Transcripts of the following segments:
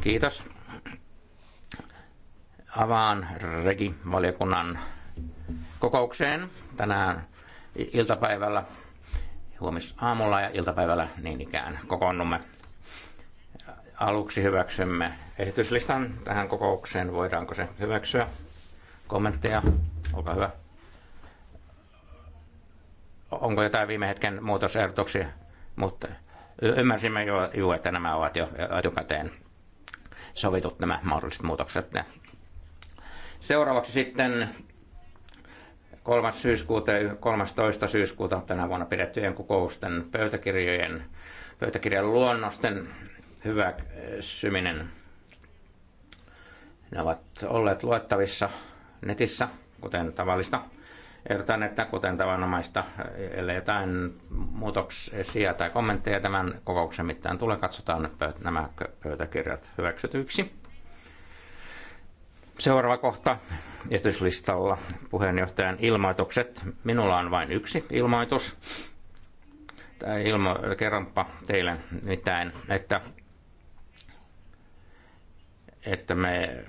Kiitos. Avaan regi kokoukseen tänään iltapäivällä, huomisaamulla ja iltapäivällä niin ikään kokoonnumme. Aluksi hyväksymme esityslistan tähän kokoukseen. Voidaanko se hyväksyä? Kommentteja? Olkaa hyvä. Onko jotain viime hetken muutosehdotuksia? Mutta ymmärsimme jo, että nämä ovat jo etukäteen sovitut nämä mahdolliset muutokset. Seuraavaksi sitten 3. syyskuuta ja 13. syyskuuta tänä vuonna pidettyjen kokousten pöytäkirjojen, pöytäkirjan luonnosten hyväksyminen. Äh, ne ovat olleet luettavissa netissä, kuten tavallista. Ehdotan, että kuten tavanomaista, ellei jotain muutoksia tai kommentteja tämän kokouksen mittaan tulee, katsotaan nämä pöytäkirjat hyväksytyiksi. Seuraava kohta esityslistalla puheenjohtajan ilmoitukset. Minulla on vain yksi ilmoitus. tämä ilmo- kerronpa teille mitään, että, että me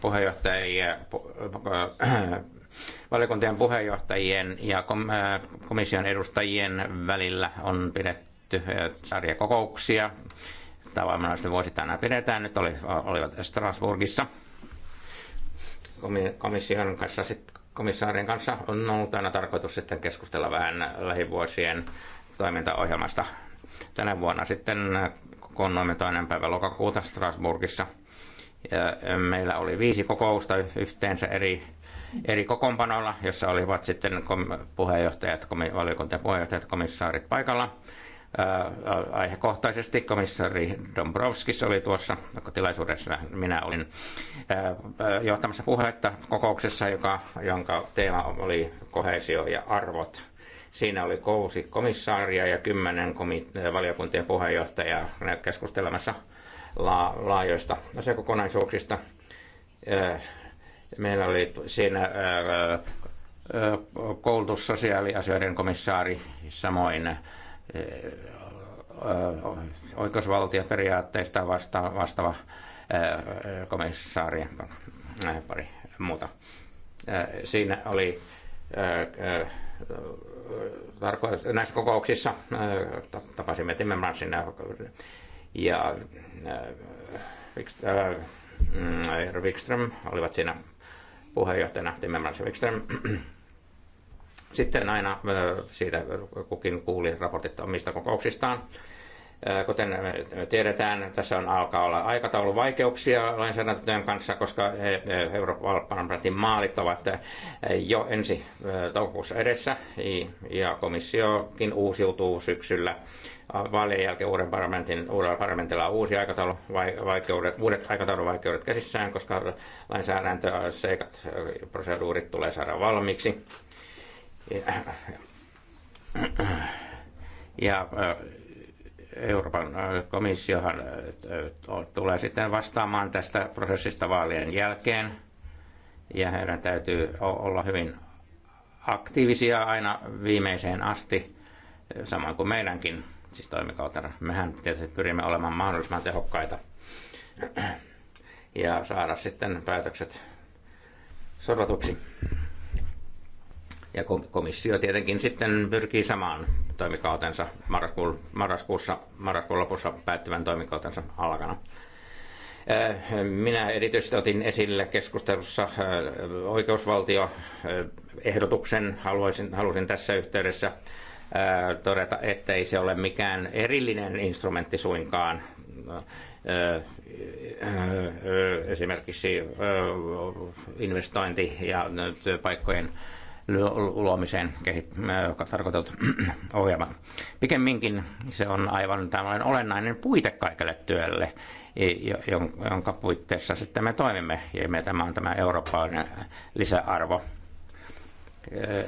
puheenjohtajien, äh, valiokuntien puheenjohtajien ja äh, komission edustajien välillä on pidetty äh, sarjakokouksia. Tavallaan vuosittain pidetään. Nyt oli, olivat Strasbourgissa komission kanssa sitten komissaarin kanssa on ollut aina tarkoitus sitten keskustella vähän lähivuosien toimintaohjelmasta. Tänä vuonna sitten kokoonnoimme toinen päivä lokakuuta Strasbourgissa meillä oli viisi kokousta yhteensä eri, eri kokoonpanoilla, jossa olivat sitten puheenjohtajat, valiokuntien puheenjohtajat, komissaarit paikalla. Aihekohtaisesti komissaari Dombrovskis oli tuossa tilaisuudessa. Minä olin johtamassa puhetta kokouksessa, joka, jonka teema oli kohesio ja arvot. Siinä oli kuusi komissaaria ja kymmenen komi- valiokuntien puheenjohtajaa keskustelemassa – laajoista asiakokonaisuuksista. Meillä oli siinä koulutus- sosiaaliasioiden komissaari, samoin oikeusvaltioperiaatteista vastaava, vastaava komissaari pari muuta. Siinä oli näissä kokouksissa tapasimme Timmermansin ja Eero äh, äh, mm, äh, Wikström olivat siinä puheenjohtajana, Timmermans ja Wikström. Sitten aina siitä kukin kuuli raportit omista kokouksistaan. Kuten tiedetään, tässä on alkaa olla aikatauluvaikeuksia lainsäädäntötyön kanssa, koska Euroopan parlamentin maalit ovat jo ensi toukokuussa edessä ja komissiokin uusiutuu syksyllä vaalien jälkeen uuden parlamentin, uudella parlamentilla on uusi vaikeudet uudet aikatauluvaikeudet käsissään, koska lainsäädäntöseikat, proseduurit tulee saada valmiiksi. Ja, ja äh, Euroopan äh, komissiohan äh, tulee sitten vastaamaan tästä prosessista vaalien jälkeen. Ja heidän täytyy olla hyvin aktiivisia aina viimeiseen asti, samoin kuin meidänkin siis toimikautena. Mehän tietysti pyrimme olemaan mahdollisimman tehokkaita ja saada sitten päätökset sorvatuksi. Ja komissio tietenkin sitten pyrkii samaan toimikautensa marraskuun, marraskuussa, marraskuun lopussa päättyvän toimikautensa alkana. Öö, minä erityisesti otin esille keskustelussa öö, oikeusvaltioehdotuksen. Haluaisin, halusin tässä yhteydessä todeta, ettei se ole mikään erillinen instrumentti suinkaan. Esimerkiksi investointi- ja työpaikkojen luomiseen tarkoitetut ohjelmat. Pikemminkin se on aivan tämmöinen olennainen puite kaikelle työlle, jonka puitteissa sitten me toimimme, ja me tämä on tämä eurooppalainen lisäarvo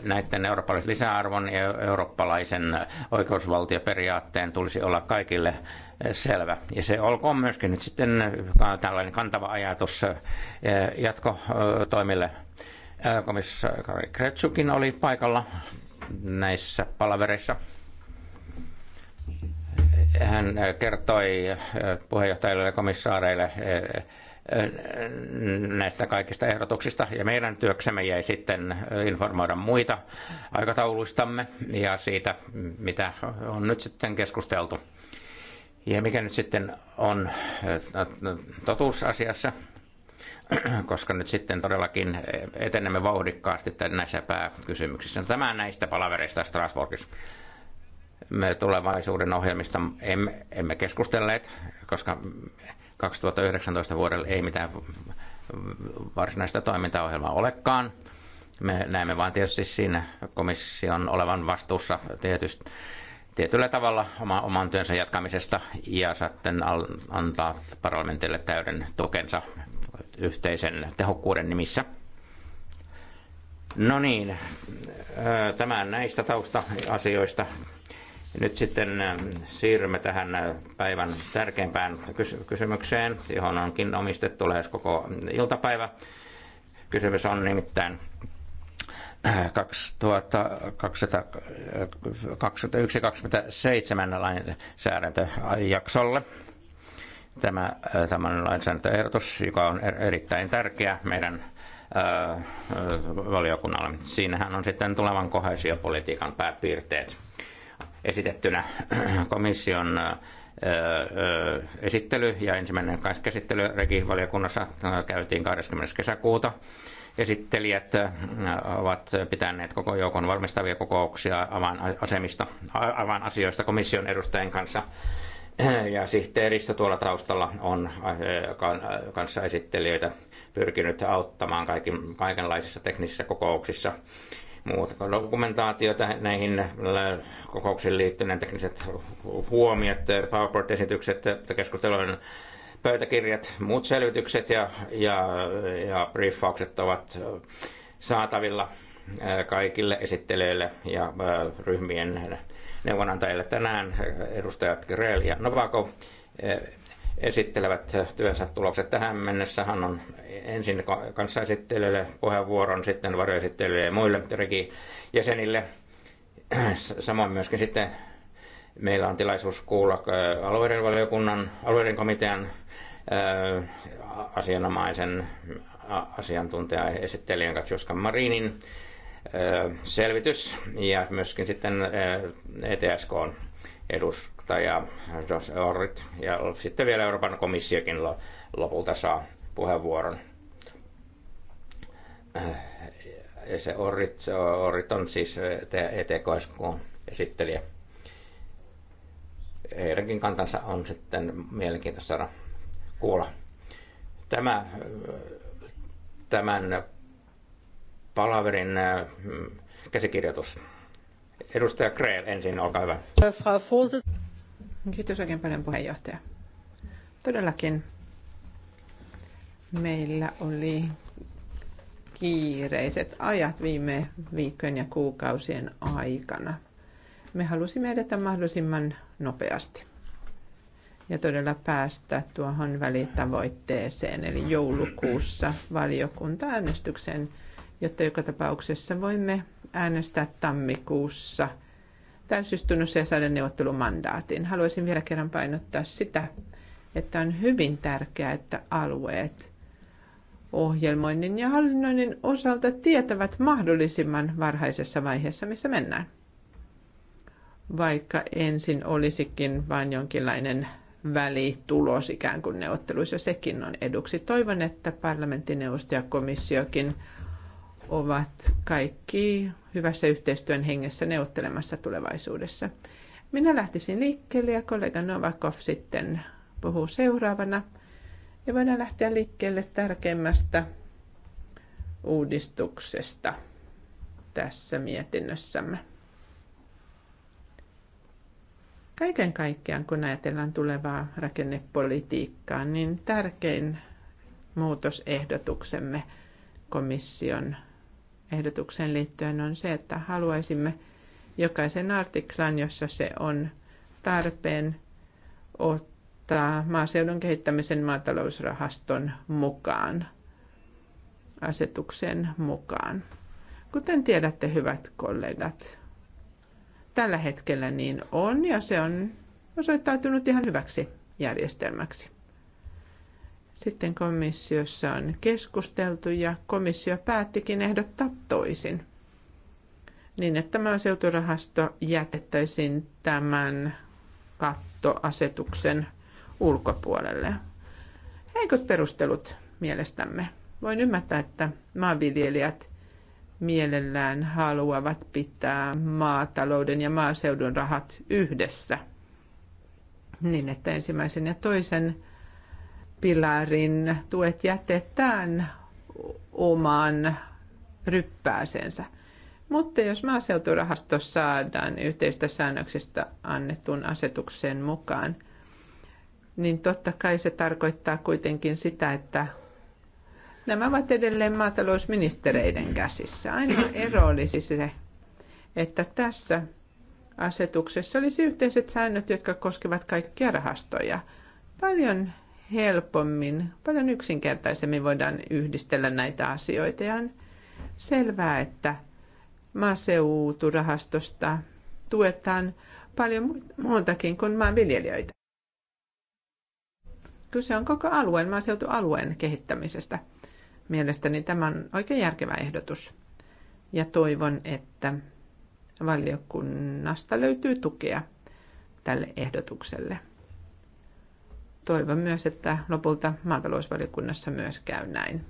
näiden eurooppalaisen lisäarvon ja eurooppalaisen oikeusvaltioperiaatteen tulisi olla kaikille selvä. Ja se olkoon myöskin nyt sitten tällainen kantava ajatus jatkotoimille. Komissaari Kretsukin oli paikalla näissä palavereissa. Hän kertoi puheenjohtajille ja komissaareille näistä kaikista ehdotuksista. Ja meidän työksemme jäi sitten informoida muita aikatauluistamme ja siitä, mitä on nyt sitten keskusteltu. Ja mikä nyt sitten on totuusasiassa, asiassa, koska nyt sitten todellakin etenemme vauhdikkaasti näissä pääkysymyksissä. Tämä näistä palavereista Strasbourgissa. Me tulevaisuuden ohjelmista emme, emme keskustelleet, koska 2019 vuodelle ei mitään varsinaista toimintaohjelmaa olekaan. Me näemme vain tietysti siinä komission olevan vastuussa tietysti tietyllä tavalla oma, oman työnsä jatkamisesta ja sitten antaa parlamentille täyden tukensa yhteisen tehokkuuden nimissä. No niin, tämän näistä tausta-asioista nyt sitten ähm, siirrymme tähän äh, päivän tärkeimpään kysymykseen, johon onkin omistettu lähes koko mm, iltapäivä. Kysymys on nimittäin 2021-2027 äh, lainsäädäntöjaksolle. Tämä, äh, tämän lainsäädäntöehdotus, joka on er-, erittäin tärkeä meidän valiokunnalle. Siinähän on sitten tulevan kohesiopolitiikan pääpiirteet esitettynä komission esittely ja ensimmäinen käsittely regivaliokunnassa käytiin 20. kesäkuuta. Esittelijät ovat pitäneet koko joukon valmistavia kokouksia avainasemista, avainasioista komission edustajien kanssa. Ja sihteeristö tuolla taustalla on kanssa esittelijöitä pyrkinyt auttamaan kaikenlaisissa teknisissä kokouksissa muuta kuin dokumentaatiota näihin äh, kokouksiin liittyneen tekniset huomiot, äh, PowerPoint-esitykset, äh, keskustelujen pöytäkirjat, muut selvitykset ja, ja, ja briefaukset ovat saatavilla kaikille esittelijöille ja ryhmien neuvonantajille tänään edustajat Grell ja Novakov esittelevät työnsä tulokset tähän mennessä. Hän on ensin kanssaesittelylle puheenvuoron, sitten varjoesittelylle ja muille jäsenille. Samoin myöskin sitten meillä on tilaisuus kuulla äh, alueiden valiokunnan, alueiden komitean äh, asianomaisen äh, asiantuntijan esittelijän Katjuskan Marinin selvitys ja myöskin sitten ETSK on edustaja Jos Orrit. Ja sitten vielä Euroopan komissiokin lopulta saa puheenvuoron. Ja äh, se Orrit, Orrit on siis äh, ETKSK e esittelijä. Heidänkin kantansa on sitten mielenkiintoista saada kuulla. Tämä, äh, tämän palaverin käsikirjoitus Edustaja Kreel ensin, olkaa hyvä. Kiitos oikein paljon puheenjohtaja. Todellakin meillä oli kiireiset ajat viime viikkojen ja kuukausien aikana. Me halusimme edetä mahdollisimman nopeasti ja todella päästä tuohon välitavoitteeseen, eli joulukuussa valiokunta-äänestyksen, jotta joka tapauksessa voimme äänestää tammikuussa täysistunnossa ja saada neuvottelumandaatin. Haluaisin vielä kerran painottaa sitä, että on hyvin tärkeää, että alueet ohjelmoinnin ja hallinnoinnin osalta tietävät mahdollisimman varhaisessa vaiheessa, missä mennään. Vaikka ensin olisikin vain jonkinlainen välitulos ikään kuin neuvotteluissa, sekin on eduksi. Toivon, että parlamenttineuvosto ja komissiokin ovat kaikki hyvässä yhteistyön hengessä neuvottelemassa tulevaisuudessa. Minä lähtisin liikkeelle ja kollega Novakov sitten puhuu seuraavana. Ja voidaan lähteä liikkeelle tärkeimmästä uudistuksesta tässä mietinnössämme. Kaiken kaikkiaan, kun ajatellaan tulevaa rakennepolitiikkaa, niin tärkein muutosehdotuksemme komission ehdotukseen liittyen on se, että haluaisimme jokaisen artiklan, jossa se on tarpeen ottaa maaseudun kehittämisen maatalousrahaston mukaan, asetuksen mukaan. Kuten tiedätte, hyvät kollegat, tällä hetkellä niin on ja se on osoittautunut ihan hyväksi järjestelmäksi. Sitten komissiossa on keskusteltu ja komissio päättikin ehdottaa toisin. Niin, että maaseuturahasto jätettäisiin tämän kattoasetuksen ulkopuolelle. Heikot perustelut mielestämme. Voin ymmärtää, että maanviljelijät mielellään haluavat pitää maatalouden ja maaseudun rahat yhdessä. Niin, että ensimmäisen ja toisen pilarin tuet jätetään oman ryppääsensä. Mutta jos maaseuturahasto saadaan yhteistä säännöksistä annetun asetuksen mukaan, niin totta kai se tarkoittaa kuitenkin sitä, että nämä ovat edelleen maatalousministereiden käsissä. Ainoa ero olisi se, että tässä asetuksessa olisi yhteiset säännöt, jotka koskevat kaikkia rahastoja. Paljon helpommin, paljon yksinkertaisemmin voidaan yhdistellä näitä asioita. Ja on selvää, että maaseuturahastosta tuetaan paljon muutakin kuin maanviljelijöitä. Kyse on koko alueen, maaseutualueen kehittämisestä. Mielestäni tämä on oikein järkevä ehdotus. Ja toivon, että valiokunnasta löytyy tukea tälle ehdotukselle toivon myös, että lopulta maatalousvaliokunnassa myös käy näin,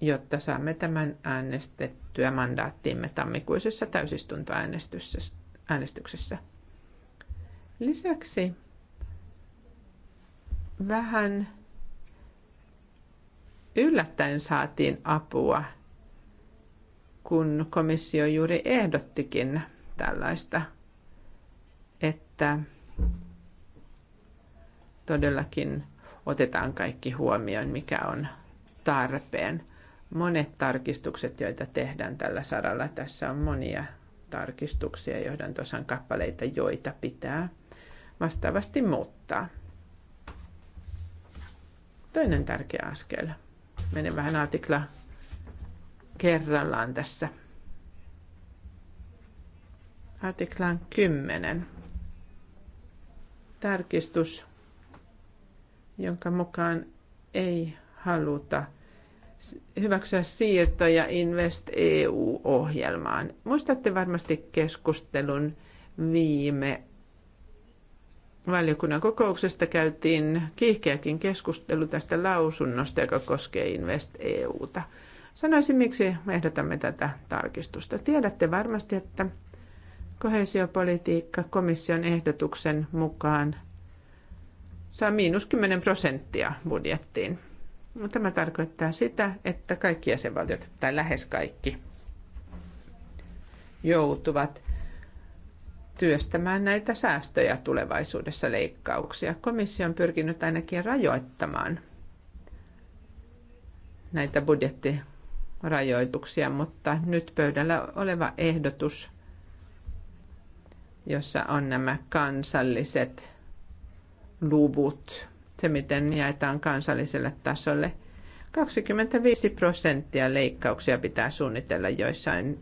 jotta saamme tämän äänestettyä mandaattiimme tammikuisessa täysistuntoäänestyksessä. Lisäksi vähän yllättäen saatiin apua, kun komissio juuri ehdottikin tällaista, että todellakin otetaan kaikki huomioon, mikä on tarpeen. Monet tarkistukset, joita tehdään tällä saralla, tässä on monia tarkistuksia, johdantosan kappaleita, joita pitää vastaavasti muuttaa. Toinen tärkeä askel. Menen vähän artikla kerrallaan tässä. Artiklaan 10 tarkistus, jonka mukaan ei haluta hyväksyä siirtoja Invest EU-ohjelmaan. Muistatte varmasti keskustelun viime valiokunnan kokouksesta käytiin kiihkeäkin keskustelu tästä lausunnosta, joka koskee Invest EUta. Sanoisin, miksi ehdotamme tätä tarkistusta. Tiedätte varmasti, että Kohesiopolitiikka komission ehdotuksen mukaan saa miinus 10 prosenttia budjettiin. Tämä tarkoittaa sitä, että kaikki jäsenvaltiot, tai lähes kaikki, joutuvat työstämään näitä säästöjä tulevaisuudessa leikkauksia. Komissio on pyrkinyt ainakin rajoittamaan näitä budjettirajoituksia, mutta nyt pöydällä oleva ehdotus jossa on nämä kansalliset luvut, se miten jaetaan kansalliselle tasolle. 25 prosenttia leikkauksia pitää suunnitella joissain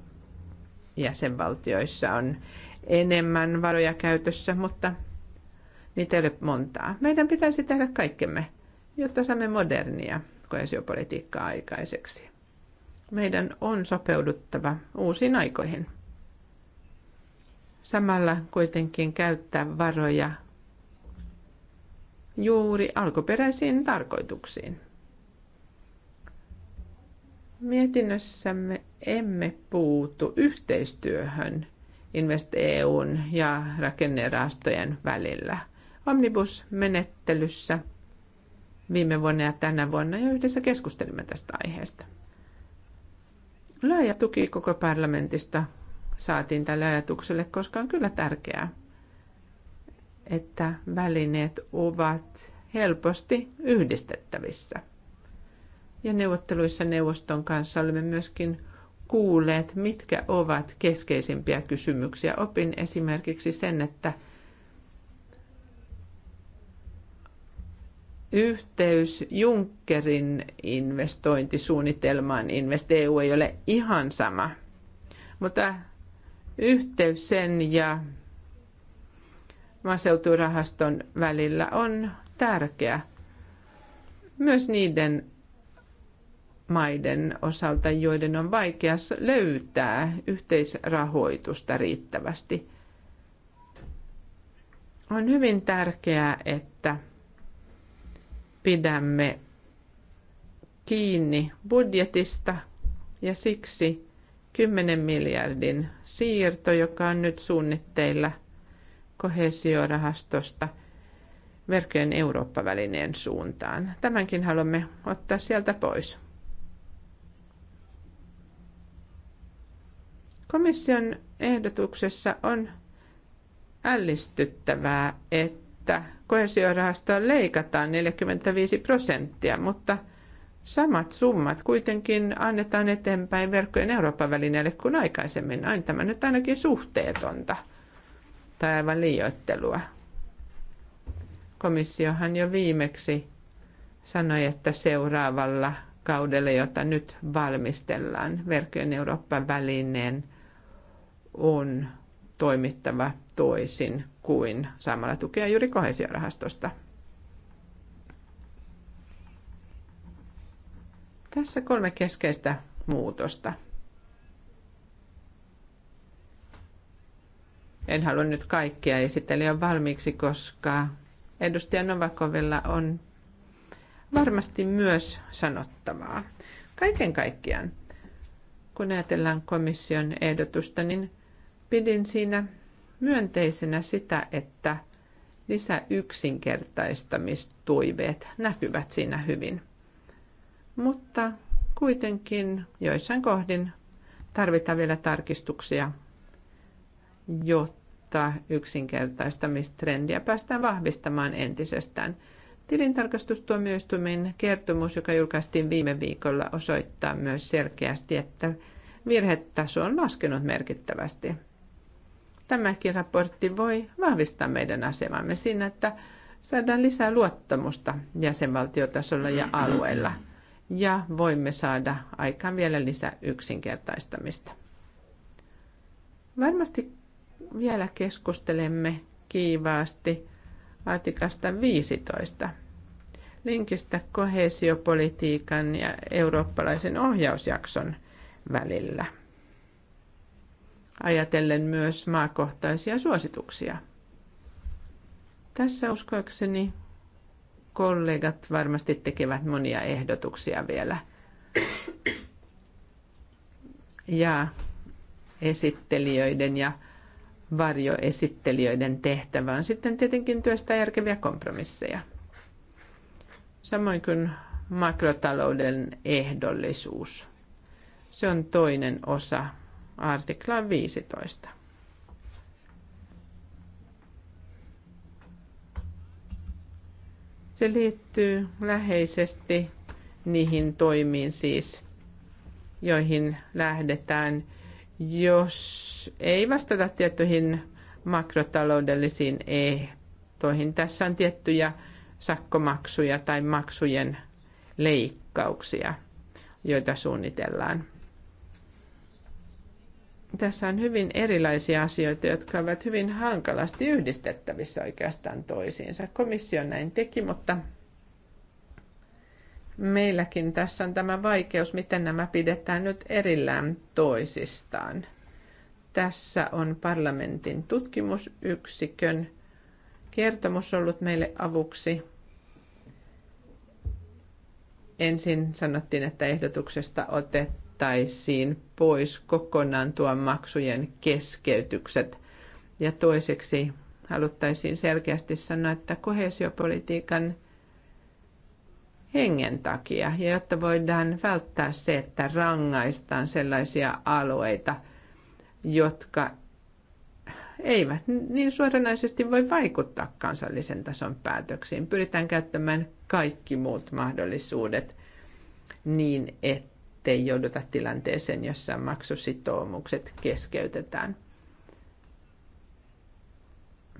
jäsenvaltioissa on enemmän varoja käytössä, mutta niitä ei ole montaa. Meidän pitäisi tehdä kaikkemme, jotta saamme modernia koesiopolitiikkaa aikaiseksi. Meidän on sopeuduttava uusiin aikoihin samalla kuitenkin käyttää varoja juuri alkuperäisiin tarkoituksiin. Mietinnössämme emme puutu yhteistyöhön InvestEUn ja rakennerahastojen välillä. Omnibus-menettelyssä viime vuonna ja tänä vuonna jo yhdessä keskustelimme tästä aiheesta. Laaja tuki koko parlamentista saatiin tälle ajatukselle, koska on kyllä tärkeää, että välineet ovat helposti yhdistettävissä. Ja neuvotteluissa neuvoston kanssa olemme myöskin kuulleet, mitkä ovat keskeisimpiä kysymyksiä. Opin esimerkiksi sen, että yhteys Junckerin investointisuunnitelmaan Invest EU ei ole ihan sama, mutta yhteys sen ja maaseuturahaston välillä on tärkeä myös niiden maiden osalta, joiden on vaikea löytää yhteisrahoitusta riittävästi. On hyvin tärkeää, että pidämme kiinni budjetista ja siksi 10 miljardin siirto, joka on nyt suunnitteilla kohesiorahastosta verkkojen Eurooppa-välineen suuntaan. Tämänkin haluamme ottaa sieltä pois. Komission ehdotuksessa on ällistyttävää, että kohesiorahastoa leikataan 45 prosenttia, mutta – Samat summat kuitenkin annetaan eteenpäin verkkojen Euroopan välineelle kuin aikaisemmin. aina tämä nyt ainakin suhteetonta tai aivan liioittelua. Komissiohan jo viimeksi sanoi, että seuraavalla kaudella, jota nyt valmistellaan, verkkojen Euroopan välineen on toimittava toisin kuin saamalla tukea juuri kohesiorahastosta. Tässä kolme keskeistä muutosta. En halua nyt kaikkia jo valmiiksi, koska edustaja Novakovilla on varmasti myös sanottavaa. Kaiken kaikkiaan, kun ajatellaan komission ehdotusta, niin pidin siinä myönteisenä sitä, että lisäyksinkertaistamistuiveet näkyvät siinä hyvin. Mutta kuitenkin joissain kohdin tarvitaan vielä tarkistuksia, jotta yksinkertaistamistrendiä päästään vahvistamaan entisestään. Tilintarkastustuomioistuimen kertomus, joka julkaistiin viime viikolla, osoittaa myös selkeästi, että virhetaso on laskenut merkittävästi. Tämäkin raportti voi vahvistaa meidän asemamme siinä, että saadaan lisää luottamusta jäsenvaltiotasolla ja alueella ja voimme saada aikaan vielä lisää yksinkertaistamista. Varmasti vielä keskustelemme kiivaasti artiklasta 15 linkistä kohesiopolitiikan ja eurooppalaisen ohjausjakson välillä. Ajatellen myös maakohtaisia suosituksia. Tässä uskoakseni kollegat varmasti tekevät monia ehdotuksia vielä. Ja esittelijöiden ja varjoesittelijöiden tehtävä on sitten tietenkin työstää järkeviä kompromisseja. Samoin kuin makrotalouden ehdollisuus. Se on toinen osa artiklaan 15. Se liittyy läheisesti niihin toimiin siis, joihin lähdetään, jos ei vastata tiettyihin makrotaloudellisiin ehtoihin. Tässä on tiettyjä sakkomaksuja tai maksujen leikkauksia, joita suunnitellaan tässä on hyvin erilaisia asioita, jotka ovat hyvin hankalasti yhdistettävissä oikeastaan toisiinsa. Komissio näin teki, mutta meilläkin tässä on tämä vaikeus, miten nämä pidetään nyt erillään toisistaan. Tässä on parlamentin tutkimusyksikön kertomus ollut meille avuksi. Ensin sanottiin, että ehdotuksesta otettiin otettaisiin pois kokonaan tuo maksujen keskeytykset. Ja toiseksi haluttaisiin selkeästi sanoa, että kohesiopolitiikan hengen takia, ja jotta voidaan välttää se, että rangaistaan sellaisia alueita, jotka eivät niin suoranaisesti voi vaikuttaa kansallisen tason päätöksiin. Pyritään käyttämään kaikki muut mahdollisuudet niin, että ettei jouduta tilanteeseen, jossa maksusitoumukset keskeytetään.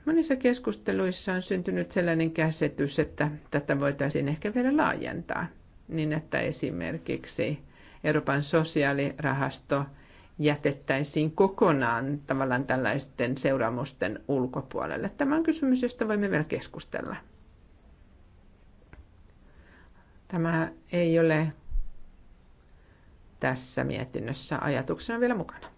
Monissa keskusteluissa on syntynyt sellainen käsitys, että tätä voitaisiin ehkä vielä laajentaa niin, että esimerkiksi Euroopan sosiaalirahasto jätettäisiin kokonaan tavallaan tällaisten seuraamusten ulkopuolelle. Tämä on kysymys, josta voimme vielä keskustella. Tämä ei ole tässä mietinnössä ajatuksena vielä mukana.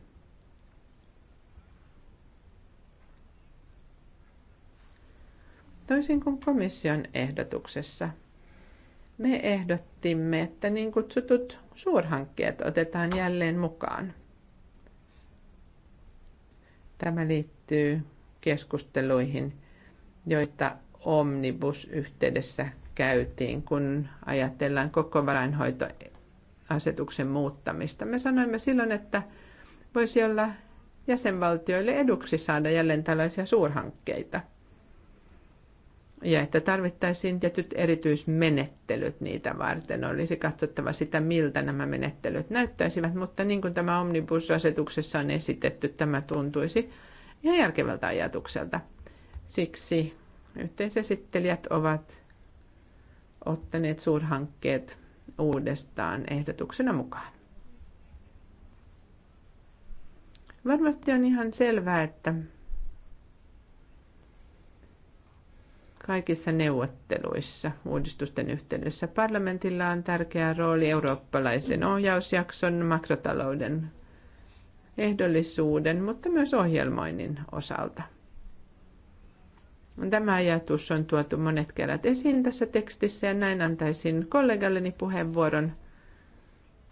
Toisin kuin komission ehdotuksessa, me ehdottimme, että niin kutsutut suurhankkeet otetaan jälleen mukaan. Tämä liittyy keskusteluihin, joita Omnibus-yhteydessä käytiin, kun ajatellaan koko varainhoito asetuksen muuttamista. Me sanoimme silloin, että voisi olla jäsenvaltioille eduksi saada jälleen tällaisia suurhankkeita. Ja että tarvittaisiin tietyt erityismenettelyt niitä varten. Olisi katsottava sitä, miltä nämä menettelyt näyttäisivät, mutta niin kuin tämä Omnibus-asetuksessa on esitetty, tämä tuntuisi ihan järkevältä ajatukselta. Siksi yhteisesittelijät ovat ottaneet suurhankkeet uudestaan ehdotuksena mukaan. Varmasti on ihan selvää, että kaikissa neuvotteluissa uudistusten yhteydessä parlamentilla on tärkeä rooli eurooppalaisen ohjausjakson, makrotalouden ehdollisuuden, mutta myös ohjelmoinnin osalta – Tämä ajatus on tuotu monet kerrat esiin tässä tekstissä ja näin antaisin kollegalleni puheenvuoron,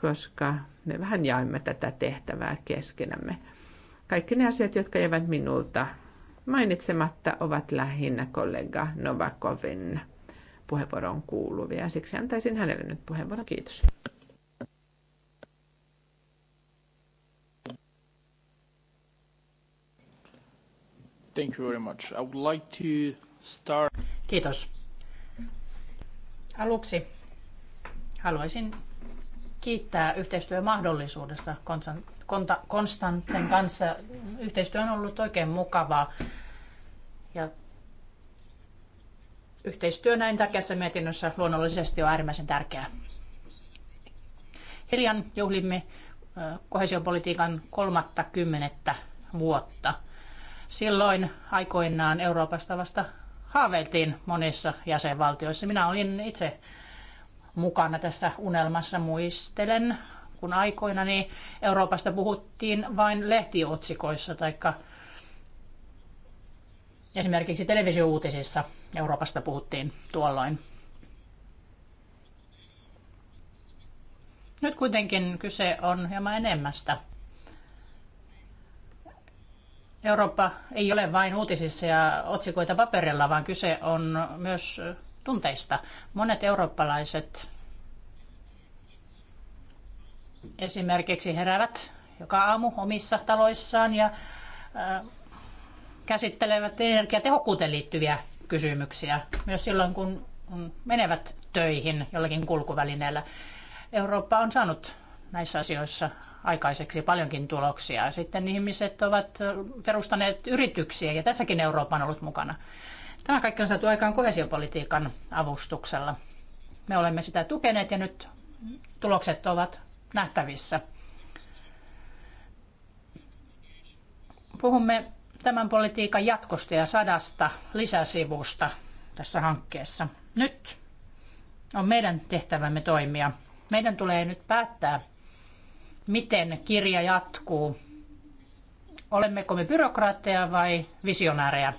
koska me vähän jaimme tätä tehtävää keskenämme. Kaikki ne asiat, jotka jäävät minulta mainitsematta, ovat lähinnä kollega Novakovin puheenvuoron kuuluvia. Siksi antaisin hänelle nyt puheenvuoron. Kiitos. Thank you very much. I would like to start... Kiitos. Aluksi haluaisin kiittää yhteistyömahdollisuudesta Konstantsen kanssa. Yhteistyö on ollut oikein mukavaa ja yhteistyö näin tärkeässä mietinnössä luonnollisesti on äärimmäisen tärkeää. Hiljan juhlimme kohesiopolitiikan kymmenettä vuotta – Silloin aikoinaan Euroopasta vasta haaveiltiin monissa jäsenvaltioissa. Minä olin itse mukana tässä unelmassa. Muistelen, kun aikoina niin Euroopasta puhuttiin vain lehtiotsikoissa tai esimerkiksi televisiouutisissa Euroopasta puhuttiin tuolloin. Nyt kuitenkin kyse on hieman enemmästä. Eurooppa ei ole vain uutisissa ja otsikoita paperilla, vaan kyse on myös tunteista. Monet eurooppalaiset esimerkiksi heräävät joka aamu omissa taloissaan ja äh, käsittelevät energiatehokkuuteen liittyviä kysymyksiä myös silloin, kun menevät töihin jollakin kulkuvälineellä. Eurooppa on saanut näissä asioissa aikaiseksi paljonkin tuloksia. Sitten ihmiset ovat perustaneet yrityksiä ja tässäkin Eurooppa on ollut mukana. Tämä kaikki on saatu aikaan kohesiopolitiikan avustuksella. Me olemme sitä tukeneet ja nyt tulokset ovat nähtävissä. Puhumme tämän politiikan jatkosta ja sadasta lisäsivusta tässä hankkeessa. Nyt on meidän tehtävämme toimia. Meidän tulee nyt päättää miten kirja jatkuu. Olemmeko me byrokraatteja vai visionäärejä?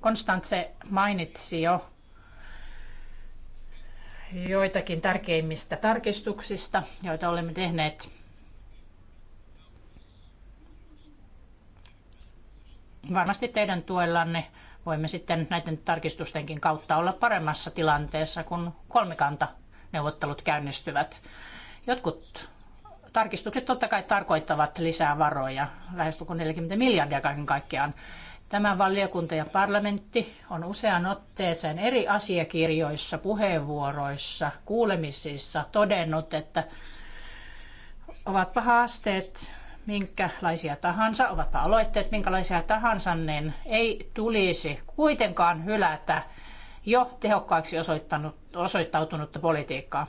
Konstantse mainitsi jo joitakin tärkeimmistä tarkistuksista, joita olemme tehneet. Varmasti teidän tuellanne voimme sitten näiden tarkistustenkin kautta olla paremmassa tilanteessa, kun kolmikanta neuvottelut käynnistyvät. Jotkut tarkistukset totta kai tarkoittavat lisää varoja, lähestulkoon 40 miljardia kaiken kaikkiaan. Tämä valiokunta ja parlamentti on usean otteeseen eri asiakirjoissa, puheenvuoroissa, kuulemisissa todennut, että ovatpa haasteet minkälaisia tahansa, ovatpa aloitteet minkälaisia tahansa, niin ei tulisi kuitenkaan hylätä jo tehokkaaksi osoittanut, osoittautunutta politiikkaa.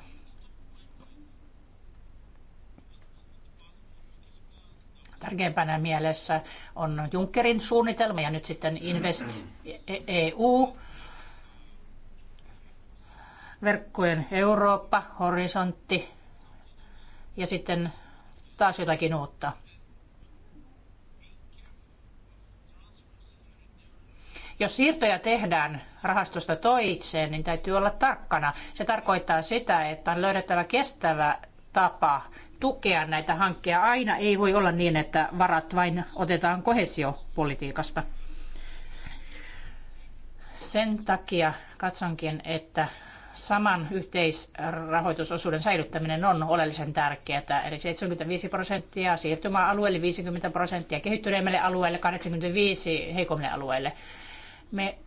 Tärkeimpänä mielessä on Junckerin suunnitelma ja nyt sitten Invest EU, e verkkojen Eurooppa, horisontti ja sitten taas jotakin uutta. Jos siirtoja tehdään rahastosta toitseen, niin täytyy olla tarkkana. Se tarkoittaa sitä, että on löydettävä kestävä tapa tukea näitä hankkeja. Aina ei voi olla niin, että varat vain otetaan kohesiopolitiikasta. Sen takia katsonkin, että saman yhteisrahoitusosuuden säilyttäminen on oleellisen tärkeää. Eli 75 prosenttia siirtymäalueelle, 50 prosenttia kehittyneemmille alueille, 85 heikommille alueille. Me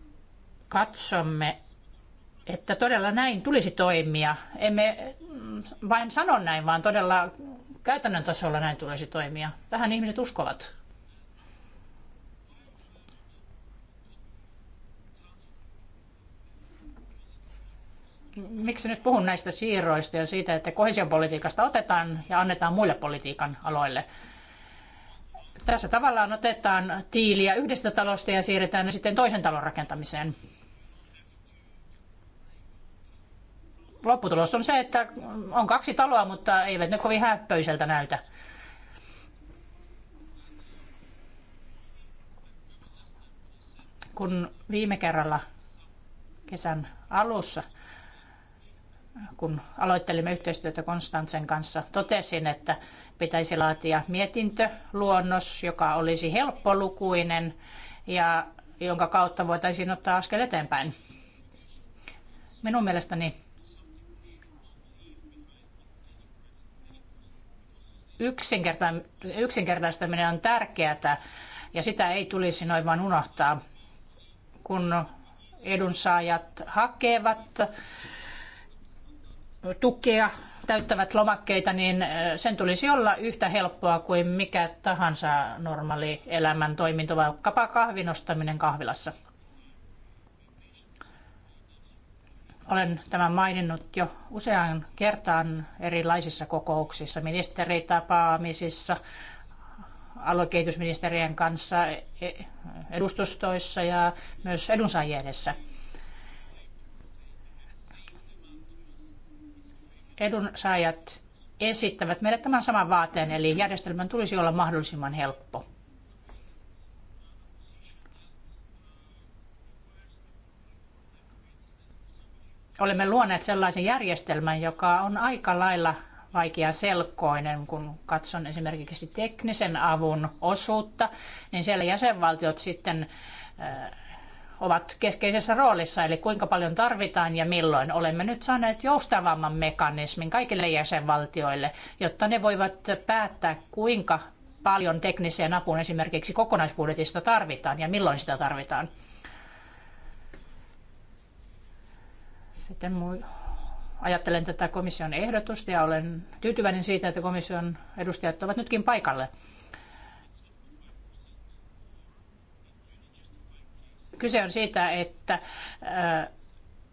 katsomme, että todella näin tulisi toimia. Emme vain sano näin, vaan todella käytännön tasolla näin tulisi toimia. Tähän ihmiset uskovat. Miksi nyt puhun näistä siirroista ja siitä, että kohesiopolitiikasta otetaan ja annetaan muille politiikan aloille? Tässä tavallaan otetaan tiiliä yhdestä talosta ja siirretään ne sitten toisen talon rakentamiseen. lopputulos on se, että on kaksi taloa, mutta eivät ne kovin häppöiseltä näytä. Kun viime kerralla kesän alussa, kun aloittelimme yhteistyötä Konstantsen kanssa, totesin, että pitäisi laatia mietintöluonnos, joka olisi helppolukuinen ja jonka kautta voitaisiin ottaa askel eteenpäin. Minun mielestäni yksinkertaistaminen on tärkeää ja sitä ei tulisi noin vain unohtaa, kun edunsaajat hakevat tukea, täyttävät lomakkeita, niin sen tulisi olla yhtä helppoa kuin mikä tahansa normaali elämän toiminto, vaikkapa kahvin ostaminen kahvilassa. Olen tämän maininnut jo usean kertaan erilaisissa kokouksissa, ministeritapaamisissa, aluekehitysministerien kanssa e-, edustustoissa ja myös edunsaajien edessä. Edunsaajat esittävät meille tämän saman vaateen, eli järjestelmän tulisi olla mahdollisimman helppo. olemme luoneet sellaisen järjestelmän, joka on aika lailla vaikea selkoinen, kun katson esimerkiksi teknisen avun osuutta, niin siellä jäsenvaltiot sitten äh, ovat keskeisessä roolissa, eli kuinka paljon tarvitaan ja milloin. Olemme nyt saaneet joustavamman mekanismin kaikille jäsenvaltioille, jotta ne voivat päättää, kuinka paljon tekniseen apuun esimerkiksi kokonaisbudjetista tarvitaan ja milloin sitä tarvitaan. Sitten ajattelen tätä komission ehdotusta ja olen tyytyväinen siitä, että komission edustajat ovat nytkin paikalle. Kyse on siitä, että äh,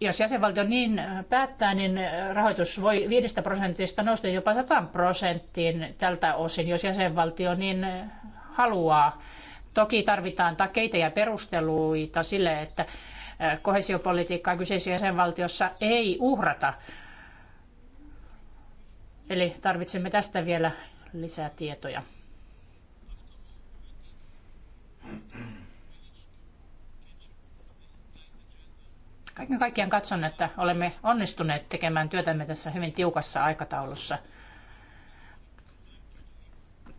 jos jäsenvaltio niin päättää, niin rahoitus voi 5 prosentista nousta jopa 100 prosenttiin tältä osin, jos jäsenvaltio niin haluaa. Toki tarvitaan takeita ja perusteluita sille, että kohesiopolitiikkaa kyseisessä jäsenvaltiossa ei uhrata. Eli tarvitsemme tästä vielä lisää tietoja. Kaiken kaikkiaan katson, että olemme onnistuneet tekemään työtämme tässä hyvin tiukassa aikataulussa.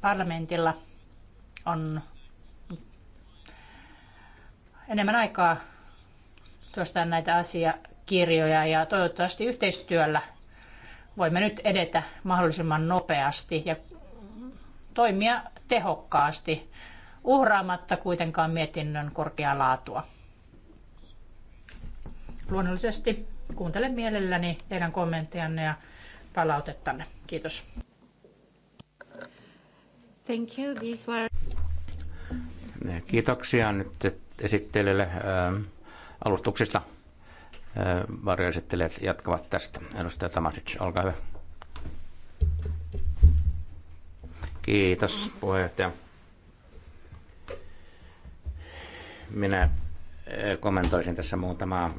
Parlamentilla on enemmän aikaa tuosta näitä asiakirjoja ja toivottavasti yhteistyöllä voimme nyt edetä mahdollisimman nopeasti ja toimia tehokkaasti uhraamatta kuitenkaan mietinnön korkeaa laatua. Luonnollisesti kuuntelen mielelläni teidän kommenttejanne ja palautettanne. Kiitos. Thank you. These were... Kiitoksia nyt esittelylle. Ähm, alustuksista. Varjoesittelijät jatkavat tästä. Edustaja Tamasic, olkaa hyvä. Kiitos puheenjohtaja. Minä kommentoisin tässä muutamaa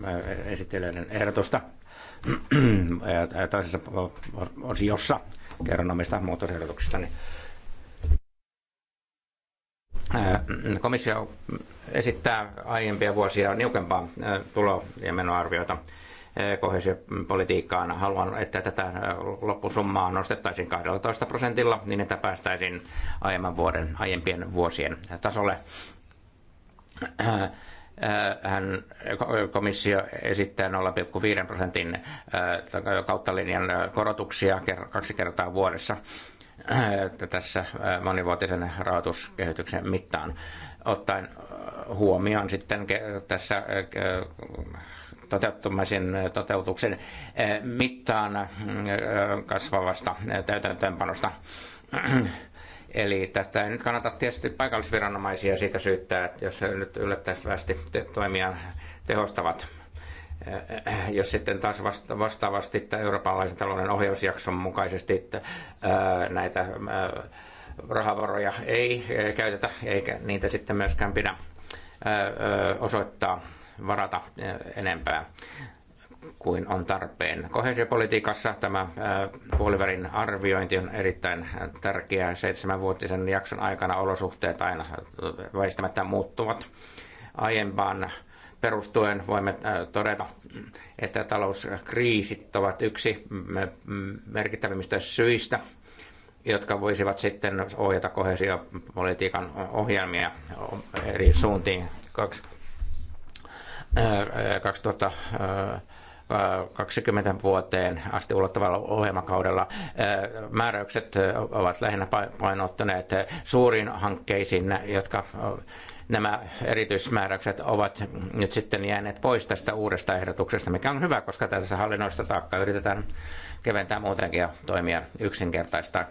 esittelijöiden ehdotusta. Toisessa osiossa kerron omista muutosehdotuksistani. Niin Komissio esittää aiempia vuosia niukempaa tulo- ja menoarviota kohesiopolitiikkaan. Haluan, että tätä loppusummaa nostettaisiin 12 prosentilla, niin että päästäisiin aiemman vuoden, aiempien vuosien tasolle. Hän, komissio esittää 0,5 prosentin kautta linjan korotuksia kaksi kertaa vuodessa että tässä äh, monivuotisen rahoituskehityksen mittaan. Ottaen äh, huomioon sitten tässä äh, toteuttamisen toteutuksen mittaan kasvavasta täytäntöönpanosta. Eli tästä ei nyt kannata tietysti paikallisviranomaisia siitä syyttää, että jos nyt yllättävästi toimia tehostavat jos sitten taas vasta, vastaavasti tämä eurooppalaisen talouden ohjausjakson mukaisesti näitä rahavaroja ei käytetä, eikä niitä sitten myöskään pidä osoittaa, varata enempää kuin on tarpeen. Kohesiopolitiikassa tämä puolivärin arviointi on erittäin tärkeää. Seitsemänvuotisen jakson aikana olosuhteet aina väistämättä muuttuvat. Aiempaan perustuen voimme äh, todeta, että talouskriisit ovat yksi mm, mm, merkittävimmistä syistä, jotka voisivat sitten ohjata kohesiopolitiikan ohjelmia eri suuntiin. 2020 äh, äh, vuoteen asti ulottavalla ohjelmakaudella. Määräykset ovat lähinnä painottuneet suuriin hankkeisiin, jotka nämä erityismääräykset ovat nyt sitten jääneet pois tästä uudesta ehdotuksesta, mikä on hyvä, koska tässä hallinnoista taakkaa yritetään keventää muutenkin ja toimia yksinkertaista.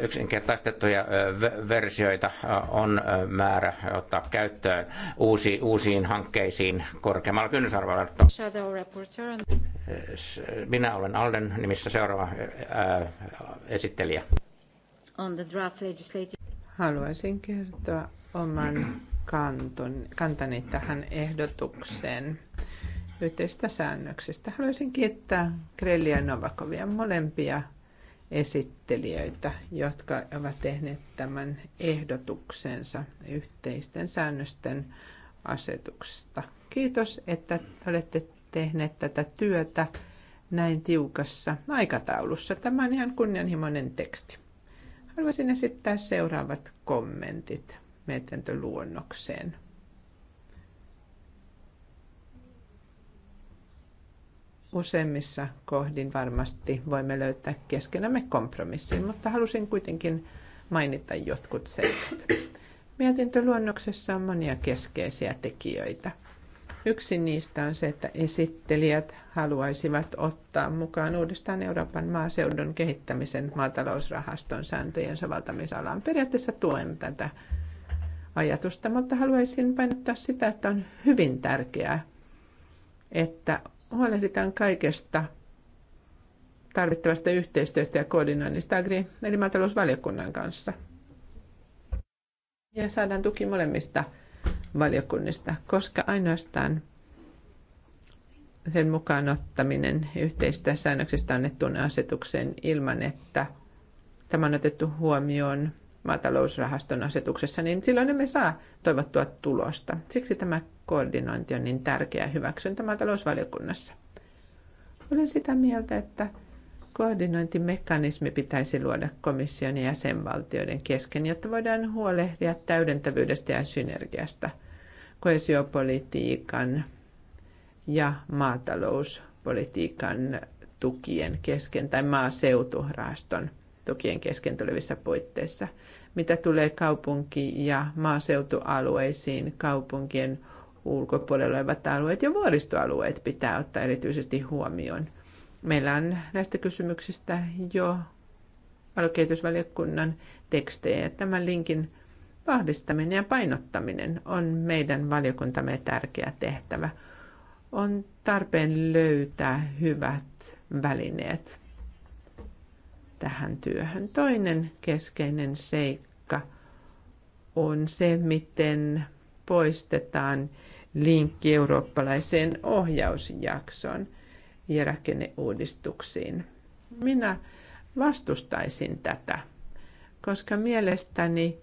Yksinkertaistettuja versioita on määrä ottaa käyttöön uusi, uusiin hankkeisiin korkeammalla kynnysarvolla. Minä olen Alden nimissä seuraava esittelijä. On the draft Haluaisin kertoa oman kanton, kantani tähän ehdotukseen yhteistä säännöksistä. Haluaisin kiittää Grelli ja Novakovia molempia esittelijöitä, jotka ovat tehneet tämän ehdotuksensa yhteisten säännösten asetuksesta. Kiitos, että olette tehneet tätä työtä näin tiukassa aikataulussa. Tämä on ihan kunnianhimoinen teksti. Haluaisin esittää seuraavat kommentit mietintöluonnokseen. Useimmissa kohdin varmasti voimme löytää keskenämme kompromissin, mutta halusin kuitenkin mainita jotkut seikat. Mietintöluonnoksessa on monia keskeisiä tekijöitä – Yksi niistä on se, että esittelijät haluaisivat ottaa mukaan uudestaan Euroopan maaseudun kehittämisen maatalousrahaston sääntöjen soveltamisalaan. Periaatteessa tuen tätä ajatusta, mutta haluaisin painottaa sitä, että on hyvin tärkeää, että huolehditaan kaikesta tarvittavasta yhteistyöstä ja koordinoinnista agri- eli maatalousvaliokunnan kanssa. Ja saadaan tuki molemmista valiokunnista, koska ainoastaan sen mukaan ottaminen yhteistä säännöksistä annettuun asetukseen ilman, että tämä on otettu huomioon maatalousrahaston asetuksessa, niin silloin emme saa toivottua tulosta. Siksi tämä koordinointi on niin tärkeä hyväksyntä maatalousvaliokunnassa. Olen sitä mieltä, että koordinointimekanismi pitäisi luoda komission ja jäsenvaltioiden kesken, jotta voidaan huolehtia täydentävyydestä ja synergiasta – koesiopolitiikan ja maatalouspolitiikan tukien kesken tai maaseuturahaston tukien kesken tulevissa puitteissa. Mitä tulee kaupunki- ja maaseutualueisiin, kaupunkien ulkopuolella olevat alueet ja vuoristoalueet pitää ottaa erityisesti huomioon. Meillä on näistä kysymyksistä jo aluekehitysvaliokunnan tekstejä. Tämän linkin vahvistaminen ja painottaminen on meidän valiokuntamme tärkeä tehtävä. On tarpeen löytää hyvät välineet tähän työhön. Toinen keskeinen seikka on se, miten poistetaan linkki eurooppalaiseen ohjausjaksoon ja rakenneuudistuksiin. Minä vastustaisin tätä, koska mielestäni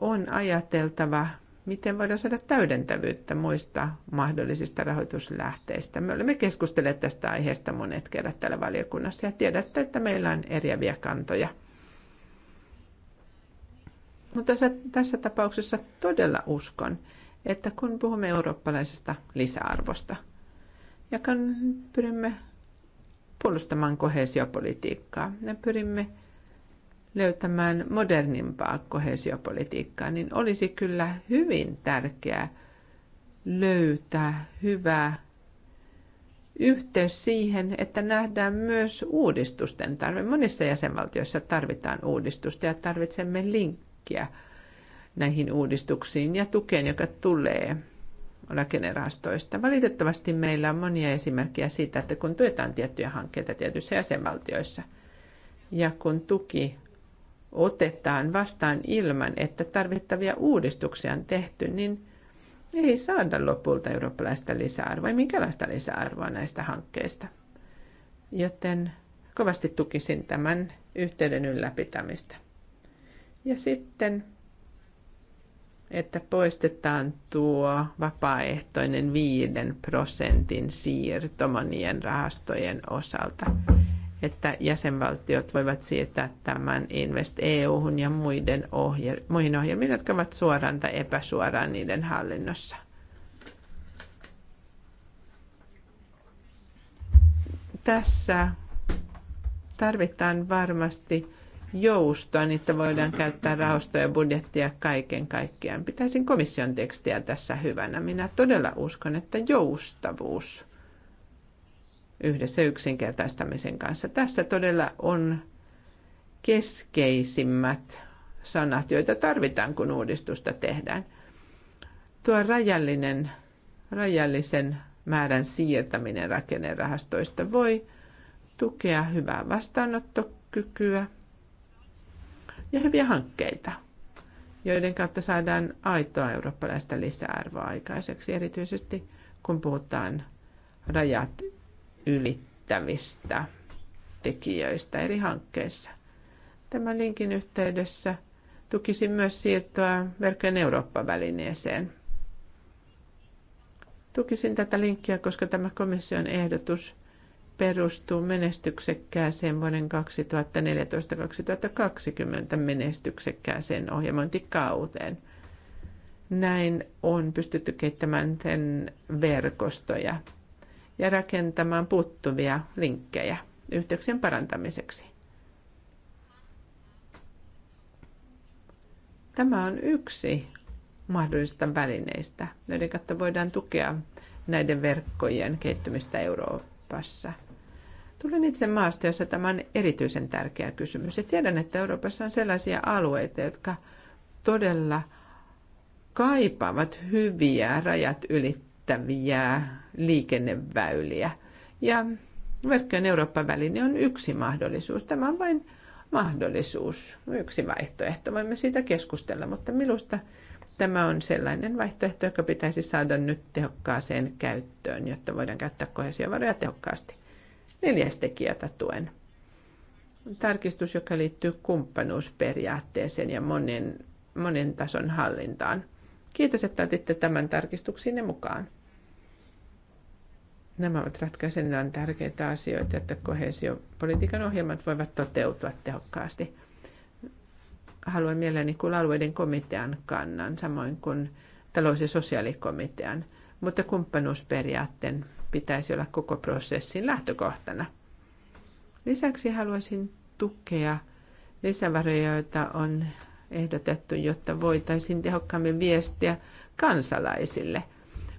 on ajateltava, miten voidaan saada täydentävyyttä muista mahdollisista rahoituslähteistä. Me olemme keskustelleet tästä aiheesta monet kerrat täällä valiokunnassa ja tiedätte, että meillä on eriäviä kantoja. Mutta tässä tapauksessa todella uskon, että kun puhumme eurooppalaisesta lisäarvosta ja kun pyrimme puolustamaan kohesiopolitiikkaa, me pyrimme löytämään modernimpaa kohesiopolitiikkaa, niin olisi kyllä hyvin tärkeää löytää hyvä yhteys siihen, että nähdään myös uudistusten tarve. Monissa jäsenvaltioissa tarvitaan uudistusta ja tarvitsemme linkkiä näihin uudistuksiin ja tukeen, joka tulee rakennerastoista. Valitettavasti meillä on monia esimerkkejä siitä, että kun tuetaan tiettyjä hankkeita tietyissä jäsenvaltioissa ja kun tuki otetaan vastaan ilman, että tarvittavia uudistuksia on tehty, niin ei saada lopulta eurooppalaista lisäarvoa, ei minkälaista lisäarvoa näistä hankkeista. Joten kovasti tukisin tämän yhteyden ylläpitämistä. Ja sitten, että poistetaan tuo vapaaehtoinen 5 prosentin siirto monien rahastojen osalta että jäsenvaltiot voivat siirtää tämän Invest EU-hun ja muiden ohjel- muihin ohjelmiin, jotka ovat suoraan tai epäsuoraan niiden hallinnossa. Tässä tarvitaan varmasti joustoa, niitä voidaan käyttää rahastoja ja budjettia kaiken kaikkiaan. Pitäisin komission tekstiä tässä hyvänä. Minä todella uskon, että joustavuus – yhdessä yksinkertaistamisen kanssa. Tässä todella on keskeisimmät sanat, joita tarvitaan, kun uudistusta tehdään. Tuo rajallinen, rajallisen määrän siirtäminen rakennerahastoista voi tukea hyvää vastaanottokykyä ja hyviä hankkeita, joiden kautta saadaan aitoa eurooppalaista lisäarvoa aikaiseksi, erityisesti kun puhutaan rajat ylittävistä tekijöistä eri hankkeissa. Tämän linkin yhteydessä tukisi myös siirtoa verkkojen Eurooppa-välineeseen. Tukisin tätä linkkiä, koska tämä komission ehdotus perustuu menestyksekkääseen vuoden 2014-2020 menestyksekkääseen ohjelmointikauteen. Näin on pystytty kehittämään verkostoja ja rakentamaan puuttuvia linkkejä yhteyksien parantamiseksi. Tämä on yksi mahdollisista välineistä, joiden kautta voidaan tukea näiden verkkojen kehittymistä Euroopassa. Tulen itse maasta, jossa tämä on erityisen tärkeä kysymys. Ja tiedän, että Euroopassa on sellaisia alueita, jotka todella kaipaavat hyviä rajat ylittäviä merkittäviä liikenneväyliä. Ja verkkojen Euroopan väline on yksi mahdollisuus. Tämä on vain mahdollisuus, yksi vaihtoehto. Voimme siitä keskustella, mutta minusta tämä on sellainen vaihtoehto, joka pitäisi saada nyt tehokkaaseen käyttöön, jotta voidaan käyttää kohesiovaroja tehokkaasti. Neljäs tekijätä tuen. Tarkistus, joka liittyy kumppanuusperiaatteeseen ja monen, monen tason hallintaan. Kiitos, että otitte tämän tarkistuksiinne mukaan. Nämä ovat ratkaisennan tärkeitä asioita, että kohesiopolitiikan ohjelmat voivat toteutua tehokkaasti. Haluan mielelläni kuulla alueiden komitean kannan, samoin kuin talous- ja sosiaalikomitean, mutta kumppanuusperiaatteen pitäisi olla koko prosessin lähtökohtana. Lisäksi haluaisin tukea lisävaroja, joita on ehdotettu, jotta voitaisiin tehokkaammin viestiä kansalaisille –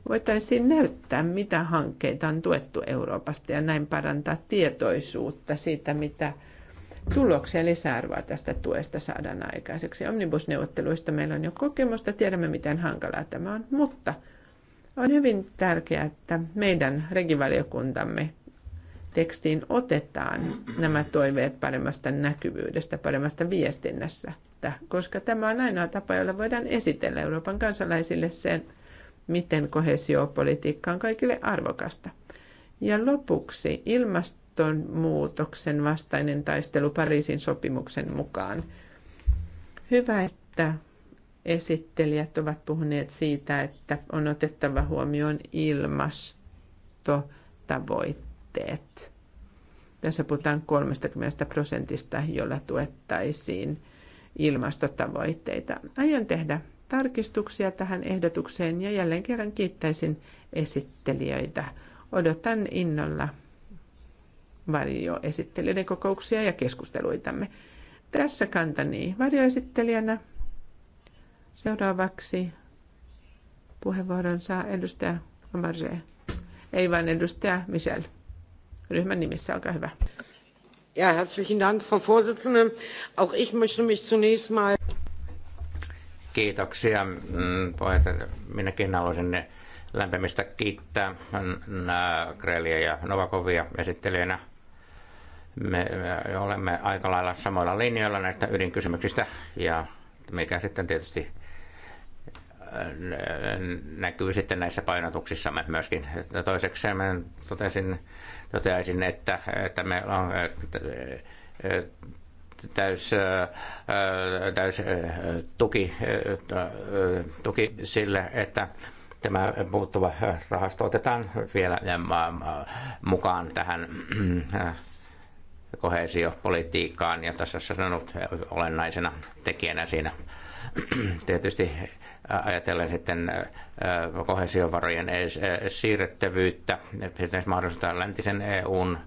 voitaisiin näyttää, mitä hankkeita on tuettu Euroopasta ja näin parantaa tietoisuutta siitä, mitä tuloksia lisäarvoa tästä tuesta saadaan aikaiseksi. Omnibusneuvotteluista meillä on jo kokemusta, tiedämme miten hankalaa tämä on, mutta on hyvin tärkeää, että meidän regivaliokuntamme tekstiin otetaan nämä toiveet paremmasta näkyvyydestä, paremmasta viestinnässä, koska tämä on ainoa tapa, jolla voidaan esitellä Euroopan kansalaisille sen, miten kohesiopolitiikka on kaikille arvokasta. Ja lopuksi ilmastonmuutoksen vastainen taistelu Pariisin sopimuksen mukaan. Hyvä, että esittelijät ovat puhuneet siitä, että on otettava huomioon ilmastotavoitteet. Tässä puhutaan 30 prosentista, jolla tuettaisiin ilmastotavoitteita. Aion tehdä tarkistuksia tähän ehdotukseen ja jälleen kerran kiittäisin esittelijöitä. Odotan innolla varjoesittelijöiden kokouksia ja keskusteluitamme. Tässä kantani varjoesittelijänä. Seuraavaksi puheenvuoron saa edustaja Amarje. Ei vain edustaja Michel. Ryhmän nimissä, olkaa hyvä. Ja, herzlichen Dank, Frau Vorsitzende. Auch ich möchte mich zunächst mal Kiitoksia. Mm, minäkin haluaisin lämpimistä kiittää Grelia ja Novakovia esittelijänä. Me, me olemme aika lailla samoilla linjoilla näistä ydinkysymyksistä ja mikä sitten tietysti äh, näkyy sitten näissä painotuksissamme myöskin. Toiseksi mä totesin, toteaisin, että, että me on, että, täys, täys tuki, tuki sille, että tämä puuttuva rahasto otetaan vielä mukaan tähän kohesiopolitiikkaan ja tässä sanonut olennaisena tekijänä siinä tietysti ajatellen sitten kohesiovarojen siirrettävyyttä, mahdollistaa läntisen EUn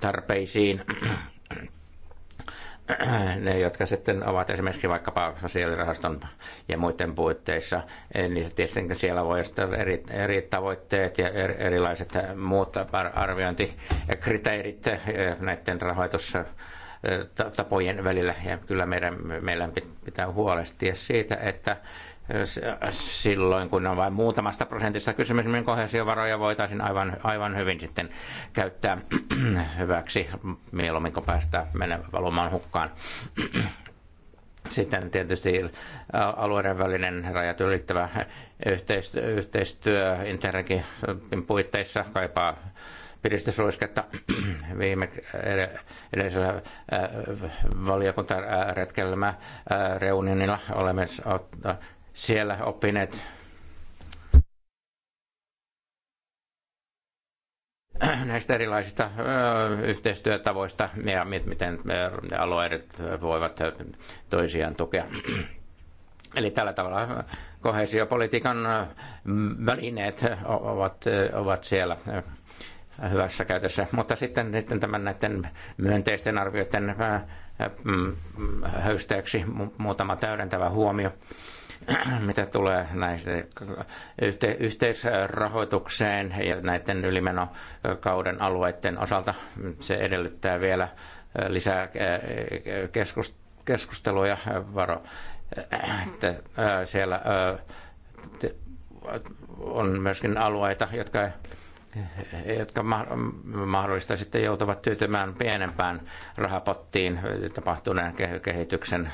tarpeisiin ne, jotka sitten ovat esimerkiksi vaikkapa sosiaalirahaston ja muiden puitteissa, eh, niin tietysti siellä voi olla eri, eri tavoitteet ja er, erilaiset muut arviointikriteerit eh, näiden eh, tapojen välillä. Ja kyllä meidän, meidän pitää huolestia siitä, että silloin, kun on vain muutamasta prosentista kysymys, niin kohesiovaroja voitaisiin aivan, aivan hyvin sitten käyttää hyväksi, mieluummin kun päästään menemään valumaan hukkaan. Sitten tietysti äh, alueiden välinen rajat ylittävä yhteistyö, Interregin puitteissa kaipaa piristysruisketta viime edellisellä äh, valiokuntaretkellä äh, reunionilla olemme siellä oppineet näistä erilaisista yhteistyötavoista ja miten alueet voivat toisiaan tukea. Eli tällä tavalla kohesiopolitiikan välineet ovat, ovat siellä hyvässä käytössä. Mutta sitten, sitten tämän näiden myönteisten arvioiden mm, höysteeksi muutama täydentävä huomio. mitä tulee näiden yhte, yhteisrahoitukseen ja näiden ylimenokauden alueiden osalta. Se edellyttää vielä äh, lisää äh, keskusteluja äh, varo, että siellä on myöskin alueita, jotka jotka mahdollista sitten joutuvat tyytymään pienempään rahapottiin tapahtuneen kehityksen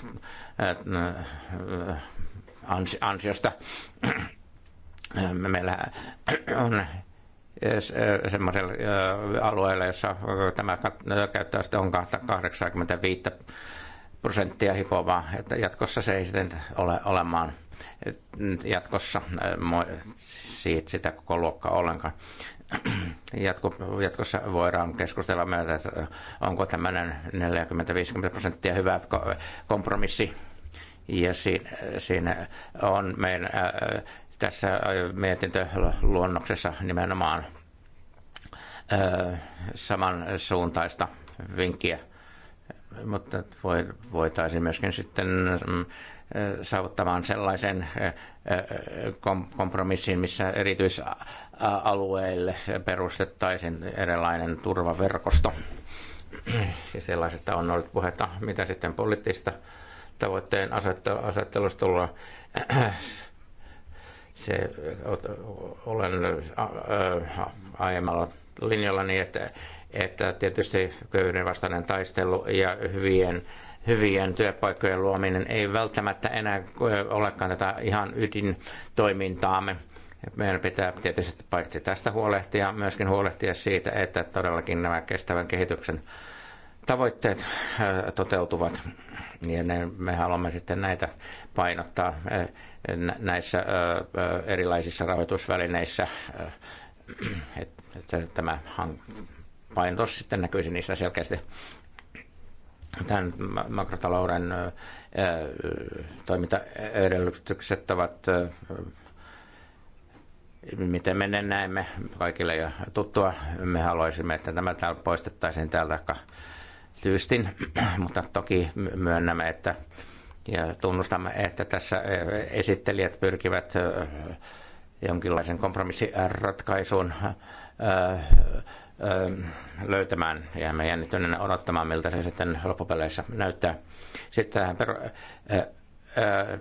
ansiosta. Meillä on äh, semmoisella äh, alueella, jossa tämä käyttää sitten on 85 prosenttia hipovaa, että jatkossa se ei sitten ole olemaan jatkossa äh, siitä sitä koko luokkaa ollenkaan. Jatko, jatkossa voidaan keskustella myös, että onko tämmöinen 40-50 prosenttia hyvä kompromissi ja siinä, on meidän tässä mietintöluonnoksessa nimenomaan samansuuntaista vinkkiä, mutta voitaisiin myöskin sitten mm, saavuttamaan sellaisen kompromissin, missä erityisalueille perustettaisiin erilainen turvaverkosto. Ja sellaisesta on ollut puhetta, mitä sitten poliittista tavoitteen asettelusta se olen aiemmalla linjalla niin, että, että tietysti köyhyyden vastainen taistelu ja hyvien, hyvien työpaikkojen luominen ei välttämättä enää olekaan tätä ihan ydintoimintaamme. Meidän pitää tietysti paitsi tästä huolehtia, myöskin huolehtia siitä, että todellakin nämä kestävän kehityksen tavoitteet äh, toteutuvat, niin me haluamme sitten näitä painottaa äh, näissä äh, erilaisissa rahoitusvälineissä, että tämä painotus sitten näkyisi niistä selkeästi tämän makrotalouden toimintaedellytykset ovat, miten me ne näemme, kaikille jo tuttua. Me haluaisimme, että tämä täällä poistettaisiin täältä tyystin, mutta toki myönnämme, että ja tunnustamme, että tässä e, esittelijät pyrkivät jonkinlaisen kompromissiratkaisuun löytämään. ja me jännittyneenä odottamaan, miltä se sitten loppupeleissä näyttää. Sitten tähän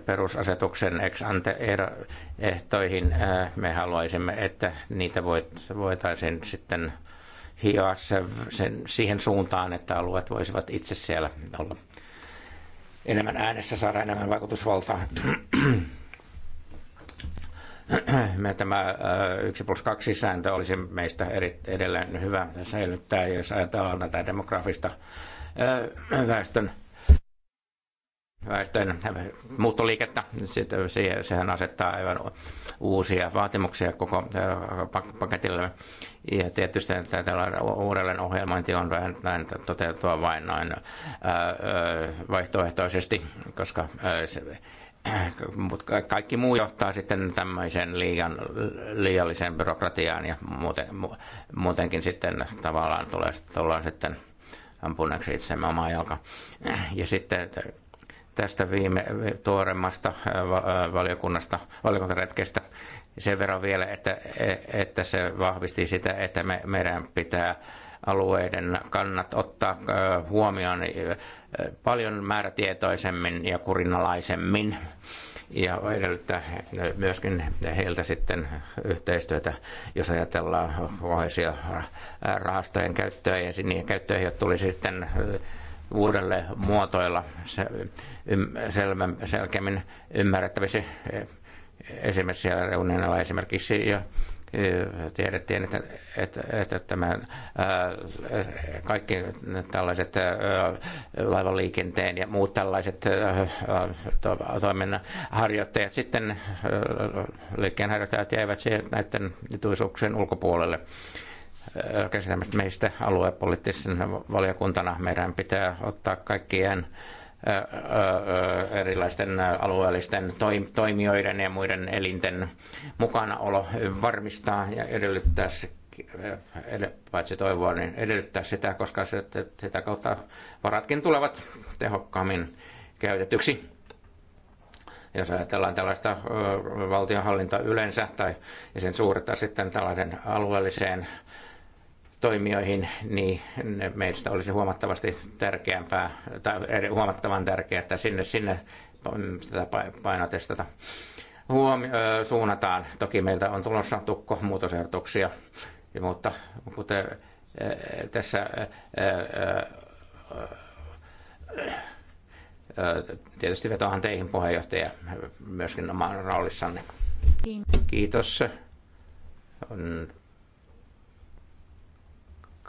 perusasetuksen ex ante ehtoihin me haluaisimme, että niitä voitaisiin sitten hioa se, sen, siihen suuntaan, että alueet voisivat itse siellä olla enemmän äänessä, saada enemmän vaikutusvaltaa. Me tämä 1 äh, plus 2 sääntö olisi meistä eri, edelleen hyvä säilyttää, jos ajatellaan tätä demografista äh, väestön väestön muuttoliikettä. Äh, sehän asettaa aivan uusia vaatimuksia koko paketille. Ja tietysti tällä uudelleen ohjelmointi on vähän näin toteutua vain noin vaihtoehtoisesti, koska se, mutta kaikki muu johtaa sitten tämmöiseen liian, liialliseen byrokratiaan ja muuten, muutenkin sitten tavallaan tulee, tullaan sitten ampuneeksi itsemme omaa jalka. Ja sitten tästä viime tuoremmasta valiokunnasta, valiokuntaretkestä sen verran vielä, että, että se vahvisti sitä, että me, meidän pitää alueiden kannat ottaa huomioon paljon määrätietoisemmin ja kurinalaisemmin ja edellyttää myöskin heiltä sitten yhteistyötä, jos ajatellaan koheisia rahastojen käyttöä ja niihin käyttöihin tulisi sitten uudelleen muotoilla selkeämmin ymmärrettävissä esimerkiksi siellä reunilla esimerkiksi jo eh, tiedettiin, että, että, että tämä, ää, eh, kaikki tällaiset ää, eh, laivaliikenteen ja muut tällaiset to, toiminnan harjoittajat sitten, ää, liikkeenharjoittajat jäivät siihen näiden tuisuuksien ulkopuolelle käsitämme meistä aluepoliittisen valiokuntana. Meidän pitää ottaa kaikkien erilaisten alueellisten toimijoiden ja muiden elinten mukanaolo varmistaa ja edellyttää se, paitsi toivoa, niin edellyttää sitä, koska sitä kautta varatkin tulevat tehokkaammin käytetyksi. Jos ajatellaan tällaista valtionhallinta yleensä tai sen suurta sitten tällaisen alueelliseen toimijoihin, niin meistä olisi huomattavasti tärkeämpää, tai huomattavan tärkeää, että sinne, sinne sitä painotestata huomi- suunnataan. Toki meiltä on tulossa tukko muutosehdotuksia, mutta kuten tässä tietysti vetoahan teihin puheenjohtaja myöskin oman roolissanne. Kiitos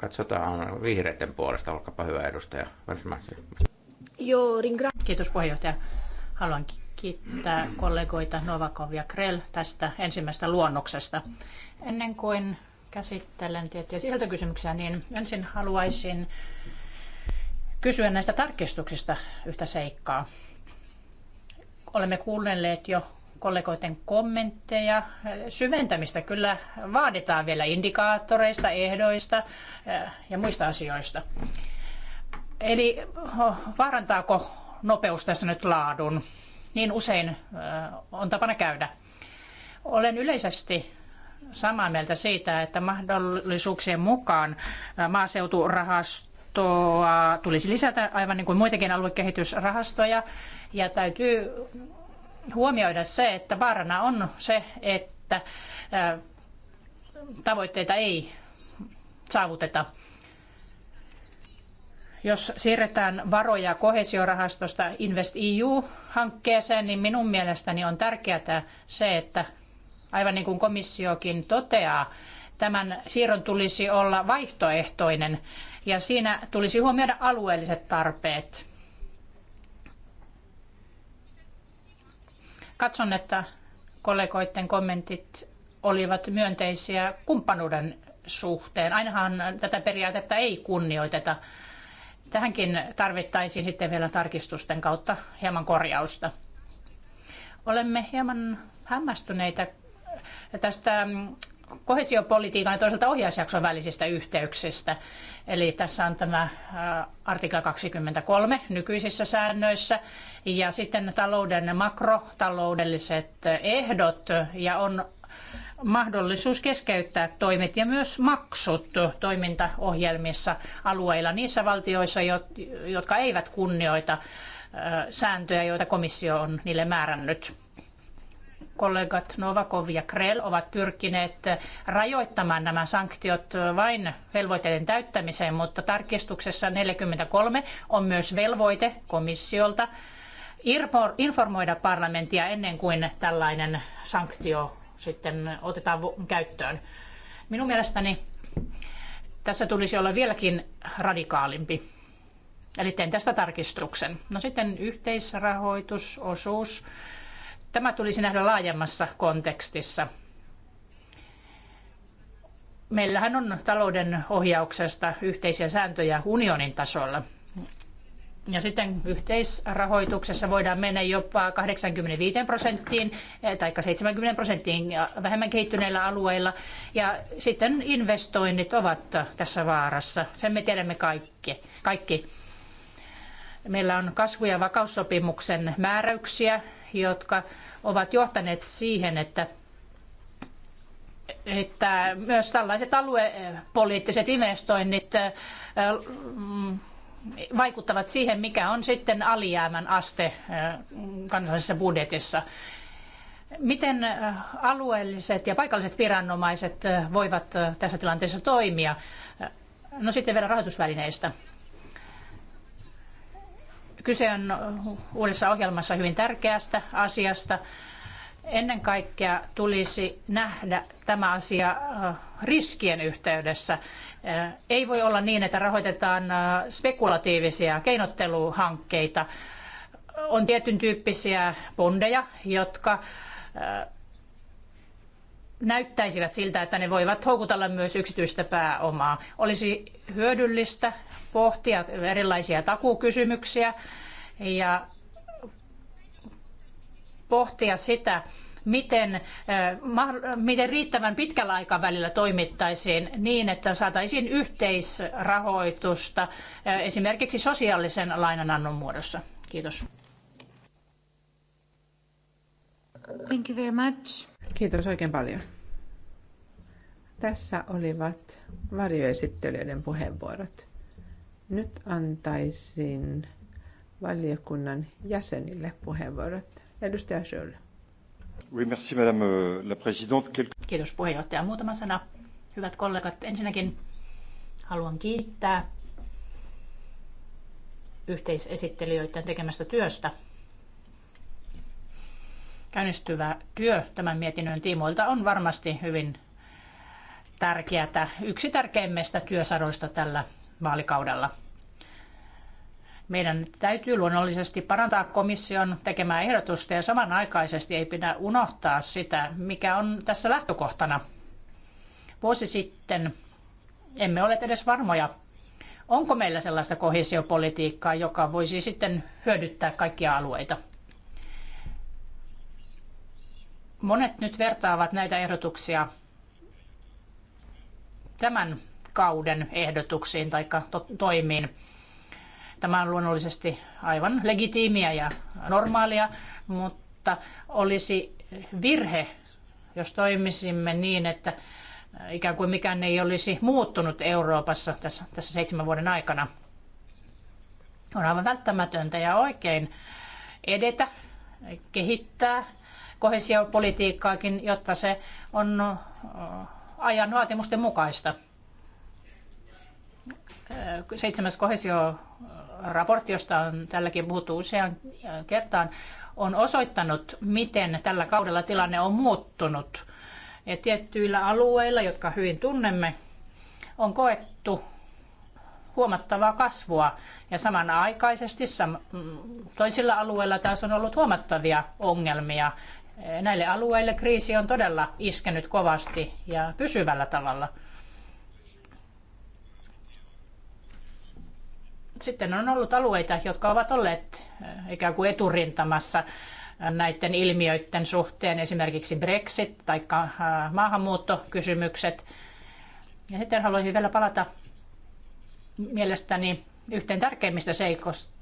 katsotaan vihreiden puolesta. Olkaapa hyvä edustaja. Kiitos puheenjohtaja. Haluan kiittää kollegoita Novakov ja Krell tästä ensimmäisestä luonnoksesta. Ennen kuin käsittelen tiettyjä sisältökysymyksiä, niin ensin haluaisin kysyä näistä tarkistuksista yhtä seikkaa. Olemme kuunnelleet jo kollegoiden kommentteja. Syventämistä kyllä vaaditaan vielä indikaattoreista, ehdoista eh, ja muista asioista. Eli vaarantaako nopeus tässä nyt laadun? Niin usein eh, on tapana käydä. Olen yleisesti samaa mieltä siitä, että mahdollisuuksien mukaan eh, maaseuturahastoa tulisi lisätä aivan niin kuin muitakin aluekehitysrahastoja ja täytyy huomioida se, että vaarana on se, että tavoitteita ei saavuteta. Jos siirretään varoja kohesiorahastosta Invest EU-hankkeeseen, niin minun mielestäni on tärkeää se, että aivan niin kuin komissiokin toteaa, tämän siirron tulisi olla vaihtoehtoinen ja siinä tulisi huomioida alueelliset tarpeet. Katson, että kollegoiden kommentit olivat myönteisiä kumppanuuden suhteen. Ainahan tätä periaatetta ei kunnioiteta. Tähänkin tarvittaisiin sitten vielä tarkistusten kautta hieman korjausta. Olemme hieman hämmästyneitä tästä mm, kohesiopolitiikan ja toisaalta ohjausjakson välisistä yhteyksistä. Eli tässä on tämä artikla 23 nykyisissä säännöissä ja sitten talouden makrotaloudelliset ehdot ja on mahdollisuus keskeyttää toimet ja myös maksut toimintaohjelmissa alueilla niissä valtioissa, jotka eivät kunnioita sääntöjä, joita komissio on niille määrännyt kollegat Novakov ja Krell ovat pyrkineet rajoittamaan nämä sanktiot vain velvoitteiden täyttämiseen, mutta tarkistuksessa 43 on myös velvoite komissiolta informoida parlamenttia ennen kuin tällainen sanktio sitten otetaan käyttöön. Minun mielestäni tässä tulisi olla vieläkin radikaalimpi. Eli teen tästä tarkistuksen. No sitten yhteisrahoitusosuus. Tämä tulisi nähdä laajemmassa kontekstissa. Meillähän on talouden ohjauksesta yhteisiä sääntöjä unionin tasolla. Ja sitten yhteisrahoituksessa voidaan mennä jopa 85 prosenttiin eh, tai 70 prosenttiin vähemmän kehittyneillä alueilla. Ja sitten investoinnit ovat tässä vaarassa. Sen me tiedämme kaikki. kaikki. Meillä on kasvu- ja vakaussopimuksen määräyksiä, jotka ovat johtaneet siihen, että että myös tällaiset aluepoliittiset investoinnit mm, vaikuttavat siihen, mikä on sitten alijäämän aste kansallisessa budjetissa. Miten alueelliset ja paikalliset viranomaiset voivat tässä tilanteessa toimia? No sitten vielä rahoitusvälineistä. Kyse on uudessa ohjelmassa hyvin tärkeästä asiasta. Ennen kaikkea tulisi nähdä tämä asia äh, riskien yhteydessä. Äh, ei voi olla niin, että rahoitetaan äh, spekulatiivisia keinotteluhankkeita. On tietyn tyyppisiä bondeja, jotka näyttäisivät siltä, että ne voivat houkutella myös yksityistä pääomaa. Olisi hyödyllistä pohtia erilaisia takuukysymyksiä ja pohtia sitä, miten, miten riittävän pitkällä aikavälillä toimittaisiin niin, että saataisiin yhteisrahoitusta esimerkiksi sosiaalisen lainanannon muodossa. Kiitos. Thank you very much. Kiitos oikein paljon. Tässä olivat varjoesittelijöiden puheenvuorot. Nyt antaisin valiokunnan jäsenille puheenvuorot. Edustaja Schöll. Oui, merci, madame euh, la présidente. Kiitos puheenjohtaja. Muutama sana. Hyvät kollegat, ensinnäkin haluan kiittää yhteisesittelijöiden tekemästä työstä käynnistyvä työ tämän mietinnön tiimoilta on varmasti hyvin tärkeätä, yksi tärkeimmistä työsaroista tällä vaalikaudella. Meidän täytyy luonnollisesti parantaa komission tekemää ehdotusta ja samanaikaisesti ei pidä unohtaa sitä, mikä on tässä lähtökohtana. Vuosi sitten emme ole edes varmoja, onko meillä sellaista kohesiopolitiikkaa, joka voisi sitten hyödyttää kaikkia alueita. Monet nyt vertaavat näitä ehdotuksia tämän kauden ehdotuksiin tai to- toimiin. Tämä on luonnollisesti aivan legitiimiä ja normaalia, mutta olisi virhe, jos toimisimme niin, että ikään kuin mikään ei olisi muuttunut Euroopassa tässä, tässä seitsemän vuoden aikana. On aivan välttämätöntä ja oikein edetä, kehittää kohesiopolitiikkaakin, jotta se on ajan vaatimusten mukaista. Seitsemäs kohesioraportti, josta on tälläkin puhuttu usean kertaan, on osoittanut, miten tällä kaudella tilanne on muuttunut. Ja tiettyillä alueilla, jotka hyvin tunnemme, on koettu huomattavaa kasvua ja samanaikaisesti sam- mm, toisilla alueilla taas on ollut huomattavia ongelmia näille alueille kriisi on todella iskenyt kovasti ja pysyvällä tavalla. Sitten on ollut alueita, jotka ovat olleet eh, ikään kuin eturintamassa näiden ilmiöiden suhteen, esimerkiksi Brexit tai eh, maahanmuuttokysymykset. Ja sitten haluaisin vielä palata mielestäni yhteen tärkeimmistä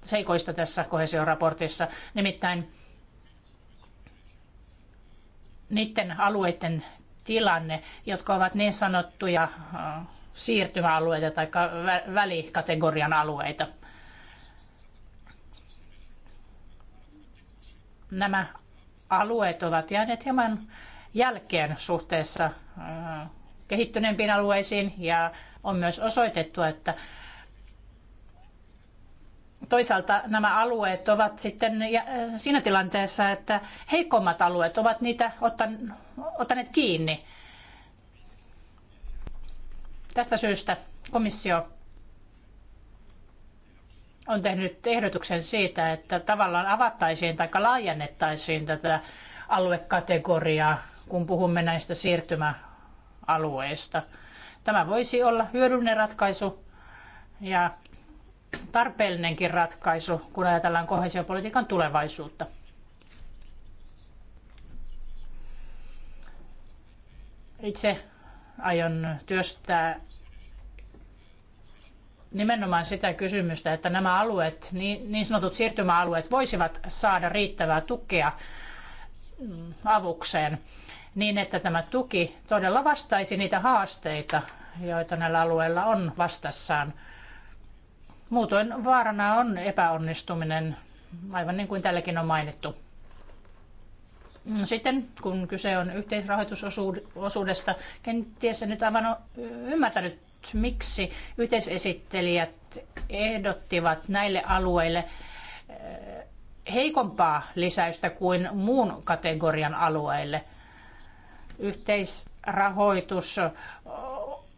seikoista tässä kohesioraportissa, nimittäin niiden alueiden tilanne, jotka ovat niin sanottuja äh, siirtymäalueita tai välikategorian alueita. Nämä alueet ovat jääneet hieman jälkeen suhteessa äh, kehittyneempiin alueisiin ja on myös osoitettu, että toisaalta nämä alueet ovat sitten äh, siinä tilanteessa, että heikommat alueet ovat niitä ottaneet kiinni. Tästä syystä komissio on tehnyt ehdotuksen siitä, että tavallaan avattaisiin tai laajennettaisiin tätä aluekategoriaa, kun puhumme näistä siirtymäalueista. Tämä voisi olla hyödyllinen ratkaisu ja tarpeellinenkin ratkaisu, kun ajatellaan kohesiopolitiikan tulevaisuutta. Itse aion työstää nimenomaan sitä kysymystä, että nämä alueet, niin sanotut siirtymäalueet, voisivat saada riittävää tukea mm, avukseen niin, että tämä tuki todella vastaisi niitä haasteita, joita näillä alueilla on vastassaan. Muutoin vaarana on epäonnistuminen, aivan niin kuin tälläkin on mainittu. Sitten kun kyse on yhteisrahoitusosuudesta, kenties se nyt aivan ymmärtänyt, miksi yhteisesittelijät ehdottivat näille alueille eh, heikompaa lisäystä kuin muun kategorian alueille. Yhteisrahoitus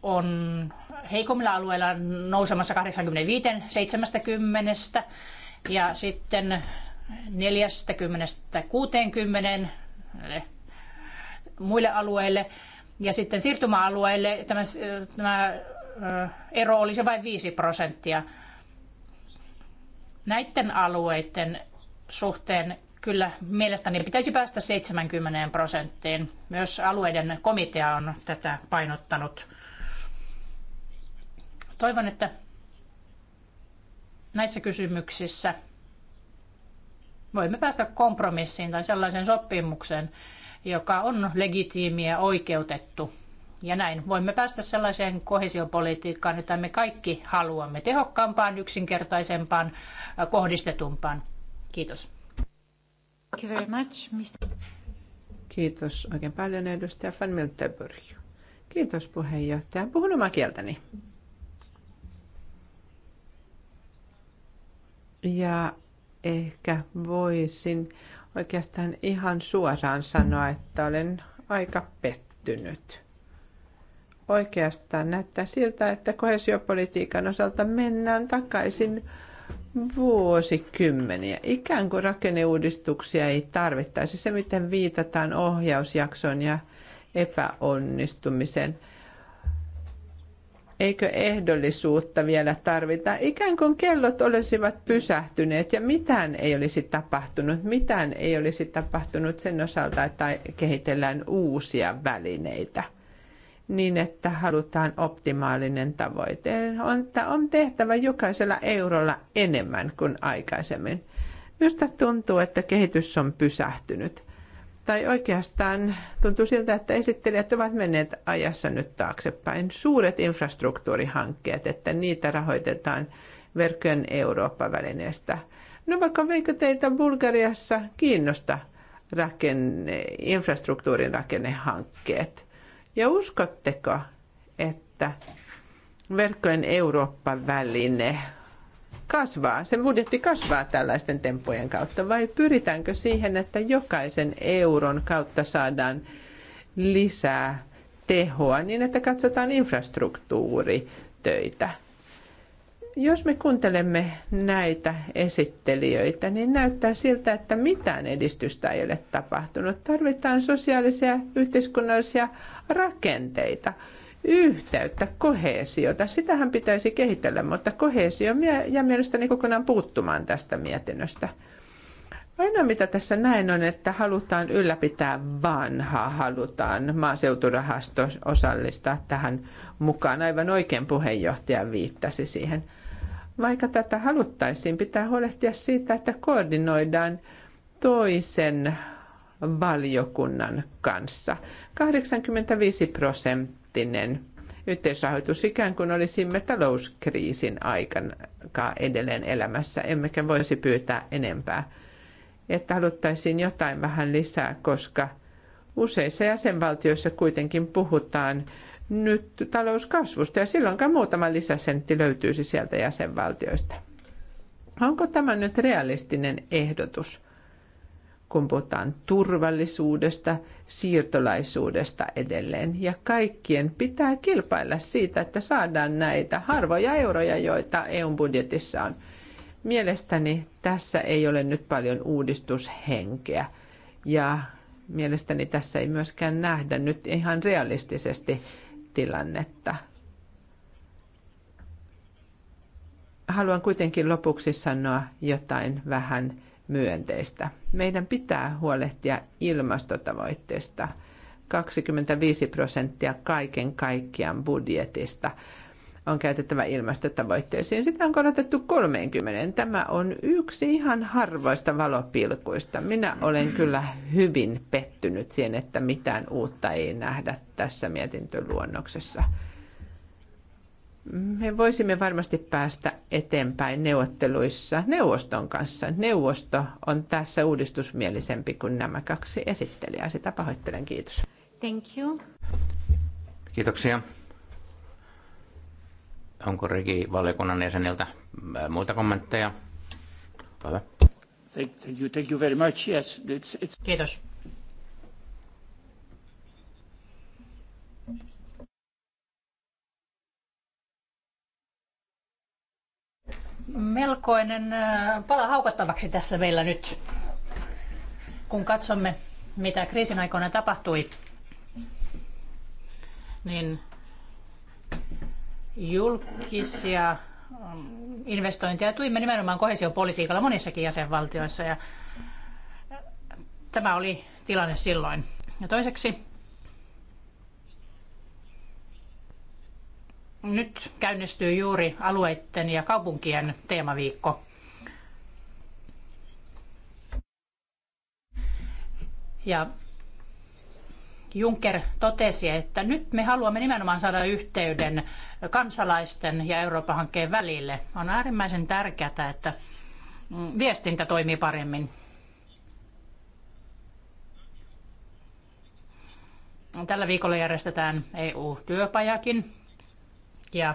on heikommilla alueilla nousemassa 85 70 ja sitten 40 60 muille alueille ja sitten siirtymäalueille tämä, tämä ero olisi vain 5 prosenttia. Näiden alueiden suhteen kyllä mielestäni pitäisi päästä 70 prosenttiin. Myös alueiden komitea on tätä painottanut. Toivon, että näissä kysymyksissä voimme päästä kompromissiin tai sellaiseen sopimukseen, joka on legitiimi ja oikeutettu. Ja näin voimme päästä sellaiseen kohesiopolitiikkaan, jota me kaikki haluamme, tehokkaampaan, yksinkertaisempaan, kohdistetumpaan. Kiitos. Thank you very much, Mr. Kiitos oikein paljon edustaja Van Miltenburg. Kiitos puheenjohtaja. Puhun omaa kieltäni. Ja ehkä voisin oikeastaan ihan suoraan sanoa, että olen aika pettynyt. Oikeastaan näyttää siltä, että kohesiopolitiikan osalta mennään takaisin vuosikymmeniä. Ikään kuin rakenneuudistuksia ei tarvittaisi. Se, miten viitataan ohjausjakson ja epäonnistumisen – Eikö ehdollisuutta vielä tarvita? Ikään kuin kellot olisivat pysähtyneet ja mitään ei olisi tapahtunut. Mitään ei olisi tapahtunut sen osalta, että kehitellään uusia välineitä niin, että halutaan optimaalinen tavoite. On, että on tehtävä jokaisella eurolla enemmän kuin aikaisemmin. Minusta tuntuu, että kehitys on pysähtynyt. Tai oikeastaan tuntuu siltä, että esittelijät ovat menneet ajassa nyt taaksepäin. Suuret infrastruktuurihankkeet, että niitä rahoitetaan verkön Eurooppa-välineestä. No vaikka veikö teitä Bulgariassa kiinnosta rakenne, infrastruktuurin rakennehankkeet? Ja uskotteko, että verkkojen Eurooppa-väline kasvaa, sen budjetti kasvaa tällaisten temppujen kautta, vai pyritäänkö siihen, että jokaisen euron kautta saadaan lisää tehoa niin, että katsotaan infrastruktuuritöitä? Jos me kuuntelemme näitä esittelijöitä, niin näyttää siltä, että mitään edistystä ei ole tapahtunut. Tarvitaan sosiaalisia yhteiskunnallisia rakenteita, yhteyttä, kohesiota. Sitähän pitäisi kehitellä, mutta kohesio ja mielestäni kokonaan puuttumaan tästä mietinnöstä. Ainoa mitä tässä näin on, että halutaan ylläpitää vanhaa, halutaan maaseuturahasto osallistaa tähän mukaan. Aivan oikein puheenjohtaja viittasi siihen. Vaikka tätä haluttaisiin, pitää huolehtia siitä, että koordinoidaan toisen valiokunnan kanssa. 85 prosenttia poliittinen yhteisrahoitus ikään kuin olisimme talouskriisin aikana edelleen elämässä, emmekä voisi pyytää enempää. Että haluttaisiin jotain vähän lisää, koska useissa jäsenvaltioissa kuitenkin puhutaan nyt talouskasvusta ja silloinkaan muutama lisäsentti löytyisi sieltä jäsenvaltioista. Onko tämä nyt realistinen ehdotus? kun puhutaan turvallisuudesta, siirtolaisuudesta edelleen. Ja kaikkien pitää kilpailla siitä, että saadaan näitä harvoja euroja, joita EUn budjetissa on. Mielestäni tässä ei ole nyt paljon uudistushenkeä ja mielestäni tässä ei myöskään nähdä nyt ihan realistisesti tilannetta. Haluan kuitenkin lopuksi sanoa jotain vähän myönteistä. Meidän pitää huolehtia ilmastotavoitteista. 25 prosenttia kaiken kaikkiaan budjetista on käytettävä ilmastotavoitteisiin. Sitä on korotettu 30. Tämä on yksi ihan harvoista valopilkuista. Minä olen kyllä hyvin pettynyt siihen, että mitään uutta ei nähdä tässä mietintöluonnoksessa me voisimme varmasti päästä eteenpäin neuvotteluissa neuvoston kanssa. Neuvosto on tässä uudistusmielisempi kuin nämä kaksi esittelijää. Sitä pahoittelen. Kiitos. Thank you. Kiitoksia. Onko Regi valiokunnan jäseniltä äh, muita kommentteja? Thank you, thank you very much. Yes, it's, it's... Kiitos. melkoinen pala haukottavaksi tässä meillä nyt, kun katsomme, mitä kriisin aikoina tapahtui, niin julkisia mm, investointeja tuimme nimenomaan kohesiopolitiikalla monissakin jäsenvaltioissa ja tämä oli tilanne silloin. Ja toiseksi Nyt käynnistyy juuri alueiden ja kaupunkien teemaviikko. Ja Juncker totesi, että nyt me haluamme nimenomaan saada yhteyden kansalaisten ja Euroopan hankkeen välille. On äärimmäisen tärkeää, että viestintä toimii paremmin. Tällä viikolla järjestetään EU-työpajakin ja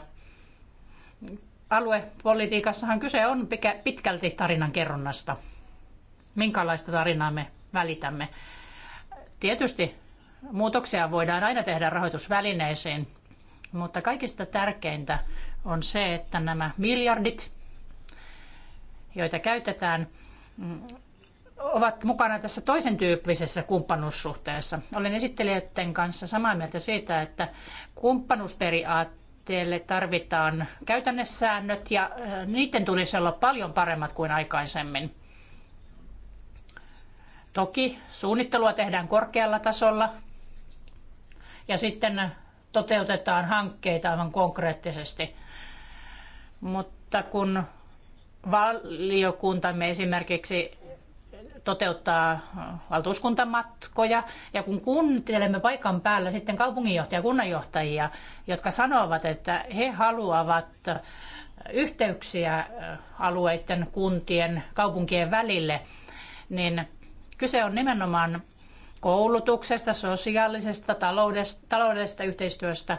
Aluepolitiikassahan kyse on pitkälti tarinan kerronnasta. Minkälaista tarinaa me välitämme. Tietysti muutoksia voidaan aina tehdä rahoitusvälineisiin, mutta kaikista tärkeintä on se, että nämä miljardit, joita käytetään, ovat mukana tässä toisen tyyppisessä kumppanuussuhteessa. Olen esittelijöiden kanssa samaa mieltä siitä, että kumppanuusperiaatteet liikkeelle tarvitaan käytännessäännöt ja äh, niiden tulisi olla paljon paremmat kuin aikaisemmin. Toki suunnittelua tehdään korkealla tasolla ja sitten toteutetaan hankkeita aivan konkreettisesti. Mutta kun valiokuntamme esimerkiksi toteuttaa äh, valtuuskuntamatkoja. Ja kun kuuntelemme paikan päällä sitten kaupunginjohtajia, kunnanjohtajia, jotka sanovat, että he haluavat äh, yhteyksiä äh, alueiden, kuntien, kaupunkien välille, niin kyse on nimenomaan koulutuksesta, sosiaalisesta, taloudesta, taloudellisesta yhteistyöstä,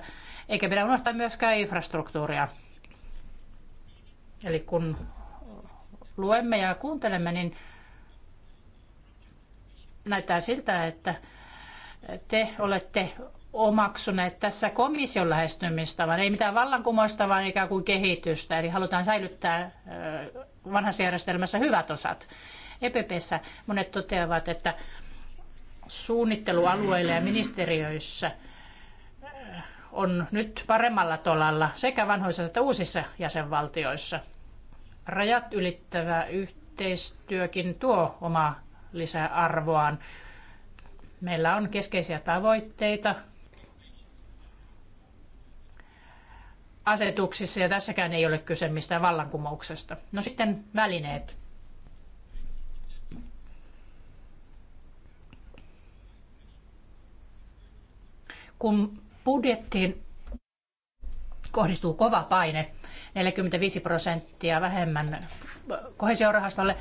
eikä pidä unohtaa myöskään infrastruktuuria. Eli kun luemme ja kuuntelemme, niin näyttää siltä, että te olette omaksuneet tässä komission vaan ei mitään vallankumousta, vaan ikään kuin kehitystä. Eli halutaan säilyttää vanhassa järjestelmässä hyvät osat. EPPssä monet toteavat, että suunnittelualueilla ja ministeriöissä on nyt paremmalla tolalla sekä vanhoissa että uusissa jäsenvaltioissa. Rajat ylittävä yhteistyökin tuo omaa lisäarvoaan. Meillä on keskeisiä tavoitteita asetuksissa ja tässäkään ei ole kyse mistään vallankumouksesta. No sitten välineet. Kun budjettiin kohdistuu kova paine, 45 prosenttia vähemmän kohesiorahastolle,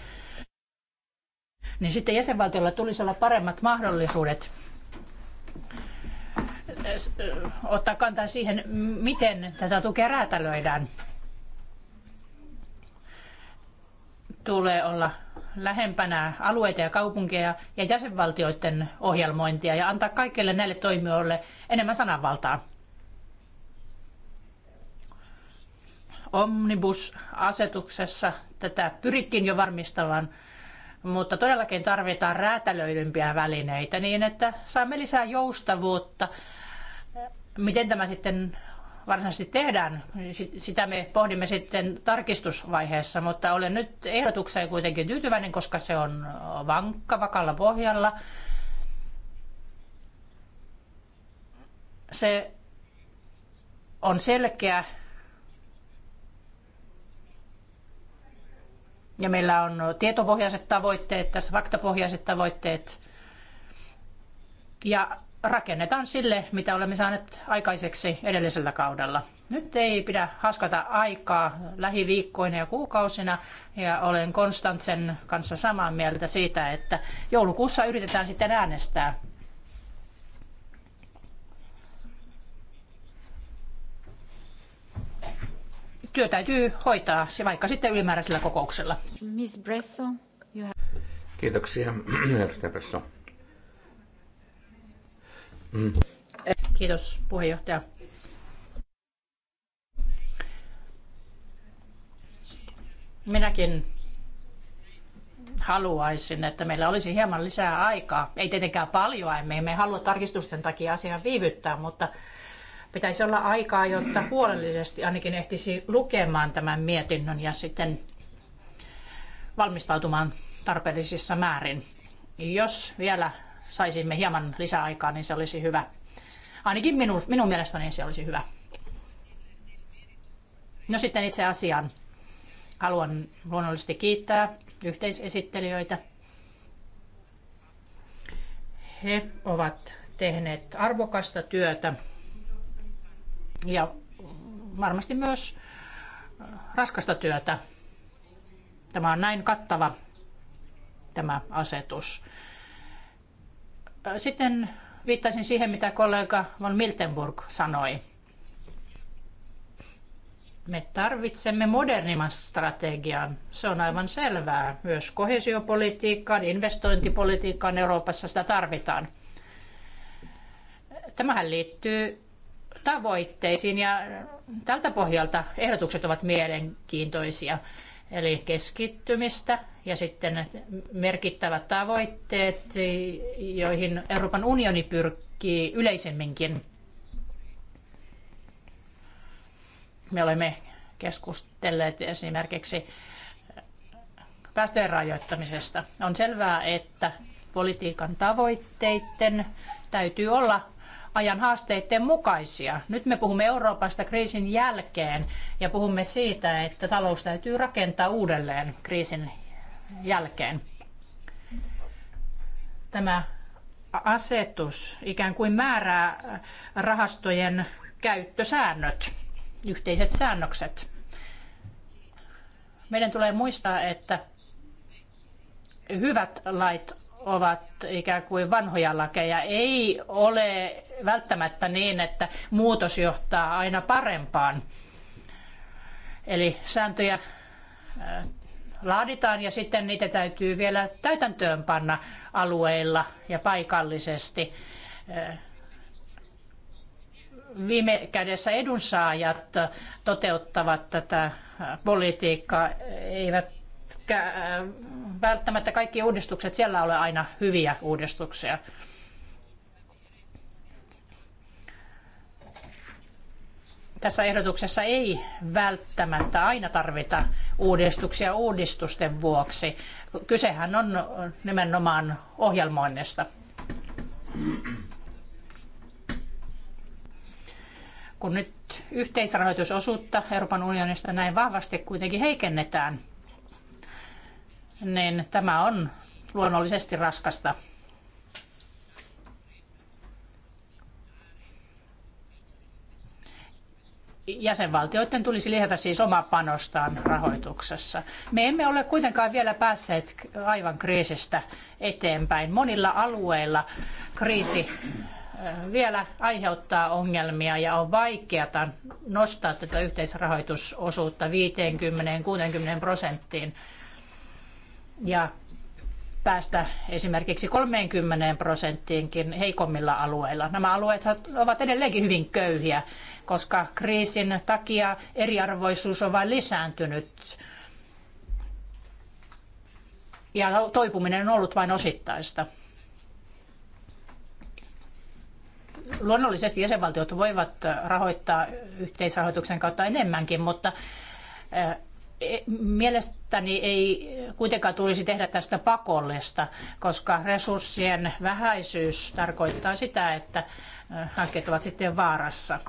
niin sitten jäsenvaltiolla tulisi olla paremmat mahdollisuudet äh, äh, ottaa kantaa siihen, miten tätä tukea räätälöidään. Tulee olla lähempänä alueita ja kaupunkeja ja jäsenvaltioiden ohjelmointia ja antaa kaikille näille toimijoille enemmän sananvaltaa. Omnibus-asetuksessa tätä pyrikin jo varmistamaan mutta todellakin tarvitaan räätälöidympiä välineitä niin, että saamme lisää joustavuutta. Miten tämä sitten varsinaisesti tehdään, sitä me pohdimme sitten tarkistusvaiheessa, mutta olen nyt ehdotukseen kuitenkin tyytyväinen, koska se on vankka, vakalla pohjalla. Se on selkeä Ja meillä on tietopohjaiset tavoitteet, tässä faktapohjaiset tavoitteet. Ja rakennetaan sille, mitä olemme saaneet aikaiseksi edellisellä kaudella. Nyt ei pidä haskata aikaa lähiviikkoina ja kuukausina ja olen Konstantsen kanssa samaa mieltä siitä, että joulukuussa yritetään sitten äänestää työ täytyy hoitaa, vaikka sitten ylimääräisellä kokouksella. Miss Bresso, you have... Kiitoksia, edustaja Bresso. Mm. Kiitos, puheenjohtaja. Minäkin haluaisin, että meillä olisi hieman lisää aikaa. Ei tietenkään paljon, emme, emme halua tarkistusten takia asiaa viivyttää, mutta Pitäisi olla aikaa, jotta huolellisesti ainakin ehtisi lukemaan tämän mietinnön ja sitten valmistautumaan tarpeellisissa määrin. Jos vielä saisimme hieman lisäaikaa, niin se olisi hyvä. Ainakin minun, minun mielestäni se olisi hyvä. No sitten itse asiaan. Haluan luonnollisesti kiittää yhteisesittelijöitä. He ovat tehneet arvokasta työtä ja varmasti myös äh, raskasta työtä. Tämä on näin kattava tämä asetus. Äh, sitten viittaisin siihen, mitä kollega von Miltenburg sanoi. Me tarvitsemme modernimman strategian. Se on aivan selvää. Myös kohesiopolitiikkaan, investointipolitiikkaan Euroopassa sitä tarvitaan. Tämähän liittyy tavoitteisiin ja tältä pohjalta ehdotukset ovat mielenkiintoisia. Eli keskittymistä ja sitten merkittävät tavoitteet, joihin Euroopan unioni pyrkii yleisemminkin. Me olemme keskustelleet esimerkiksi päästöjen rajoittamisesta. On selvää, että politiikan tavoitteiden täytyy olla ajan haasteiden mukaisia. Nyt me puhumme Euroopasta kriisin jälkeen ja puhumme siitä, että talous täytyy rakentaa uudelleen kriisin jälkeen. Tämä asetus ikään kuin määrää rahastojen käyttösäännöt, yhteiset säännökset. Meidän tulee muistaa, että hyvät lait ovat ikään kuin vanhoja lakeja. Ei ole välttämättä niin, että muutos johtaa aina parempaan. Eli sääntöjä äh, laaditaan ja sitten niitä täytyy vielä täytäntöön panna alueilla ja paikallisesti. Äh, viime kädessä edunsaajat toteuttavat tätä politiikkaa, eivät Äh, välttämättä kaikki uudistukset siellä ole aina hyviä uudistuksia. Tässä ehdotuksessa ei välttämättä aina tarvita uudistuksia uudistusten vuoksi. Kysehän on nimenomaan ohjelmoinnista. Kun nyt yhteisrahoitusosuutta Euroopan unionista näin vahvasti kuitenkin heikennetään – niin tämä on luonnollisesti raskasta. jäsenvaltioiden tulisi lisätä siis omaa panostaan rahoituksessa. Me emme ole kuitenkaan vielä päässeet aivan kriisistä eteenpäin. Monilla alueilla kriisi vielä aiheuttaa ongelmia ja on vaikeata nostaa tätä yhteisrahoitusosuutta 50-60 prosenttiin ja päästä esimerkiksi 30 prosenttiinkin heikommilla alueilla. Nämä alueet ovat edelleenkin hyvin köyhiä, koska kriisin takia eriarvoisuus on vain lisääntynyt ja toipuminen on ollut vain osittaista. Luonnollisesti jäsenvaltiot voivat rahoittaa yhteisrahoituksen kautta enemmänkin, mutta mielestäni ei kuitenkaan tulisi tehdä tästä pakollista, koska resurssien vähäisyys tarkoittaa sitä, että hankkeet ovat sitten vaarassa.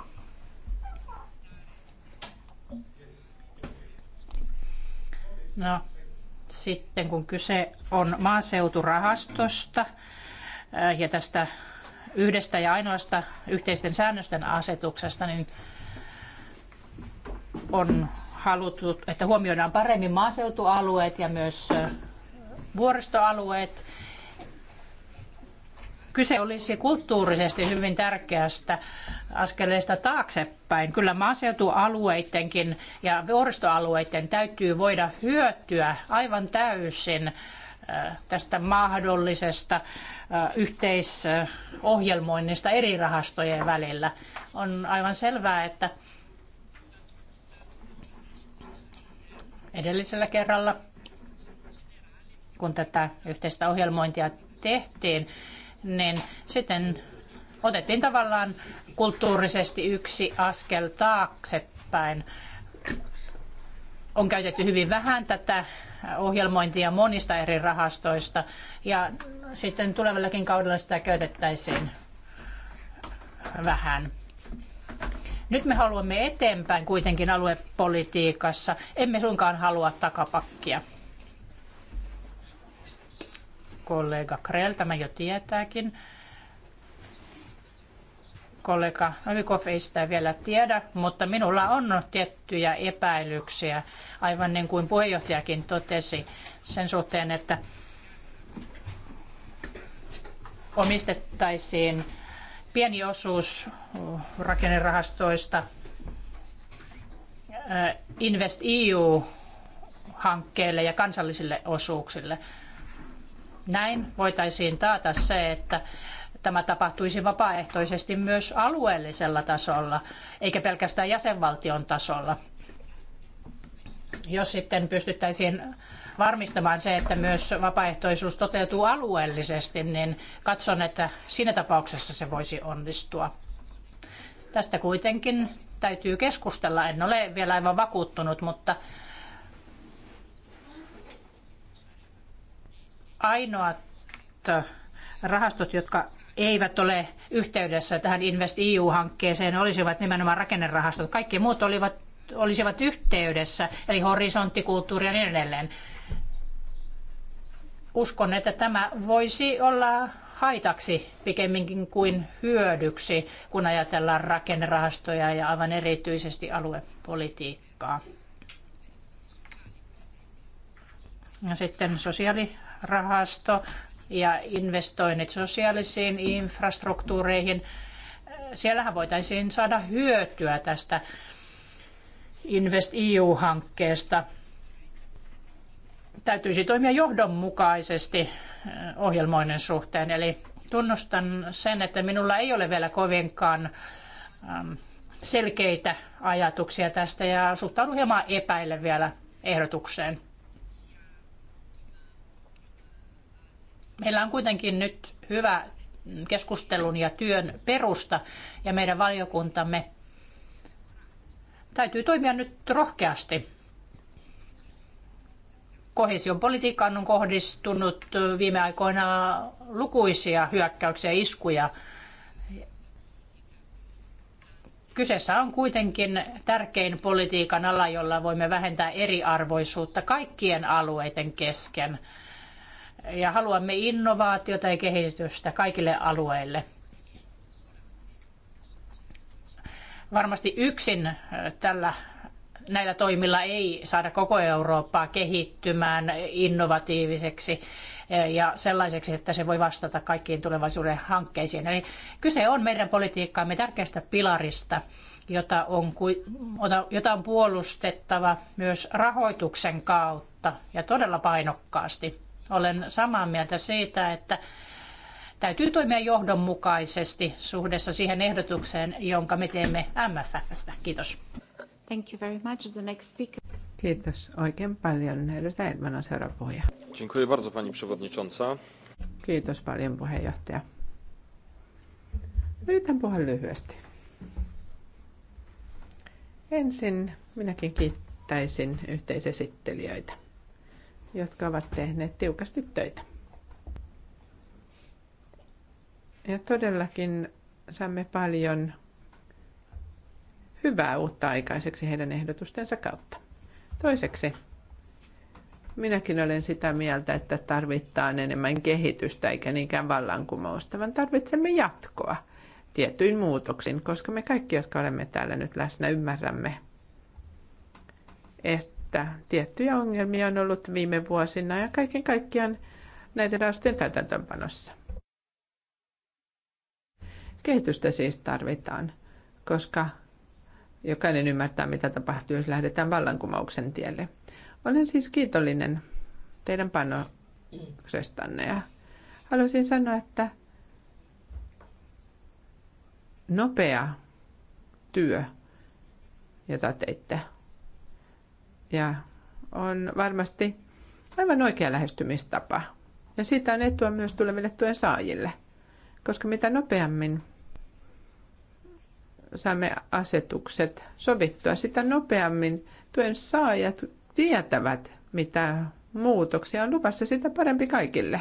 No, sitten kun kyse on maaseuturahastosta ja tästä yhdestä ja ainoasta yhteisten säännösten asetuksesta, niin on haluttu, että huomioidaan paremmin maaseutualueet ja myös vuoristoalueet. Kyse olisi kulttuurisesti hyvin tärkeästä askeleesta taaksepäin. Kyllä maaseutualueidenkin ja vuoristoalueiden täytyy voida hyötyä aivan täysin tästä mahdollisesta yhteisohjelmoinnista eri rahastojen välillä. On aivan selvää, että edellisellä kerralla, kun tätä yhteistä ohjelmointia tehtiin, niin sitten otettiin tavallaan kulttuurisesti yksi askel taaksepäin. On käytetty hyvin vähän tätä ohjelmointia monista eri rahastoista ja sitten tulevallakin kaudella sitä käytettäisiin vähän. Nyt me haluamme eteenpäin kuitenkin aluepolitiikassa. Emme suinkaan halua takapakkia. Kollega Krell tämä jo tietääkin. Kollega Novikov ei sitä vielä tiedä, mutta minulla on tiettyjä epäilyksiä, aivan niin kuin puheenjohtajakin totesi sen suhteen, että omistettaisiin pieni osuus uh, rakennerahastoista uh, Invest eu ja kansallisille osuuksille. Näin voitaisiin taata se, että tämä tapahtuisi vapaaehtoisesti myös alueellisella tasolla, eikä pelkästään jäsenvaltion tasolla jos sitten pystyttäisiin varmistamaan se, että myös vapaaehtoisuus toteutuu alueellisesti, niin katson, että siinä tapauksessa se voisi onnistua. Tästä kuitenkin täytyy keskustella. En ole vielä aivan vakuuttunut, mutta ainoat rahastot, jotka eivät ole yhteydessä tähän Invest EU-hankkeeseen, olisivat nimenomaan rakennerahastot. Kaikki muut olivat olisivat yhteydessä, eli horisonttikulttuuri ja niin edelleen. Uskon, että tämä voisi olla haitaksi pikemminkin kuin hyödyksi, kun ajatellaan rakennerahastoja ja aivan erityisesti aluepolitiikkaa. Ja sitten sosiaalirahasto ja investoinnit sosiaalisiin infrastruktuureihin. Siellähän voitaisiin saada hyötyä tästä Invest EU-hankkeesta. Täytyisi toimia johdonmukaisesti eh, ohjelmoinnin suhteen, eli tunnustan sen, että minulla ei ole vielä kovinkaan selkeitä ajatuksia tästä ja suhtaudun hieman epäille vielä ehdotukseen. Meillä on kuitenkin nyt hyvä keskustelun ja työn perusta ja meidän valiokuntamme Täytyy toimia nyt rohkeasti. Kohesion politiikkaan on kohdistunut viime aikoina lukuisia hyökkäyksiä ja iskuja. Kyseessä on kuitenkin tärkein politiikan ala, jolla voimme vähentää eriarvoisuutta kaikkien alueiden kesken. Ja haluamme innovaatiota ja kehitystä kaikille alueille. varmasti yksin tällä näillä toimilla ei saada koko Eurooppaa kehittymään innovatiiviseksi ja sellaiseksi, että se voi vastata kaikkiin tulevaisuuden hankkeisiin. Eli kyse on meidän politiikkaamme tärkeästä pilarista, jota on, jota on puolustettava myös rahoituksen kautta ja todella painokkaasti. Olen samaa mieltä siitä, että täytyy toimia johdonmukaisesti suhdessa siihen ehdotukseen, jonka me teemme MFFstä. Kiitos. Thank you very much. The next speaker. Kiitos oikein paljon. Edustaja Edman on seuraava puhuja. Dziękuję bardzo pani przewodnicząca. Kiitos paljon puheenjohtaja. Yritän puhua lyhyesti. Ensin minäkin kiittäisin yhteisesittelijöitä, jotka ovat tehneet tiukasti töitä. Ja todellakin saamme paljon hyvää uutta aikaiseksi heidän ehdotustensa kautta. Toiseksi, minäkin olen sitä mieltä, että tarvitaan enemmän kehitystä eikä niinkään vallankumousta, vaan tarvitsemme jatkoa tietyin muutoksin, koska me kaikki, jotka olemme täällä nyt läsnä, ymmärrämme, että tiettyjä ongelmia on ollut viime vuosina ja kaiken kaikkiaan näiden rahastojen täytäntöönpanossa. Kehitystä siis tarvitaan, koska jokainen ymmärtää, mitä tapahtuu, jos lähdetään vallankumouksen tielle. Olen siis kiitollinen teidän panoksestanne ja haluaisin sanoa, että nopea työ, jota teitte, ja on varmasti aivan oikea lähestymistapa. Ja siitä on etua myös tuleville tuen saajille, koska mitä nopeammin saamme asetukset sovittua, sitä nopeammin tuen saajat tietävät, mitä muutoksia on luvassa, sitä parempi kaikille.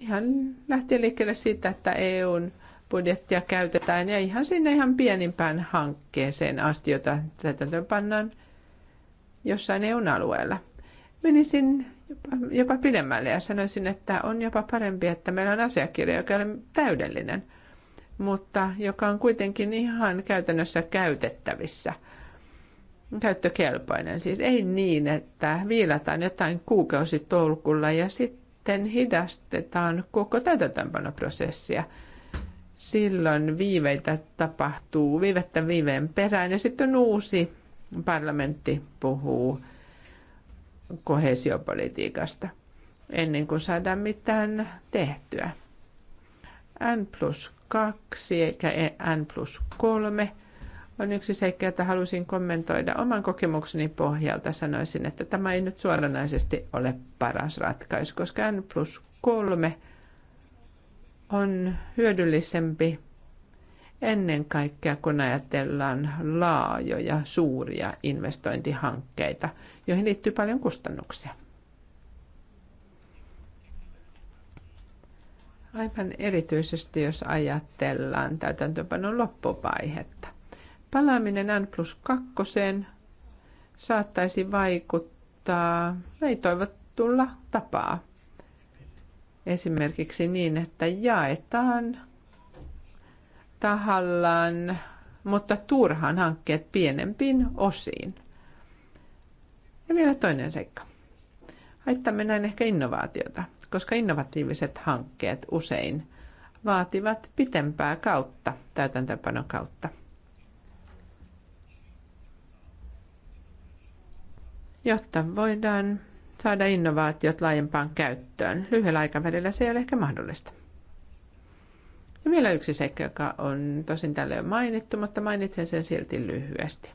Ihan lähtien liikkeelle siitä, että EUn budjettia käytetään ja ihan sinne ihan pienimpään hankkeeseen asti, jota tätä pannaan jossain EUn alueella. Menisin jopa, jopa pidemmälle ja sanoisin, että on jopa parempi, että meillä on asiakirja, joka on täydellinen – mutta joka on kuitenkin ihan käytännössä käytettävissä. Käyttökelpoinen siis. Ei niin, että viilataan jotain kuukausitolkulla ja sitten hidastetaan koko täytäntöönpanoprosessia. Silloin viiveitä tapahtuu viivettä viiveen perään ja sitten uusi parlamentti puhuu kohesiopolitiikasta ennen kuin saadaan mitään tehtyä. N plus 2 eikä e, n plus 3 on yksi seikka, jota halusin kommentoida. Oman kokemukseni pohjalta sanoisin, että tämä ei nyt suoranaisesti ole paras ratkaisu, koska N plus 3 on hyödyllisempi ennen kaikkea, kun ajatellaan laajoja, suuria investointihankkeita, joihin liittyy paljon kustannuksia. aivan erityisesti jos ajatellaan täytäntöpanon loppuvaihetta. Palaaminen N plus 2 saattaisi vaikuttaa ei toivottulla tapaa. Esimerkiksi niin, että jaetaan tahallaan, mutta turhaan hankkeet pienempiin osiin. Ja vielä toinen seikka haittamme näin ehkä innovaatiota, koska innovatiiviset hankkeet usein vaativat pitempää kautta, täytäntöpanon kautta. Jotta voidaan saada innovaatiot laajempaan käyttöön. Lyhyellä aikavälillä se ei ole ehkä mahdollista. Ja vielä yksi seikka, joka on tosin tälle jo mainittu, mutta mainitsen sen silti lyhyesti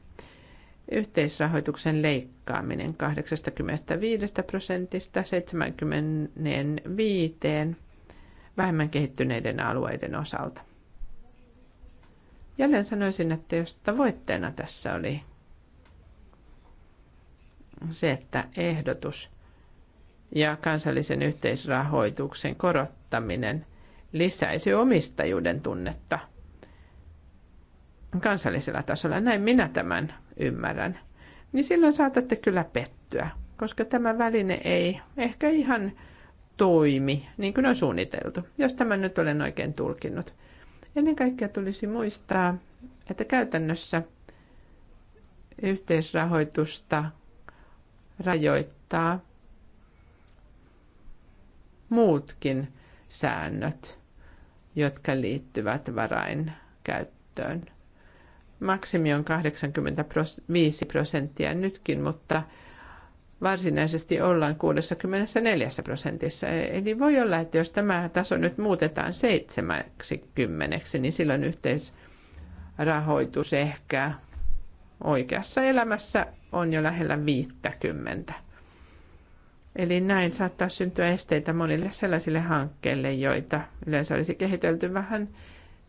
yhteisrahoituksen leikkaaminen 85 prosentista 75 vähemmän kehittyneiden alueiden osalta. Jälleen sanoisin, että jos tavoitteena tässä oli se, että ehdotus ja kansallisen yhteisrahoituksen korottaminen lisäisi omistajuuden tunnetta kansallisella tasolla. Näin minä tämän ymmärrän, niin silloin saatatte kyllä pettyä, koska tämä väline ei ehkä ihan toimi niin kuin on suunniteltu, jos tämä nyt olen oikein tulkinnut. Ennen kaikkea tulisi muistaa, että käytännössä yhteisrahoitusta rajoittaa muutkin säännöt, jotka liittyvät varainkäyttöön maksimi on 85 prosenttia nytkin, mutta varsinaisesti ollaan 64 prosentissa. Eli voi olla, että jos tämä taso nyt muutetaan 70, niin silloin yhteisrahoitus ehkä oikeassa elämässä on jo lähellä 50. Eli näin saattaa syntyä esteitä monille sellaisille hankkeille, joita yleensä olisi kehitelty vähän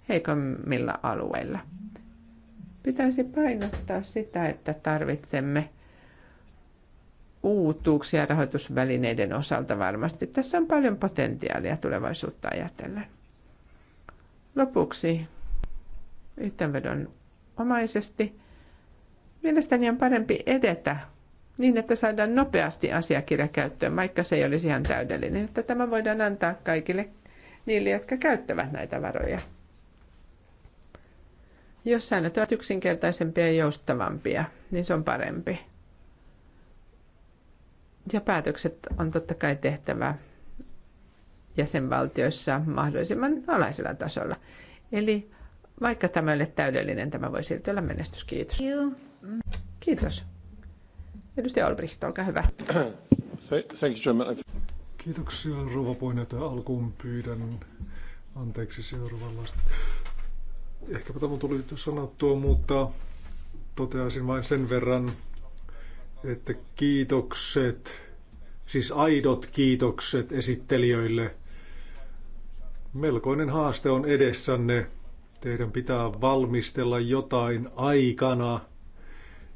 heikommilla alueilla. Pitäisi painottaa sitä, että tarvitsemme uutuuksia rahoitusvälineiden osalta varmasti. Tässä on paljon potentiaalia tulevaisuutta ajatellen. Lopuksi yhteenvedon omaisesti. Mielestäni on parempi edetä niin, että saadaan nopeasti asiakirja käyttöön, vaikka se ei olisi ihan täydellinen, että tämä voidaan antaa kaikille niille, jotka käyttävät näitä varoja. Jos säännöt ovat yksinkertaisempia ja joustavampia, niin se on parempi. Ja päätökset on totta kai tehtävä jäsenvaltioissa mahdollisimman alaisella tasolla. Eli vaikka tämä ei ole täydellinen, tämä voi silti olla menestys. Kiitos. Kiitos. Edustaja Olbricht, olkaa hyvä. Kiitoksia rouva puheenjohtaja. Alkuun pyydän anteeksi seuraavanlaista ehkäpä tämä tuli sanottua, mutta toteaisin vain sen verran, että kiitokset, siis aidot kiitokset esittelijöille. Melkoinen haaste on edessänne. Teidän pitää valmistella jotain aikana,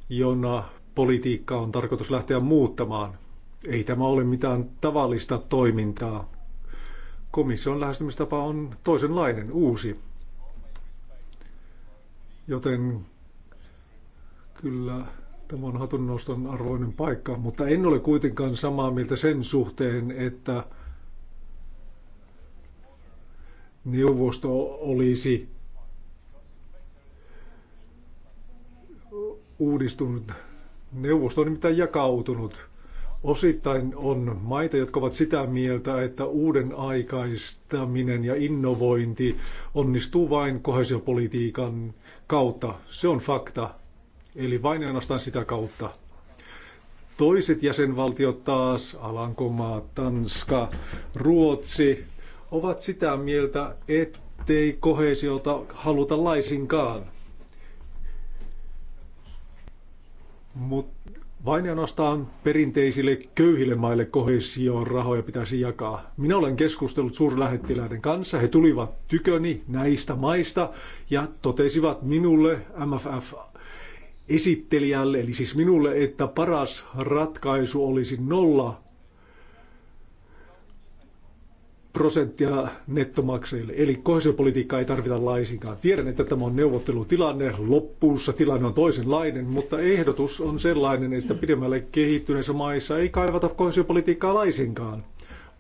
jona politiikka on tarkoitus lähteä muuttamaan. Ei tämä ole mitään tavallista toimintaa. Komission lähestymistapa on toisenlainen, uusi. Joten kyllä tämä on hatunnoston arvoinen paikka, mutta en ole kuitenkaan samaa mieltä sen suhteen, että neuvosto olisi uudistunut. Neuvosto on nimittäin jakautunut. Osittain on maita, jotka ovat sitä mieltä, että uuden aikaistaminen ja innovointi onnistuu vain kohesiopolitiikan kautta. Se on fakta. Eli vain ainoastaan sitä kautta. Toiset jäsenvaltiot taas, Alankomaa, Tanska, Ruotsi, ovat sitä mieltä, ettei kohesiota haluta laisinkaan. Mutta vain nostaan perinteisille köyhille maille kohesioon rahoja pitäisi jakaa. Minä olen keskustellut suurlähettiläiden kanssa. He tulivat tyköni näistä maista ja totesivat minulle MFF esittelijälle, eli siis minulle, että paras ratkaisu olisi nolla prosenttia nettomaksajille. Eli kohesiopolitiikkaa ei tarvita laisinkaan. Tiedän, että tämä on neuvottelutilanne. Loppuussa tilanne on toisenlainen, mutta ehdotus on sellainen, että pidemmälle kehittyneissä maissa ei kaivata kohesiopolitiikkaa laisinkaan,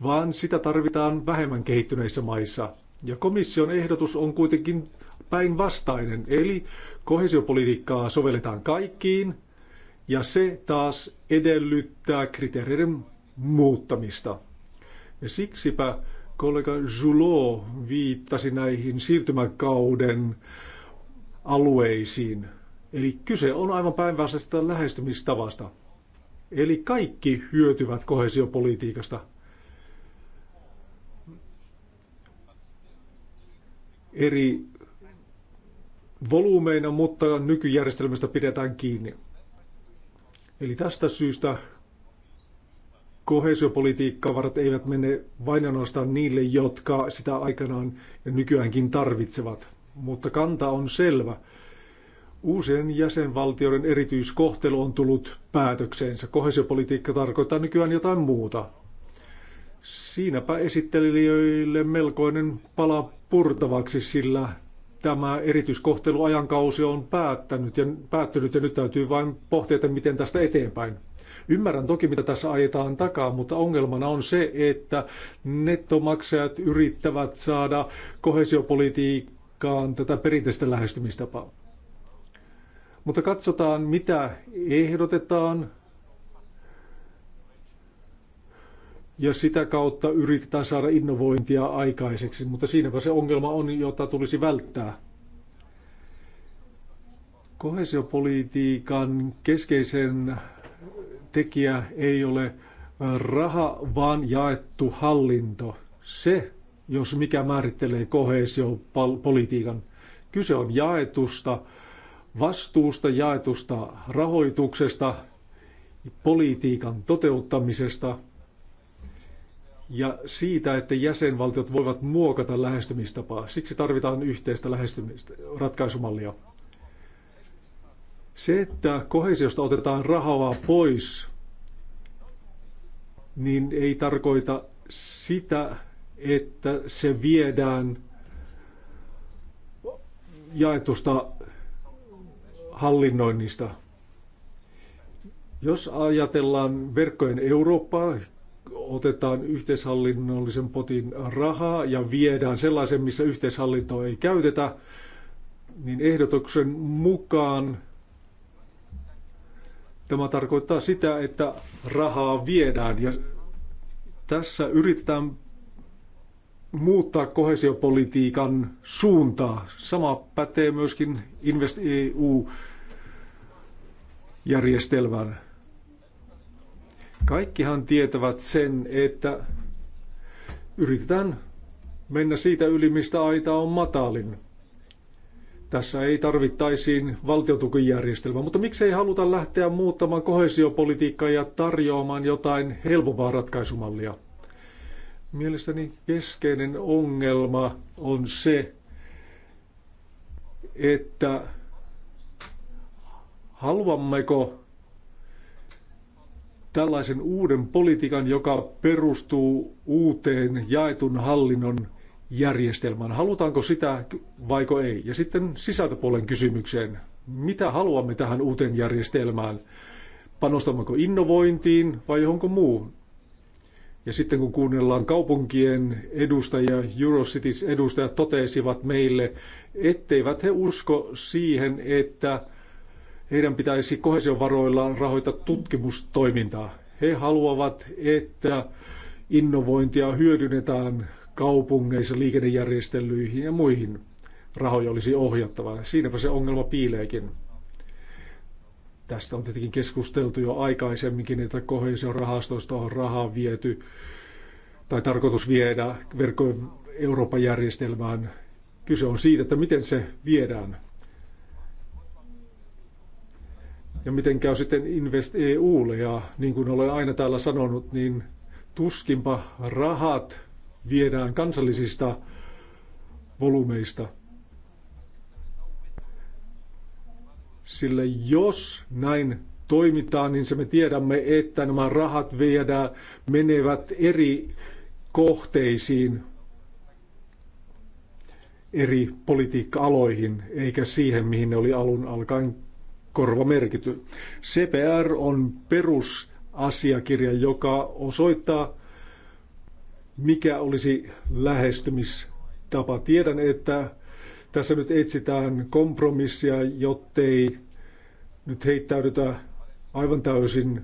vaan sitä tarvitaan vähemmän kehittyneissä maissa. Ja komission ehdotus on kuitenkin päinvastainen, eli kohesiopolitiikkaa sovelletaan kaikkiin, ja se taas edellyttää kriteereiden muuttamista. Ja siksipä kollega Julot viittasi näihin siirtymäkauden alueisiin. Eli kyse on aivan päinvastaisesta lähestymistavasta. Eli kaikki hyötyvät kohesiopolitiikasta. Eri volyymeina, mutta nykyjärjestelmästä pidetään kiinni. Eli tästä syystä varat eivät mene vain ainoastaan niille, jotka sitä aikanaan ja nykyäänkin tarvitsevat. Mutta kanta on selvä. Uusien jäsenvaltioiden erityiskohtelu on tullut päätökseensä. Kohesiopolitiikka tarkoittaa nykyään jotain muuta. Siinäpä esittelijöille melkoinen pala purtavaksi, sillä tämä erityiskohteluajankausi on päättänyt ja, päättynyt ja nyt täytyy vain pohtia, miten tästä eteenpäin. Ymmärrän toki, mitä tässä ajetaan takaa, mutta ongelmana on se, että nettomaksajat yrittävät saada kohesiopolitiikkaan tätä perinteistä lähestymistapaa. Mutta katsotaan, mitä ehdotetaan. Ja sitä kautta yritetään saada innovointia aikaiseksi, mutta siinäpä se ongelma on, jota tulisi välttää. Kohesiopolitiikan keskeisen tekijä ei ole raha, vaan jaettu hallinto. Se, jos mikä määrittelee kohesiopolitiikan. Kyse on jaetusta vastuusta, jaetusta rahoituksesta, politiikan toteuttamisesta ja siitä, että jäsenvaltiot voivat muokata lähestymistapaa. Siksi tarvitaan yhteistä lähestymistä, ratkaisumallia. Se, että kohesiosta otetaan rahaa pois, niin ei tarkoita sitä, että se viedään jaetusta hallinnoinnista. Jos ajatellaan verkkojen Eurooppaa, otetaan yhteishallinnollisen potin rahaa ja viedään sellaisen, missä yhteishallintoa ei käytetä, niin ehdotuksen mukaan Tämä tarkoittaa sitä, että rahaa viedään ja tässä yritetään muuttaa kohesiopolitiikan suuntaa. Sama pätee myöskin Invest EU-järjestelmään. Kaikkihan tietävät sen, että yritetään mennä siitä yli, mistä aita on matalin. Tässä ei tarvittaisiin valtiotukijärjestelmää, mutta miksei haluta lähteä muuttamaan kohesiopolitiikkaa ja tarjoamaan jotain helpompaa ratkaisumallia? Mielestäni keskeinen ongelma on se, että haluammeko tällaisen uuden politiikan, joka perustuu uuteen jaetun hallinnon järjestelmään. Halutaanko sitä vaiko ei? Ja sitten sisältöpuolen kysymykseen. Mitä haluamme tähän uuteen järjestelmään? Panostammeko innovointiin vai johonko muuhun? Ja sitten kun kuunnellaan kaupunkien edustajia, Eurocities edustajat totesivat meille, etteivät he usko siihen, että heidän pitäisi kohesiovaroilla rahoittaa tutkimustoimintaa. He haluavat, että innovointia hyödynnetään kaupungeissa liikennejärjestelyihin ja muihin rahoja olisi ohjattava. Siinäpä se ongelma piileekin. Tästä on tietenkin keskusteltu jo aikaisemminkin, että rahastoista on rahaa viety tai tarkoitus viedä verkko Euroopan järjestelmään. Kyse on siitä, että miten se viedään. Ja miten käy sitten Invest EUlle ja niin kuin olen aina täällä sanonut, niin tuskinpa rahat viedään kansallisista volumeista, Sillä jos näin toimitaan, niin se me tiedämme, että nämä rahat viedään, menevät eri kohteisiin, eri politiikka-aloihin, eikä siihen, mihin ne oli alun alkaen korva merkity. CPR on perusasiakirja, joka osoittaa, mikä olisi lähestymistapa. Tiedän, että tässä nyt etsitään kompromissia, jottei nyt heittäydytä aivan täysin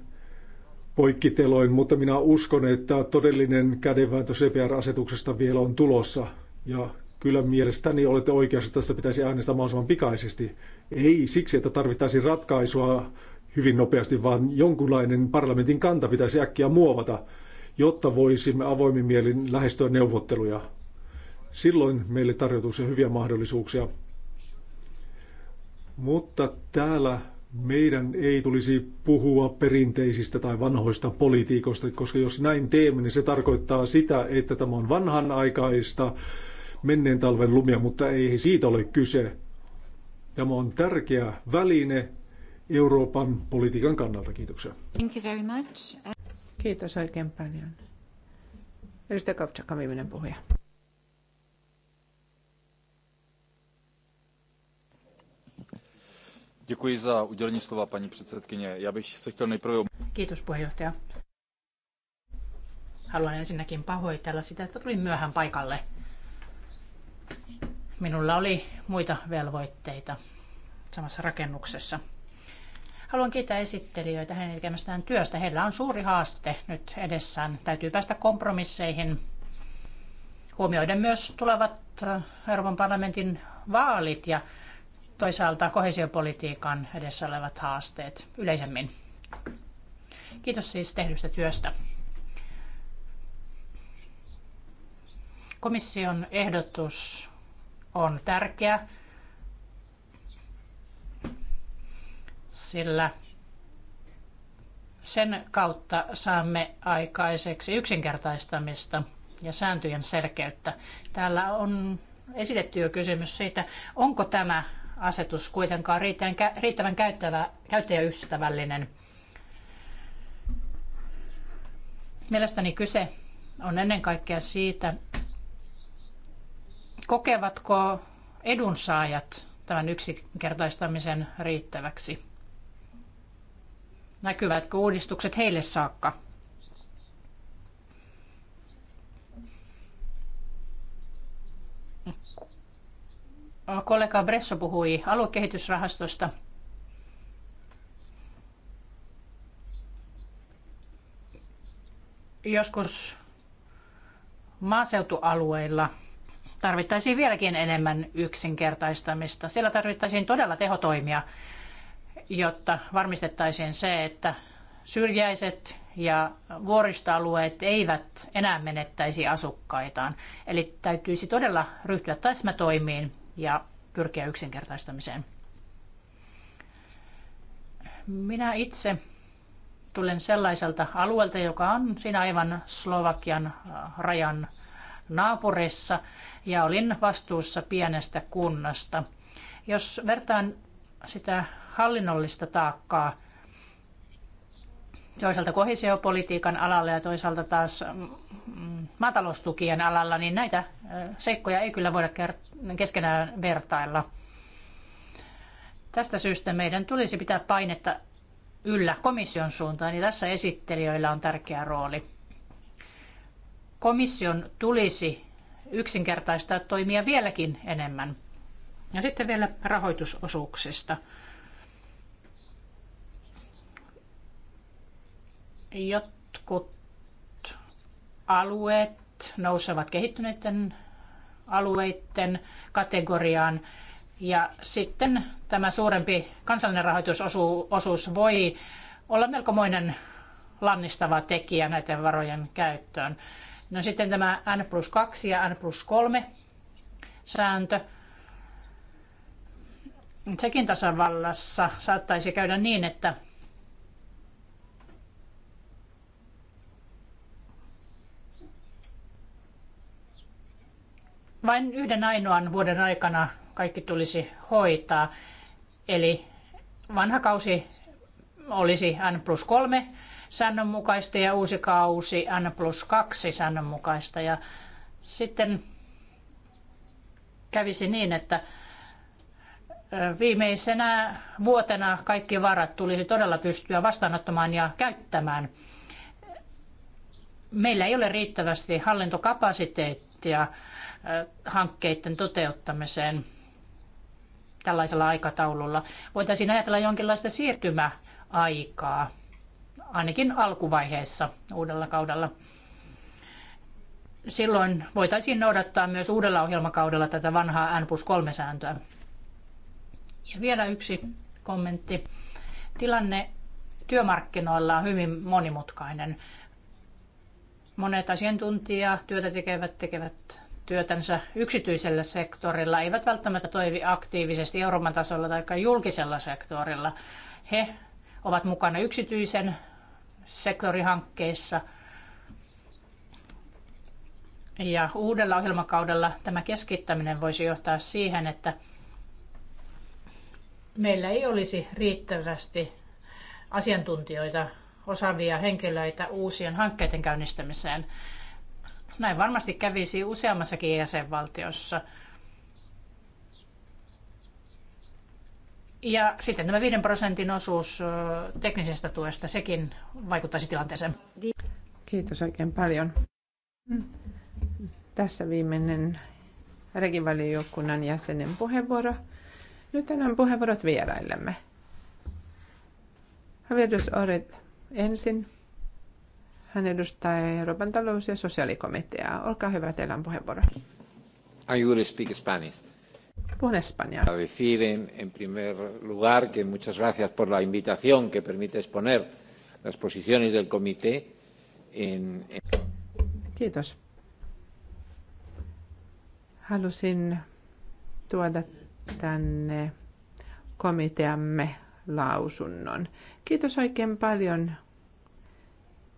poikkiteloin, mutta minä uskon, että todellinen kädenvääntö CPR-asetuksesta vielä on tulossa. Ja kyllä mielestäni olette oikeassa, että tästä pitäisi äänestää mahdollisimman pikaisesti. Ei siksi, että tarvittaisiin ratkaisua hyvin nopeasti, vaan jonkunlainen parlamentin kanta pitäisi äkkiä muovata jotta voisimme avoimin mielin lähestyä neuvotteluja. Silloin meille tarjotuisi hyviä mahdollisuuksia. Mutta täällä meidän ei tulisi puhua perinteisistä tai vanhoista politiikoista, koska jos näin teemme, niin se tarkoittaa sitä, että tämä on vanhanaikaista menneen talven lumia, mutta ei siitä ole kyse. Tämä on tärkeä väline Euroopan politiikan kannalta. Kiitoksia. Thank you very much. Kiitos oikein paljon. Edustaja Kovtsak on viimeinen puhuja. Děkuji za udělení slova, paní předsedkyně. Já bych se chtěl nejprve... Kiitos puheenjohtaja. Haluan ensinnäkin pahoitella sitä, että tulin myöhään paikalle. Minulla oli muita velvoitteita samassa rakennuksessa. Haluan kiittää esittelijöitä hänen tekemästään työstä. Heillä on suuri haaste nyt edessään. Täytyy päästä kompromisseihin, huomioiden myös tulevat äh, Euroopan parlamentin vaalit ja toisaalta kohesiopolitiikan edessä olevat haasteet yleisemmin. Kiitos siis tehdystä työstä. Komission ehdotus on tärkeä sillä sen kautta saamme aikaiseksi yksinkertaistamista ja sääntöjen selkeyttä. Täällä on esitetty jo kysymys siitä, onko tämä asetus kuitenkaan riittävän käyttävä, käyttäjäystävällinen. Mielestäni kyse on ennen kaikkea siitä, kokevatko edunsaajat tämän yksinkertaistamisen riittäväksi. Näkyvätkö uudistukset heille saakka? Kollega Bresso puhui aluekehitysrahastosta. Joskus maaseutualueilla tarvittaisiin vieläkin enemmän yksinkertaistamista. Siellä tarvittaisiin todella tehotoimia jotta varmistettaisiin se, että syrjäiset ja vuoristoalueet eivät enää menettäisi asukkaitaan. Eli täytyisi todella ryhtyä täsmätoimiin ja pyrkiä yksinkertaistamiseen. Minä itse tulen sellaiselta alueelta, joka on siinä aivan Slovakian äh, rajan naapurissa ja olin vastuussa pienestä kunnasta. Jos vertaan sitä hallinnollista taakkaa toisaalta kohesiopolitiikan alalla ja toisaalta taas mm, mm, maataloustukien alalla, niin näitä äh, seikkoja ei kyllä voida keskenään vertailla. Tästä syystä meidän tulisi pitää painetta yllä komission suuntaan, niin tässä esittelijöillä on tärkeä rooli. Komission tulisi yksinkertaistaa toimia vieläkin enemmän. Ja sitten vielä rahoitusosuuksista – Jotkut alueet nousevat kehittyneiden alueiden kategoriaan. Ja sitten tämä suurempi kansallinen rahoitusosuus voi olla melkomoinen lannistava tekijä näiden varojen käyttöön. No sitten tämä N plus 2 ja N plus 3 sääntö. Sekin tasavallassa saattaisi käydä niin, että vain yhden ainoan vuoden aikana kaikki tulisi hoitaa. Eli vanha kausi olisi N plus 3 säännönmukaista ja uusi kausi N plus 2 säännönmukaista. Ja sitten kävisi niin, että viimeisenä vuotena kaikki varat tulisi todella pystyä vastaanottamaan ja käyttämään. Meillä ei ole riittävästi hallintokapasiteettia hankkeiden toteuttamiseen tällaisella aikataululla. Voitaisiin ajatella jonkinlaista siirtymäaikaa, ainakin alkuvaiheessa uudella kaudella. Silloin voitaisiin noudattaa myös uudella ohjelmakaudella tätä vanhaa N plus 3 sääntöä. Ja vielä yksi kommentti. Tilanne työmarkkinoilla on hyvin monimutkainen. Monet asiantuntijat työtä tekevät tekevät työtänsä yksityisellä sektorilla, eivät välttämättä toivi aktiivisesti Euroopan tasolla tai julkisella sektorilla. He ovat mukana yksityisen sektorihankkeissa. Ja uudella ohjelmakaudella tämä keskittäminen voisi johtaa siihen, että meillä ei olisi riittävästi asiantuntijoita, osaavia henkilöitä uusien hankkeiden käynnistämiseen. Näin varmasti kävisi useammassakin jäsenvaltiossa. Ja sitten tämä 5 prosentin osuus teknisestä tuesta, sekin vaikuttaisi tilanteeseen. Kiitos oikein paljon. Tässä viimeinen regivaliokunnan jäsenen puheenvuoro. Nyt tänään puheenvuorot vieraillemme. Javier Oret ensin. Hän edustaa Euroopan talous- ja sosiaalikomiteaa. Olkaa hyvä, teillä on puheenvuoro. I will speak Spanish. Puhun Espanjaa. A decir en, en primer lugar que muchas gracias por la invitación que permite exponer las posiciones del comité en... en... Kiitos. Halusin tuoda tänne komiteamme lausunnon. Kiitos oikein paljon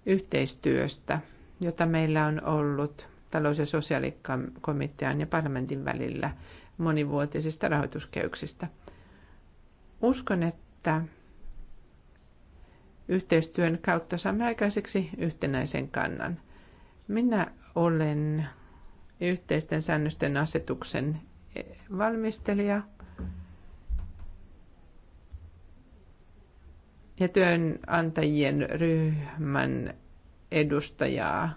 yhteistyöstä, jota meillä on ollut talous- ja sosiaalikomitean ja parlamentin välillä monivuotisista rahoituskeyksistä. Uskon, että yhteistyön kautta saamme aikaiseksi yhtenäisen kannan. Minä olen yhteisten säännösten asetuksen valmistelija – ja työnantajien ryhmän edustajaa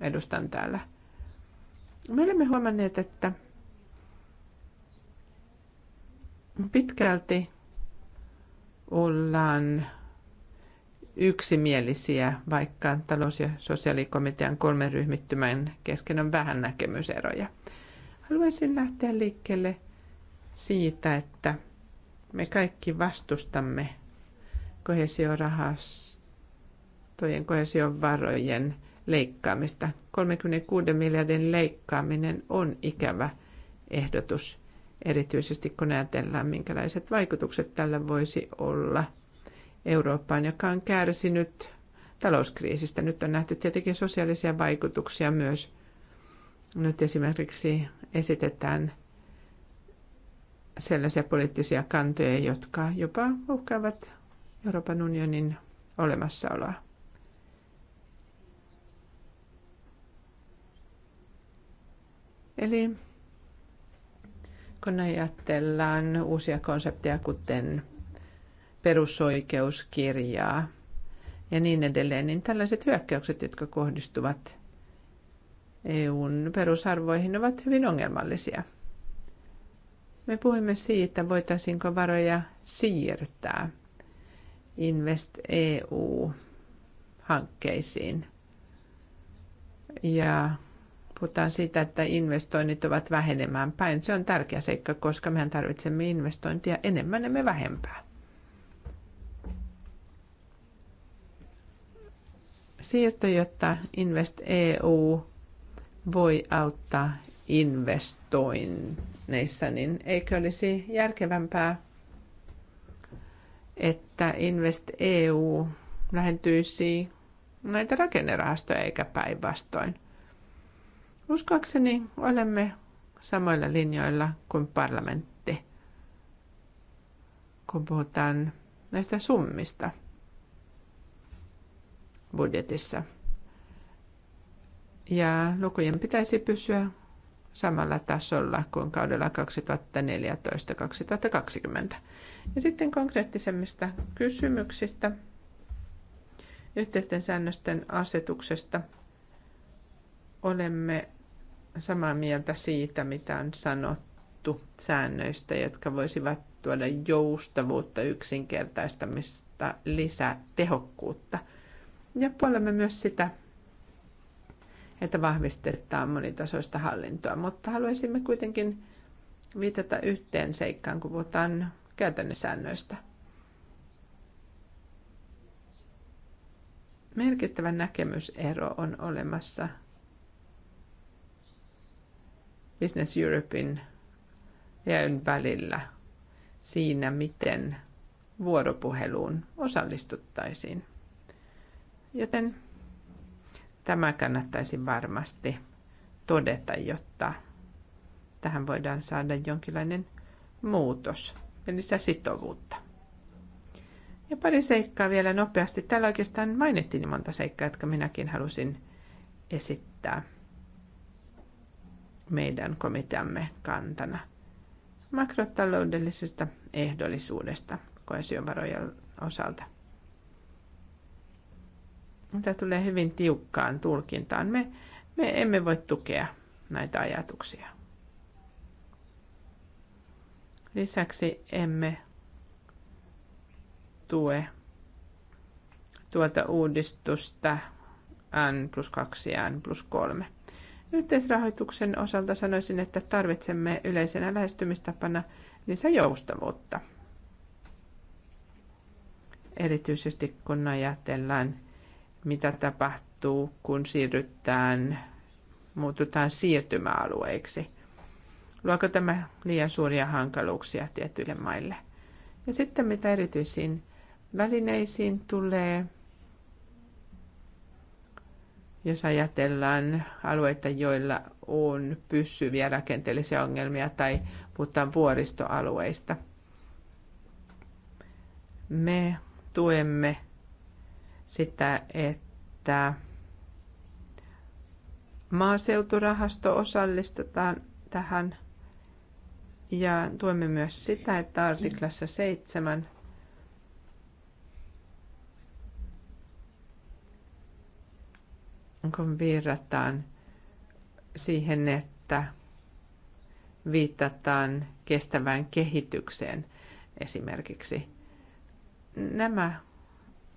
edustan täällä. Me olemme huomanneet, että pitkälti ollaan yksimielisiä, vaikka talous- ja sosiaalikomitean kolmen ryhmittymän kesken on vähän näkemyseroja. Haluaisin lähteä liikkeelle siitä, että me kaikki vastustamme kohesiorahastojen, kohesion leikkaamista. 36 miljardin leikkaaminen on ikävä ehdotus, erityisesti kun ajatellaan, minkälaiset vaikutukset tällä voisi olla Eurooppaan, joka on kärsinyt talouskriisistä. Nyt on nähty tietenkin sosiaalisia vaikutuksia myös. Nyt esimerkiksi esitetään sellaisia poliittisia kantoja, jotka jopa uhkaavat Euroopan unionin olemassaoloa. Eli kun ajatellaan uusia konsepteja, kuten perusoikeuskirjaa ja niin edelleen, niin tällaiset hyökkäykset, jotka kohdistuvat EUn perusarvoihin, ovat hyvin ongelmallisia. Me puhumme siitä, voitaisiinko varoja siirtää Invest EU-hankkeisiin. Ja puhutaan siitä, että investoinnit ovat vähenemään päin. Se on tärkeä seikka, koska mehän tarvitsemme investointia enemmän, emme vähempää. Siirto, jotta Invest EU voi auttaa investoinneissa, niin eikö olisi järkevämpää että Invest EU lähentyisi näitä rakennerahastoja eikä päinvastoin. Uskoakseni olemme samoilla linjoilla kuin parlamentti, kun puhutaan näistä summista budjetissa. Ja lukujen pitäisi pysyä samalla tasolla kuin kaudella 2014-2020. Ja sitten konkreettisemmista kysymyksistä yhteisten säännösten asetuksesta olemme samaa mieltä siitä, mitä on sanottu säännöistä, jotka voisivat tuoda joustavuutta, yksinkertaistamista, lisää tehokkuutta. Ja puolemme myös sitä, että vahvistetaan monitasoista hallintoa, mutta haluaisimme kuitenkin viitata yhteen seikkaan, kun puhutaan käytännön säännöistä. Merkittävä näkemysero on olemassa Business Europein ja EUn välillä siinä, miten vuoropuheluun osallistuttaisiin. Joten tämä kannattaisi varmasti todeta, jotta tähän voidaan saada jonkinlainen muutos ja lisää sitovuutta. Ja pari seikkaa vielä nopeasti. Täällä oikeastaan mainittiin niin monta seikkaa, jotka minäkin halusin esittää meidän komiteamme kantana. Makrotaloudellisesta ehdollisuudesta koesiovarojen osalta. Tämä tulee hyvin tiukkaan tulkintaan, me, me emme voi tukea näitä ajatuksia. Lisäksi emme tue tuota uudistusta N plus 2 ja N plus 3. Yhteisrahoituksen osalta sanoisin, että tarvitsemme yleisenä lähestymistapana lisäjoustavuutta. Erityisesti kun ajatellaan, mitä tapahtuu, kun siirrytään, muututaan siirtymäalueiksi. Luoko tämä liian suuria hankaluuksia tietyille maille? Ja sitten mitä erityisiin välineisiin tulee, jos ajatellaan alueita, joilla on pysyviä rakenteellisia ongelmia tai puhutaan vuoristoalueista. Me tuemme sitä, että maaseuturahasto osallistetaan tähän ja tuemme myös sitä, että artiklassa 7 kun viirataan siihen, että viitataan kestävään kehitykseen esimerkiksi. Nämä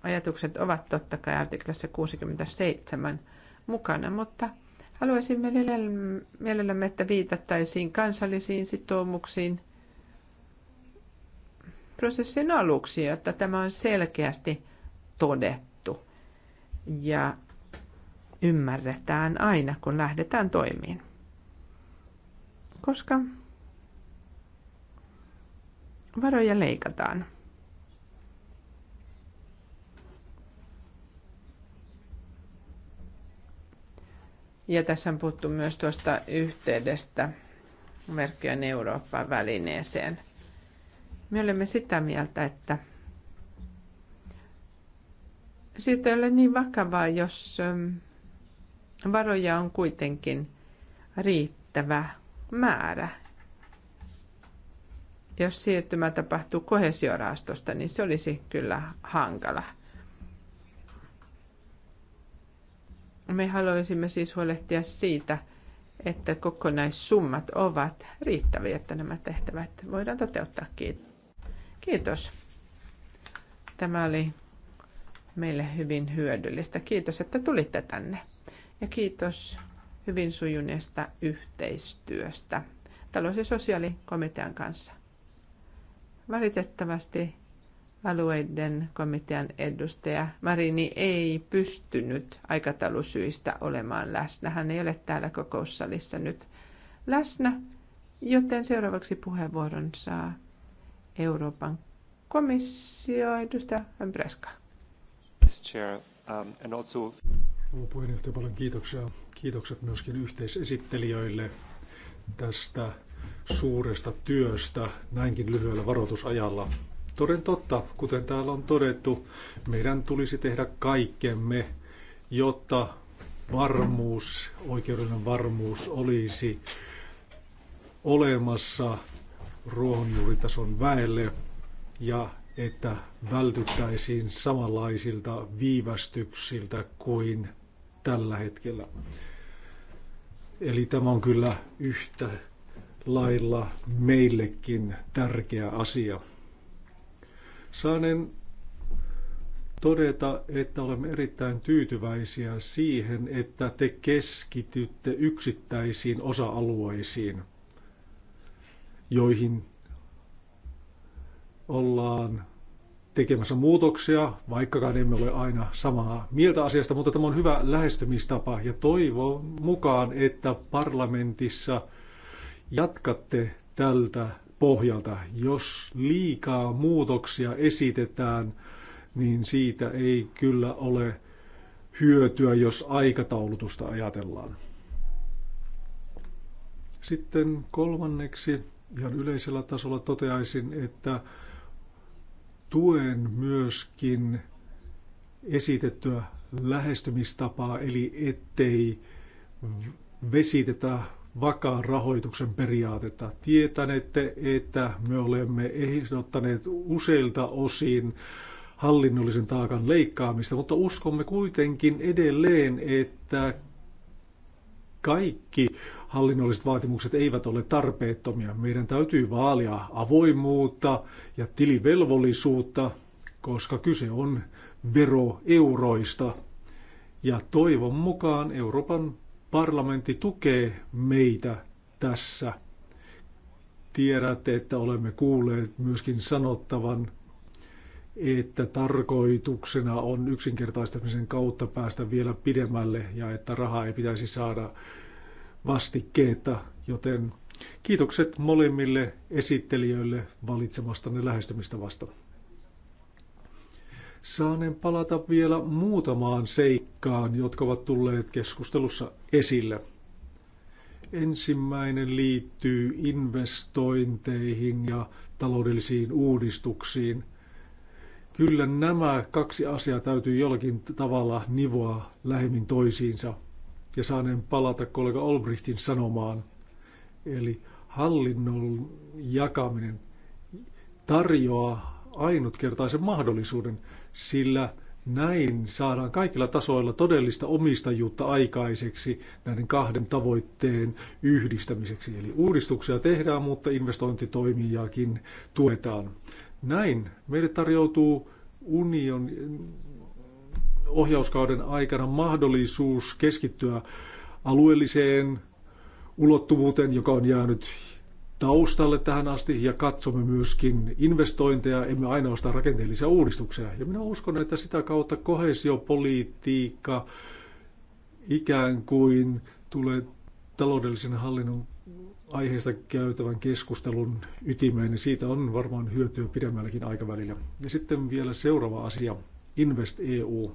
ajatukset ovat totta kai artiklassa 67 mukana, mutta Haluaisin mielellämme, että viitattaisiin kansallisiin sitoumuksiin prosessin aluksi, että tämä on selkeästi todettu ja ymmärretään aina, kun lähdetään toimiin. Koska varoja leikataan. Ja tässä on puhuttu myös tuosta yhteydestä verkkojen Eurooppaan välineeseen. Me olemme sitä mieltä, että siitä ei ole niin vakavaa, jos ähm, varoja on kuitenkin riittävä määrä. Jos siirtymä tapahtuu kohesiorahastosta, niin se olisi kyllä hankala. Me haluaisimme siis huolehtia siitä, että kokonaissummat ovat riittäviä, että nämä tehtävät voidaan toteuttaa. Kiitos. Tämä oli meille hyvin hyödyllistä. Kiitos, että tulitte tänne. Ja kiitos hyvin sujuneesta yhteistyöstä talous- ja sosiaalikomitean kanssa. Valitettavasti alueiden komitean edustaja Marini ei pystynyt aikataulusyistä olemaan läsnä. Hän ei ole täällä kokoussalissa nyt läsnä, joten seuraavaksi puheenvuoron saa Euroopan komissio edustaja Ambreska. Um, Rouva puheenjohtaja, paljon kiitoksia. Kiitokset myöskin yhteisesittelijöille tästä suuresta työstä näinkin lyhyellä varoitusajalla. Toden totta, kuten täällä on todettu, meidän tulisi tehdä kaikkemme, jotta varmuus, oikeudellinen varmuus olisi olemassa ruohonjuuritason väelle ja että vältyttäisiin samanlaisilta viivästyksiltä kuin tällä hetkellä. Eli tämä on kyllä yhtä lailla meillekin tärkeä asia. Saanen todeta, että olemme erittäin tyytyväisiä siihen, että te keskitytte yksittäisiin osa-alueisiin, joihin ollaan tekemässä muutoksia, vaikkakaan emme ole aina samaa mieltä asiasta, mutta tämä on hyvä lähestymistapa ja toivon mukaan, että parlamentissa jatkatte tältä pohjalta. Jos liikaa muutoksia esitetään, niin siitä ei kyllä ole hyötyä, jos aikataulutusta ajatellaan. Sitten kolmanneksi ihan yleisellä tasolla toteaisin, että tuen myöskin esitettyä lähestymistapaa, eli ettei vesitetä vakaan rahoituksen periaatetta. Tietänette, että me olemme ehdottaneet useilta osin hallinnollisen taakan leikkaamista, mutta uskomme kuitenkin edelleen, että kaikki hallinnolliset vaatimukset eivät ole tarpeettomia. Meidän täytyy vaalia avoimuutta ja tilivelvollisuutta, koska kyse on veroeuroista. Ja toivon mukaan Euroopan Parlamentti tukee meitä tässä. Tiedätte, että olemme kuulleet myöskin sanottavan, että tarkoituksena on yksinkertaistamisen kautta päästä vielä pidemmälle ja että rahaa ei pitäisi saada vastikkeetta, joten kiitokset molemmille esittelijöille valitsemastanne lähestymistavasta. Saaneen palata vielä muutamaan seikkaan, jotka ovat tulleet keskustelussa esille. Ensimmäinen liittyy investointeihin ja taloudellisiin uudistuksiin. Kyllä nämä kaksi asiaa täytyy jollakin tavalla nivoa lähemmin toisiinsa. Ja saaneen palata kollega Olbrichtin sanomaan. Eli hallinnon jakaminen tarjoaa ainutkertaisen mahdollisuuden sillä näin saadaan kaikilla tasoilla todellista omistajuutta aikaiseksi näiden kahden tavoitteen yhdistämiseksi. Eli uudistuksia tehdään, mutta investointitoimijakin tuetaan. Näin meille tarjoutuu union ohjauskauden aikana mahdollisuus keskittyä alueelliseen ulottuvuuteen, joka on jäänyt taustalle tähän asti ja katsomme myöskin investointeja, emme ainoastaan rakenteellisia uudistuksia. Ja minä uskon, että sitä kautta kohesiopolitiikka ikään kuin tulee taloudellisen hallinnon aiheesta käytävän keskustelun ytimeen, niin siitä on varmaan hyötyä pidemmälläkin aikavälillä. Ja sitten vielä seuraava asia, Invest EU.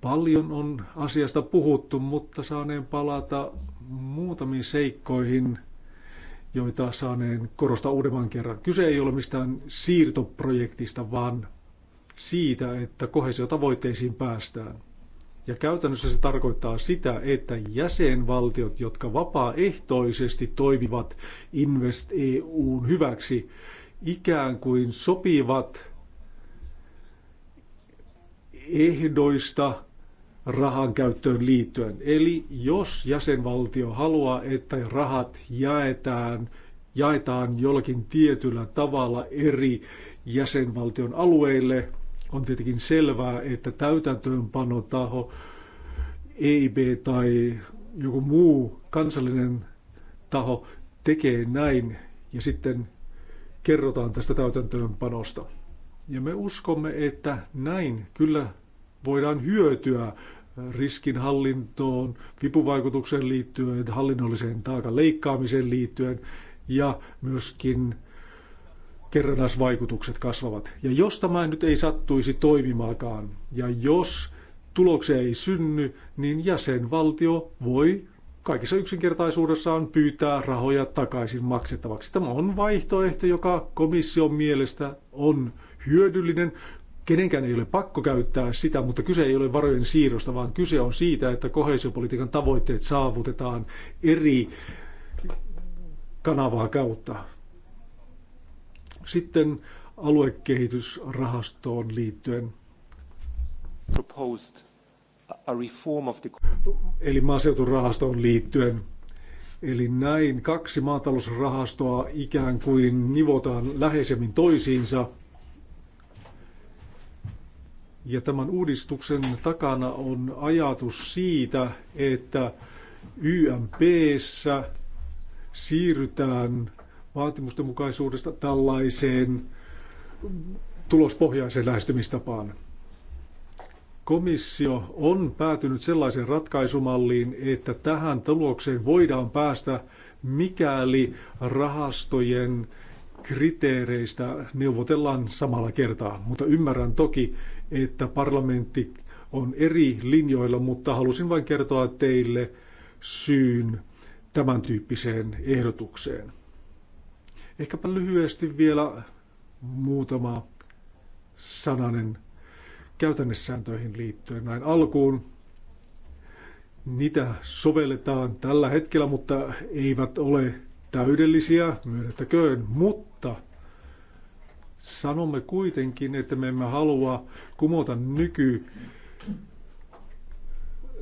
Paljon on asiasta puhuttu, mutta saaneen palata muutamiin seikkoihin – joita saaneen korostaa uudemman kerran. Kyse ei ole mistään siirtoprojektista, vaan siitä, että kohesiotavoitteisiin päästään. Ja käytännössä se tarkoittaa sitä, että jäsenvaltiot, jotka vapaaehtoisesti toimivat Invest EUn hyväksi, ikään kuin sopivat ehdoista, rahan käyttöön liittyen. Eli jos jäsenvaltio haluaa, että rahat jaetaan, jaetaan jollakin tietyllä tavalla eri jäsenvaltion alueille, on tietenkin selvää, että täytäntöönpanotaho, EIB tai joku muu kansallinen taho tekee näin ja sitten kerrotaan tästä täytäntöönpanosta. Ja me uskomme, että näin kyllä voidaan hyötyä riskinhallintoon, vipuvaikutukseen liittyen, hallinnolliseen taakan leikkaamiseen liittyen ja myöskin kerrannaisvaikutukset kasvavat. Ja jos tämä nyt ei sattuisi toimimaakaan ja jos tuloksia ei synny, niin jäsenvaltio voi kaikissa yksinkertaisuudessaan pyytää rahoja takaisin maksettavaksi. Tämä on vaihtoehto, joka komission mielestä on hyödyllinen, Kenenkään ei ole pakko käyttää sitä, mutta kyse ei ole varojen siirrosta, vaan kyse on siitä, että kohesiopolitiikan tavoitteet saavutetaan eri kanavaa kautta. Sitten aluekehitysrahastoon liittyen. Eli maaseuturahastoon liittyen. Eli näin kaksi maatalousrahastoa ikään kuin nivotaan läheisemmin toisiinsa – ja tämän uudistuksen takana on ajatus siitä, että YMPssä siirrytään vaatimusten mukaisuudesta tällaiseen tulospohjaiseen lähestymistapaan. Komissio on päätynyt sellaiseen ratkaisumalliin, että tähän tulokseen voidaan päästä, mikäli rahastojen kriteereistä neuvotellaan samalla kertaa. Mutta ymmärrän toki, että parlamentti on eri linjoilla, mutta halusin vain kertoa teille syyn tämän tyyppiseen ehdotukseen. Ehkäpä lyhyesti vielä muutama sananen käytännössääntöihin liittyen näin alkuun. Niitä sovelletaan tällä hetkellä, mutta eivät ole täydellisiä, myönnettäköön, mutta Sanomme kuitenkin, että me emme halua kumota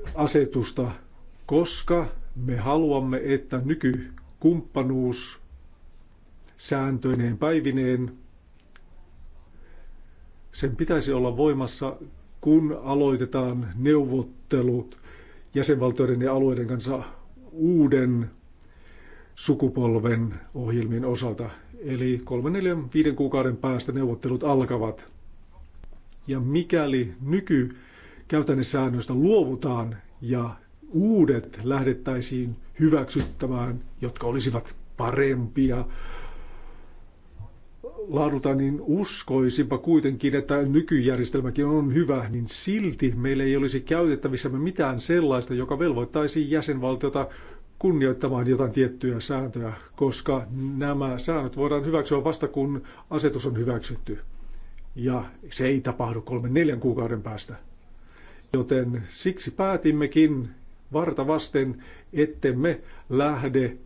nykyasetusta, koska me haluamme, että nykykumppanuus sääntöineen päivineen sen pitäisi olla voimassa, kun aloitetaan neuvottelut jäsenvaltioiden ja alueiden kanssa uuden sukupolven ohjelmien osalta. Eli 3, 4, 5 kuukauden päästä neuvottelut alkavat. Ja mikäli nyky säännöistä luovutaan ja uudet lähdettäisiin hyväksyttämään, jotka olisivat parempia laadulta, niin uskoisinpa kuitenkin, että nykyjärjestelmäkin on hyvä, niin silti meillä ei olisi käytettävissämme mitään sellaista, joka velvoittaisi jäsenvaltiota kunnioittamaan jotain tiettyjä sääntöjä, koska nämä säännöt voidaan hyväksyä vasta kun asetus on hyväksytty. Ja se ei tapahdu kolmen neljän kuukauden päästä. Joten siksi päätimmekin vartavasten, ettemme lähde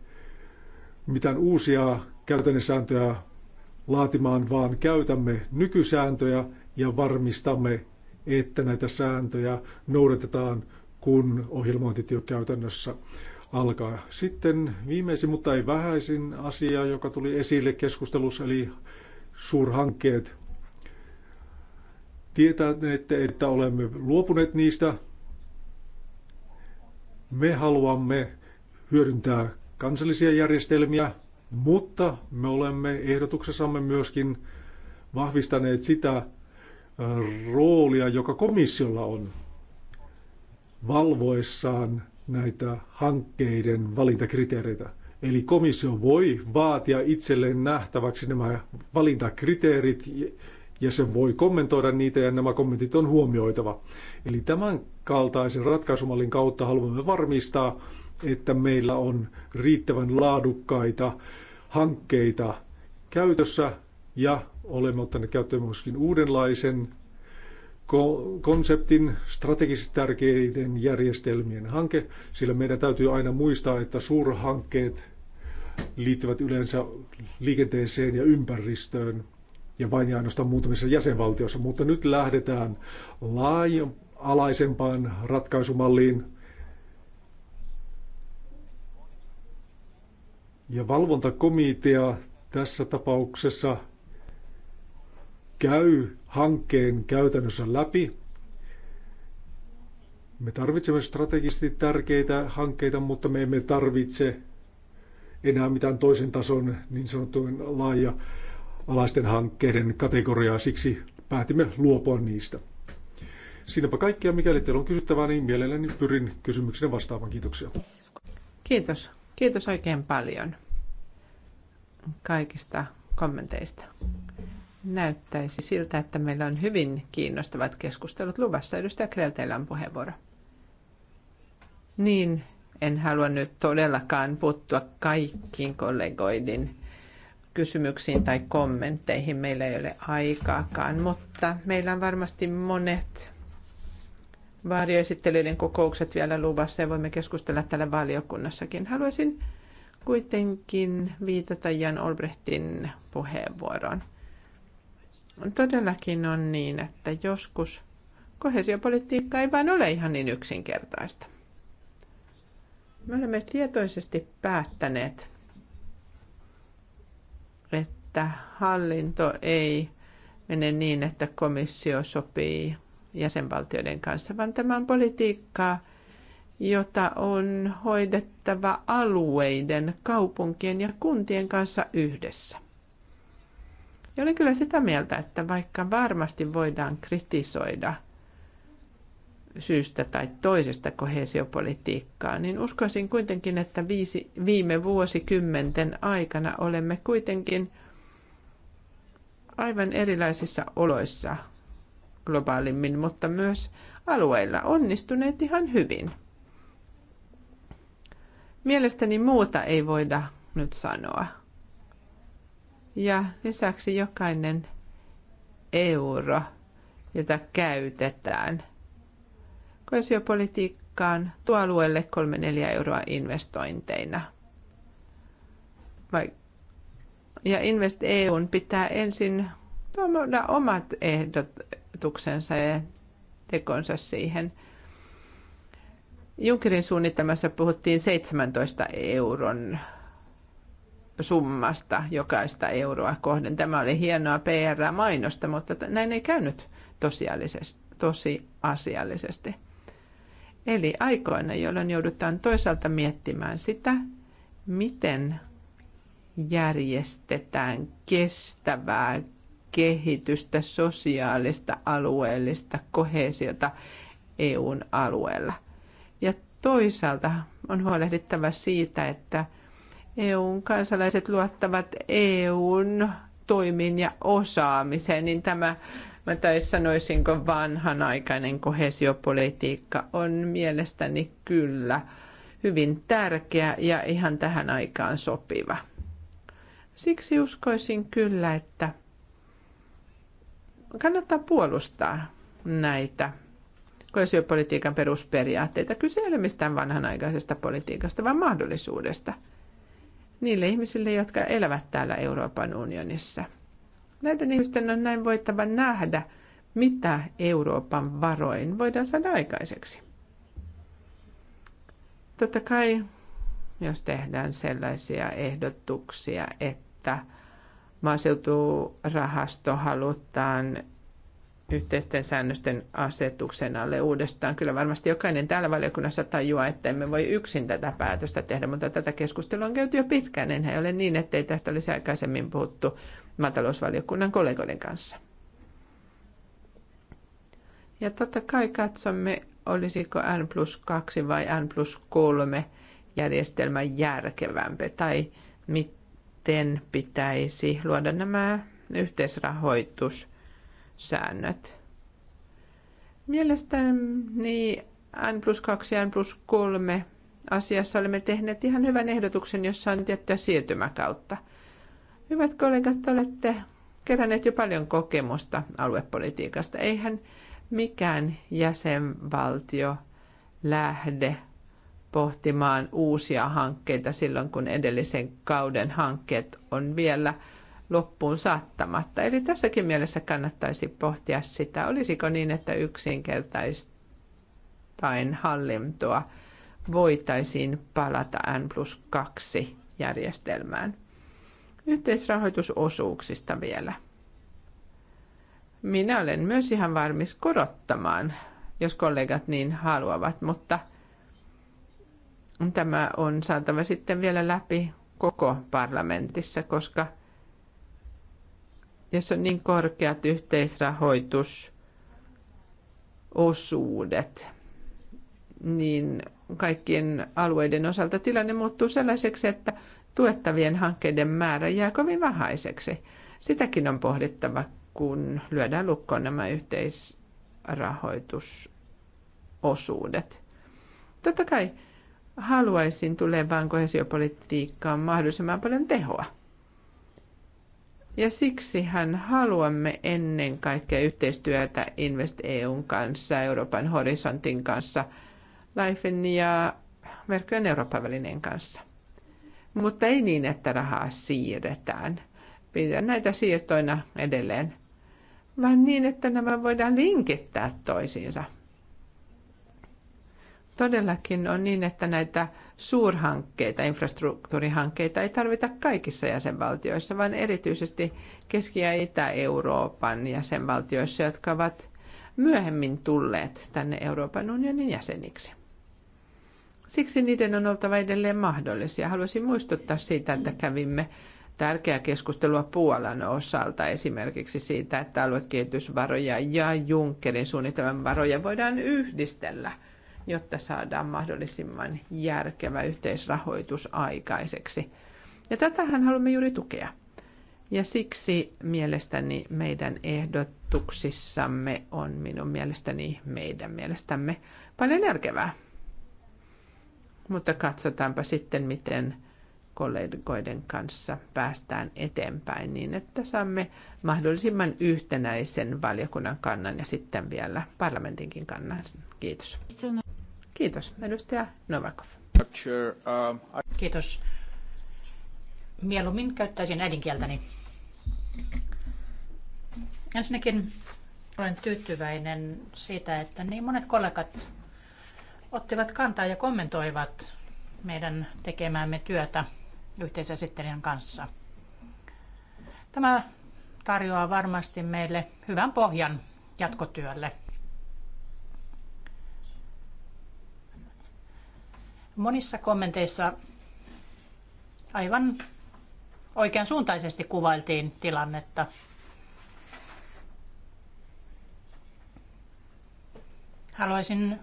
mitään uusia käytännön sääntöjä laatimaan, vaan käytämme nykysääntöjä ja varmistamme, että näitä sääntöjä noudatetaan, kun ohjelmointityö käytännössä alkaa. Sitten viimeisin, mutta ei vähäisin asia, joka tuli esille keskustelussa, eli suurhankkeet. Tietäneette, että olemme luopuneet niistä. Me haluamme hyödyntää kansallisia järjestelmiä, mutta me olemme ehdotuksessamme myöskin vahvistaneet sitä äh, roolia, joka komissiolla on valvoessaan näitä hankkeiden valintakriteereitä. Eli komissio voi vaatia itselleen nähtäväksi nämä valintakriteerit ja se voi kommentoida niitä ja nämä kommentit on huomioitava. Eli tämän kaltaisen ratkaisumallin kautta haluamme varmistaa, että meillä on riittävän laadukkaita hankkeita käytössä ja olemme ottaneet käyttöön myöskin uudenlaisen konseptin strategisesti tärkeiden järjestelmien hanke, sillä meidän täytyy aina muistaa, että suurhankkeet liittyvät yleensä liikenteeseen ja ympäristöön ja vain ja ainoastaan muutamissa jäsenvaltioissa, mutta nyt lähdetään laaja-alaisempaan ratkaisumalliin. Ja valvontakomitea tässä tapauksessa – käy hankkeen käytännössä läpi. Me tarvitsemme strategisesti tärkeitä hankkeita, mutta me emme tarvitse enää mitään toisen tason niin sanottujen laaja alaisten hankkeiden kategoriaa, siksi päätimme luopua niistä. Siinäpä kaikkia. Mikäli teillä on kysyttävää, niin mielelläni pyrin kysymyksenä vastaamaan. Kiitoksia. Kiitos. Kiitos oikein paljon kaikista kommenteista näyttäisi siltä, että meillä on hyvin kiinnostavat keskustelut luvassa. Edustaja Krell, teillä on puheenvuoro. Niin, en halua nyt todellakaan puuttua kaikkiin kollegoidin kysymyksiin tai kommentteihin. Meillä ei ole aikaakaan, mutta meillä on varmasti monet vaarioesittelyiden kokoukset vielä luvassa ja voimme keskustella täällä valiokunnassakin. Haluaisin kuitenkin viitata Jan Olbrechtin puheenvuoroon. Todellakin on niin, että joskus kohesiopolitiikka ei vain ole ihan niin yksinkertaista. Me olemme tietoisesti päättäneet, että hallinto ei mene niin, että komissio sopii jäsenvaltioiden kanssa, vaan tämä on politiikkaa, jota on hoidettava alueiden, kaupunkien ja kuntien kanssa yhdessä. Ja olen kyllä sitä mieltä, että vaikka varmasti voidaan kritisoida syystä tai toisesta kohesiopolitiikkaa, niin uskoisin kuitenkin, että viisi, viime vuosikymmenten aikana olemme kuitenkin aivan erilaisissa oloissa globaalimmin, mutta myös alueilla onnistuneet ihan hyvin. Mielestäni muuta ei voida nyt sanoa. Ja lisäksi jokainen euro, jota käytetään koesiopolitiikkaan, tuo alueelle 3-4 euroa investointeina. Ja Invest EUn pitää ensin tuoda omat ehdotuksensa ja tekonsa siihen. Junckerin suunnitelmassa puhuttiin 17 euron summasta jokaista euroa kohden. Tämä oli hienoa PR-mainosta, mutta näin ei käynyt tosiasiallisesti. Eli aikoina, jolloin joudutaan toisaalta miettimään sitä, miten järjestetään kestävää kehitystä, sosiaalista, alueellista kohesiota EUn alueella. Ja toisaalta on huolehdittava siitä, että – EUn kansalaiset luottavat EUn toimiin ja osaamiseen, niin tämä, mä tai sanoisinko vanhanaikainen kohesiopolitiikka on mielestäni kyllä hyvin tärkeä ja ihan tähän aikaan sopiva. Siksi uskoisin kyllä, että kannattaa puolustaa näitä kohesiopolitiikan perusperiaatteita. Kyse ei ole mistään vanhanaikaisesta politiikasta, vaan mahdollisuudesta – niille ihmisille, jotka elävät täällä Euroopan unionissa. Näiden ihmisten on näin voittava nähdä, mitä Euroopan varoin voidaan saada aikaiseksi. Totta kai, jos tehdään sellaisia ehdotuksia, että maaseuturahasto halutaan yhteisten säännösten asetuksen alle uudestaan. Kyllä varmasti jokainen täällä valiokunnassa tajuaa, että emme voi yksin tätä päätöstä tehdä, mutta tätä keskustelua on käyty jo pitkään. Enhän ole niin, ettei tästä olisi aikaisemmin puhuttu maatalousvaliokunnan kollegoiden kanssa. Ja totta kai katsomme, olisiko N plus 2 vai N plus 3 järjestelmä järkevämpi tai miten pitäisi luoda nämä yhteisrahoitus säännöt. Mielestäni N plus 2 ja N plus 3 asiassa olemme tehneet ihan hyvän ehdotuksen, jossa on tiettyä siirtymäkautta. Hyvät kollegat, olette keränneet jo paljon kokemusta aluepolitiikasta. Eihän mikään jäsenvaltio lähde pohtimaan uusia hankkeita silloin, kun edellisen kauden hankkeet on vielä – loppuun saattamatta. Eli tässäkin mielessä kannattaisi pohtia sitä, olisiko niin, että yksinkertaistain hallintoa voitaisiin palata N plus 2 järjestelmään. Yhteisrahoitusosuuksista vielä. Minä olen myös ihan varmis korottamaan, jos kollegat niin haluavat, mutta tämä on saatava sitten vielä läpi koko parlamentissa, koska – jos on niin korkeat yhteisrahoitusosuudet, niin kaikkien alueiden osalta tilanne muuttuu sellaiseksi, että tuettavien hankkeiden määrä jää kovin vähäiseksi. Sitäkin on pohdittava, kun lyödään lukkoon nämä yhteisrahoitusosuudet. Totta kai haluaisin tulevaan kohesiopolitiikkaan mahdollisimman paljon tehoa – ja siksi hän haluamme ennen kaikkea yhteistyötä Invest EUn kanssa, Euroopan horisontin kanssa, Lifein ja verkkojen Euroopan välineen kanssa. Mutta ei niin, että rahaa siirretään. Pidän näitä siirtoina edelleen, vaan niin, että nämä voidaan linkittää toisiinsa – todellakin on niin, että näitä suurhankkeita, infrastruktuurihankkeita ei tarvita kaikissa jäsenvaltioissa, vaan erityisesti Keski- ja Itä-Euroopan jäsenvaltioissa, jotka ovat myöhemmin tulleet tänne Euroopan unionin jäseniksi. Siksi niiden on oltava edelleen mahdollisia. Haluaisin muistuttaa siitä, että kävimme tärkeää keskustelua Puolan osalta esimerkiksi siitä, että aluekehitysvaroja ja Junckerin suunnitelman varoja voidaan yhdistellä – jotta saadaan mahdollisimman järkevä yhteisrahoitus aikaiseksi. Ja tätähän haluamme juuri tukea. Ja siksi mielestäni meidän ehdotuksissamme on minun mielestäni meidän mielestämme paljon järkevää. Mutta katsotaanpa sitten, miten kollegoiden kanssa päästään eteenpäin niin, että saamme mahdollisimman yhtenäisen valiokunnan kannan ja sitten vielä parlamentinkin kannan. Kiitos. Kiitos, edustaja Novakov. Kiitos. Mieluummin käyttäisin äidinkieltäni. Ensinnäkin olen tyytyväinen siitä, että niin monet kollegat ottivat kantaa ja kommentoivat meidän tekemäämme työtä yhteisesittelijän kanssa. Tämä tarjoaa varmasti meille hyvän pohjan jatkotyölle. Monissa kommenteissa aivan oikean suuntaisesti kuvailtiin tilannetta. Haluaisin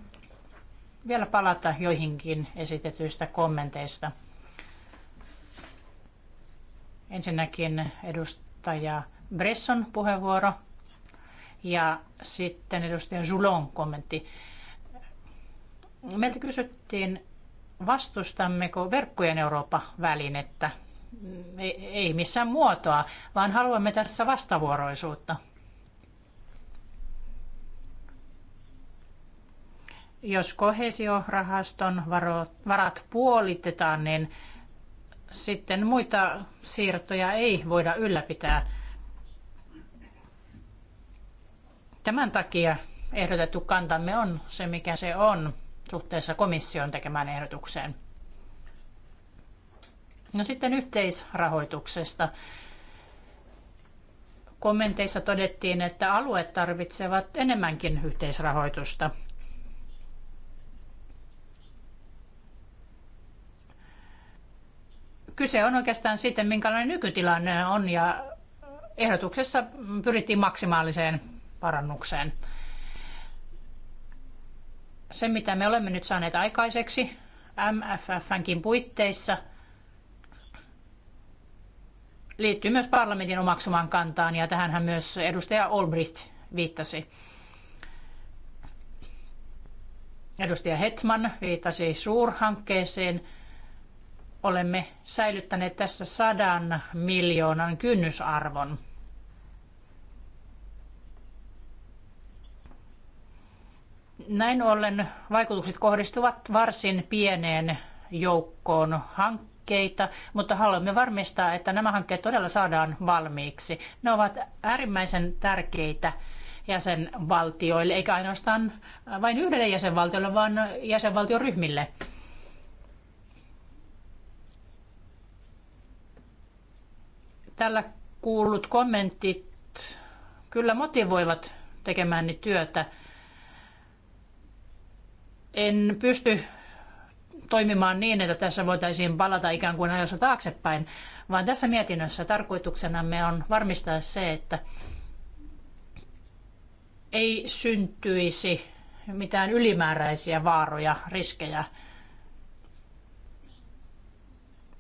vielä palata joihinkin esitetyistä kommenteista. Ensinnäkin edustaja Bresson puheenvuoro ja sitten edustaja Julon kommentti. Meiltä kysyttiin vastustammeko verkkojen Eurooppa-välinettä? Ei missään muotoa, vaan haluamme tässä vastavuoroisuutta. Jos kohesiorahaston varat puolitetaan, niin sitten muita siirtoja ei voida ylläpitää. Tämän takia ehdotettu kantamme on se, mikä se on suhteessa komission tekemään ehdotukseen. No sitten yhteisrahoituksesta. Kommenteissa todettiin, että alueet tarvitsevat enemmänkin yhteisrahoitusta. Kyse on oikeastaan siitä, minkälainen nykytilanne on ja ehdotuksessa pyrittiin maksimaaliseen parannukseen se, mitä me olemme nyt saaneet aikaiseksi MFFnkin puitteissa, liittyy myös parlamentin omaksumaan kantaan, ja tähänhän myös edustaja Olbricht viittasi. Edustaja Hetman viittasi suurhankkeeseen. Olemme säilyttäneet tässä sadan miljoonan kynnysarvon. Näin ollen vaikutukset kohdistuvat varsin pieneen joukkoon hankkeita, mutta haluamme varmistaa, että nämä hankkeet todella saadaan valmiiksi. Ne ovat äärimmäisen tärkeitä jäsenvaltioille, eikä ainoastaan vain yhdelle jäsenvaltiolle, vaan jäsenvaltioryhmille. Tällä kuullut kommentit kyllä motivoivat tekemään työtä – en pysty toimimaan niin, että tässä voitaisiin palata ikään kuin ajassa taaksepäin, vaan tässä mietinnössä tarkoituksenamme on varmistaa se, että ei syntyisi mitään ylimääräisiä vaaroja, riskejä.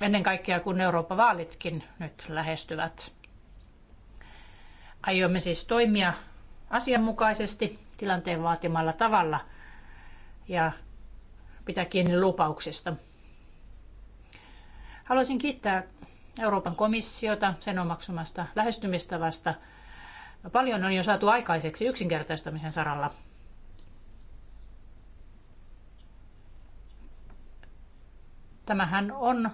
Ennen kaikkea kun Euroopan vaalitkin nyt lähestyvät. Aiomme siis toimia asianmukaisesti tilanteen vaatimalla tavalla – ja pitää kiinni lupauksista. Haluaisin kiittää Euroopan komissiota sen omaksumasta lähestymistavasta. Paljon on jo saatu aikaiseksi yksinkertaistamisen saralla. Tämähän on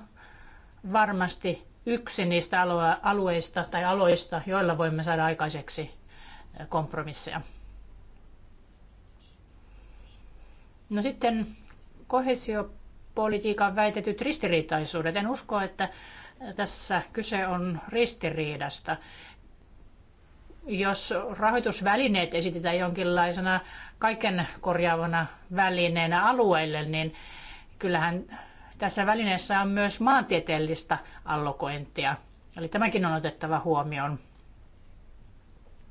varmasti yksi niistä alueista tai aloista, joilla voimme saada aikaiseksi kompromisseja. No sitten kohesiopolitiikan väitetyt ristiriitaisuudet. En usko, että tässä kyse on ristiriidasta. Jos rahoitusvälineet esitetään jonkinlaisena kaiken korjaavana välineenä alueille, niin kyllähän tässä välineessä on myös maantieteellistä allokointia. Eli tämäkin on otettava huomioon.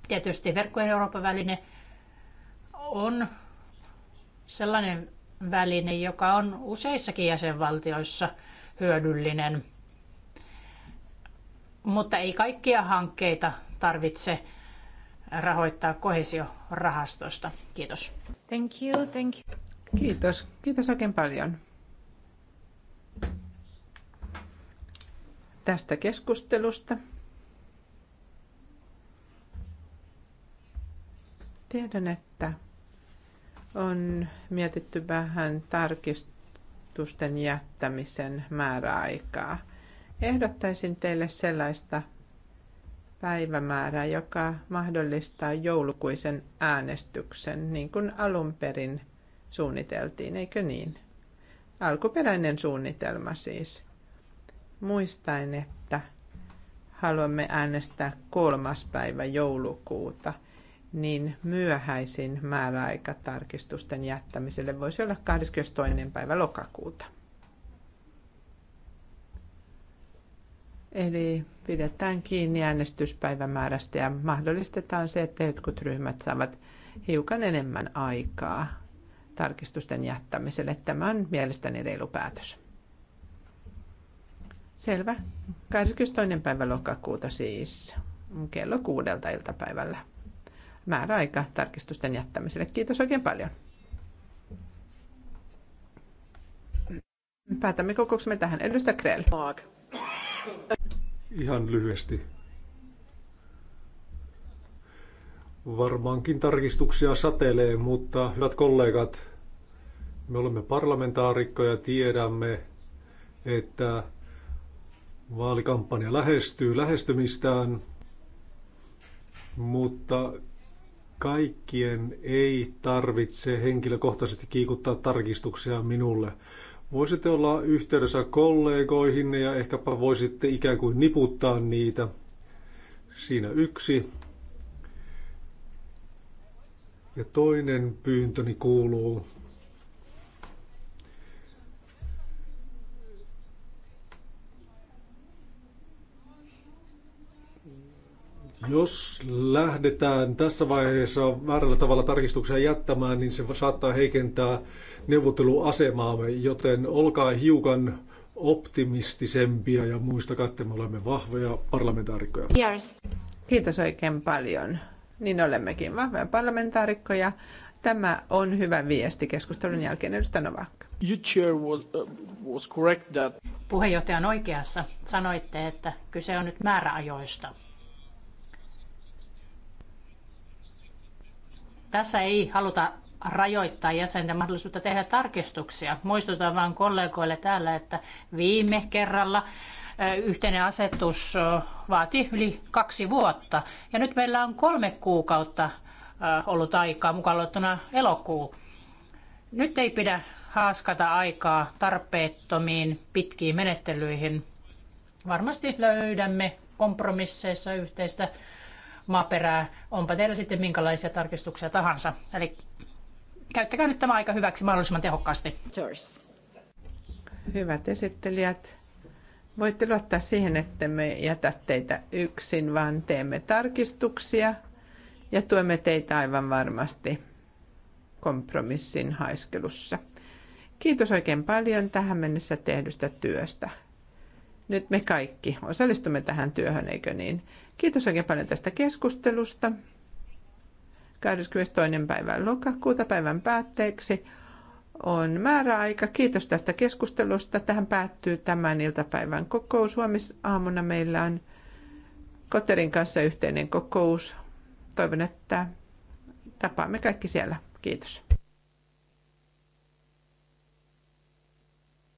Tietysti verkkojen Euroopan väline on sellainen väline, joka on useissakin jäsenvaltioissa hyödyllinen, mutta ei kaikkia hankkeita tarvitse rahoittaa kohesiorahastosta. Kiitos. Thank you, thank you. Kiitos. Kiitos oikein paljon. tästä keskustelusta. Tiedän, että on mietitty vähän tarkistusten jättämisen määräaikaa. Ehdottaisin teille sellaista päivämäärää, joka mahdollistaa joulukuisen äänestyksen, niin kuin alun perin suunniteltiin, eikö niin? Alkuperäinen suunnitelma siis. Muistaen, että haluamme äänestää kolmas päivä joulukuuta – niin myöhäisin määräaika tarkistusten jättämiselle voisi olla 22. päivä lokakuuta. Eli pidetään kiinni äänestyspäivämäärästä ja mahdollistetaan se, että jotkut ryhmät saavat hiukan enemmän aikaa tarkistusten jättämiselle. Tämä on mielestäni reilu päätös. Selvä. 22. päivä lokakuuta siis kello kuudelta iltapäivällä määräaika tarkistusten jättämiselle. Kiitos oikein paljon. Päätämme kokouksemme tähän. Edustä Krell. Ihan lyhyesti. Varmaankin tarkistuksia satelee, mutta hyvät kollegat, me olemme parlamentaarikkoja, tiedämme, että vaalikampanja lähestyy lähestymistään, mutta kaikkien ei tarvitse henkilökohtaisesti kiikuttaa tarkistuksia minulle. Voisitte olla yhteydessä kollegoihinne ja ehkäpä voisitte ikään kuin niputtaa niitä. Siinä yksi. Ja toinen pyyntöni kuuluu, Jos lähdetään tässä vaiheessa väärällä tavalla tarkistuksia jättämään, niin se saattaa heikentää neuvotteluasemaamme, joten olkaa hiukan optimistisempia ja muistakaa, että me olemme vahvoja parlamentaarikkoja. Yes. Kiitos oikein paljon. Niin olemmekin vahvoja parlamentaarikkoja. Tämä on hyvä viesti keskustelun jälkeen, edustaja Novak. Uh, Puheenjohtaja on oikeassa. Sanoitte, että kyse on nyt määräajoista. Tässä ei haluta rajoittaa jäsenten mahdollisuutta tehdä tarkistuksia. Muistutan vain kollegoille täällä, että viime kerralla yhteinen asetus vaati yli kaksi vuotta. Ja nyt meillä on kolme kuukautta ollut aikaa, mukaan luettuna elokuu. Nyt ei pidä haaskata aikaa tarpeettomiin pitkiin menettelyihin. Varmasti löydämme kompromisseissa yhteistä maaperää, onpa teillä sitten minkälaisia tarkistuksia tahansa. Eli käyttäkää nyt tämä aika hyväksi mahdollisimman tehokkaasti. Cheers. Hyvät esittelijät, voitte luottaa siihen, että me jätä teitä yksin, vaan teemme tarkistuksia ja tuemme teitä aivan varmasti kompromissin haiskelussa. Kiitos oikein paljon tähän mennessä tehdystä työstä. Nyt me kaikki osallistumme tähän työhön, eikö niin? Kiitos oikein paljon tästä keskustelusta. 22. päivän lokakuuta päivän päätteeksi on määräaika. Kiitos tästä keskustelusta. Tähän päättyy tämän iltapäivän kokous. Huomisaamuna meillä on Koterin kanssa yhteinen kokous. Toivon, että tapaamme kaikki siellä. Kiitos.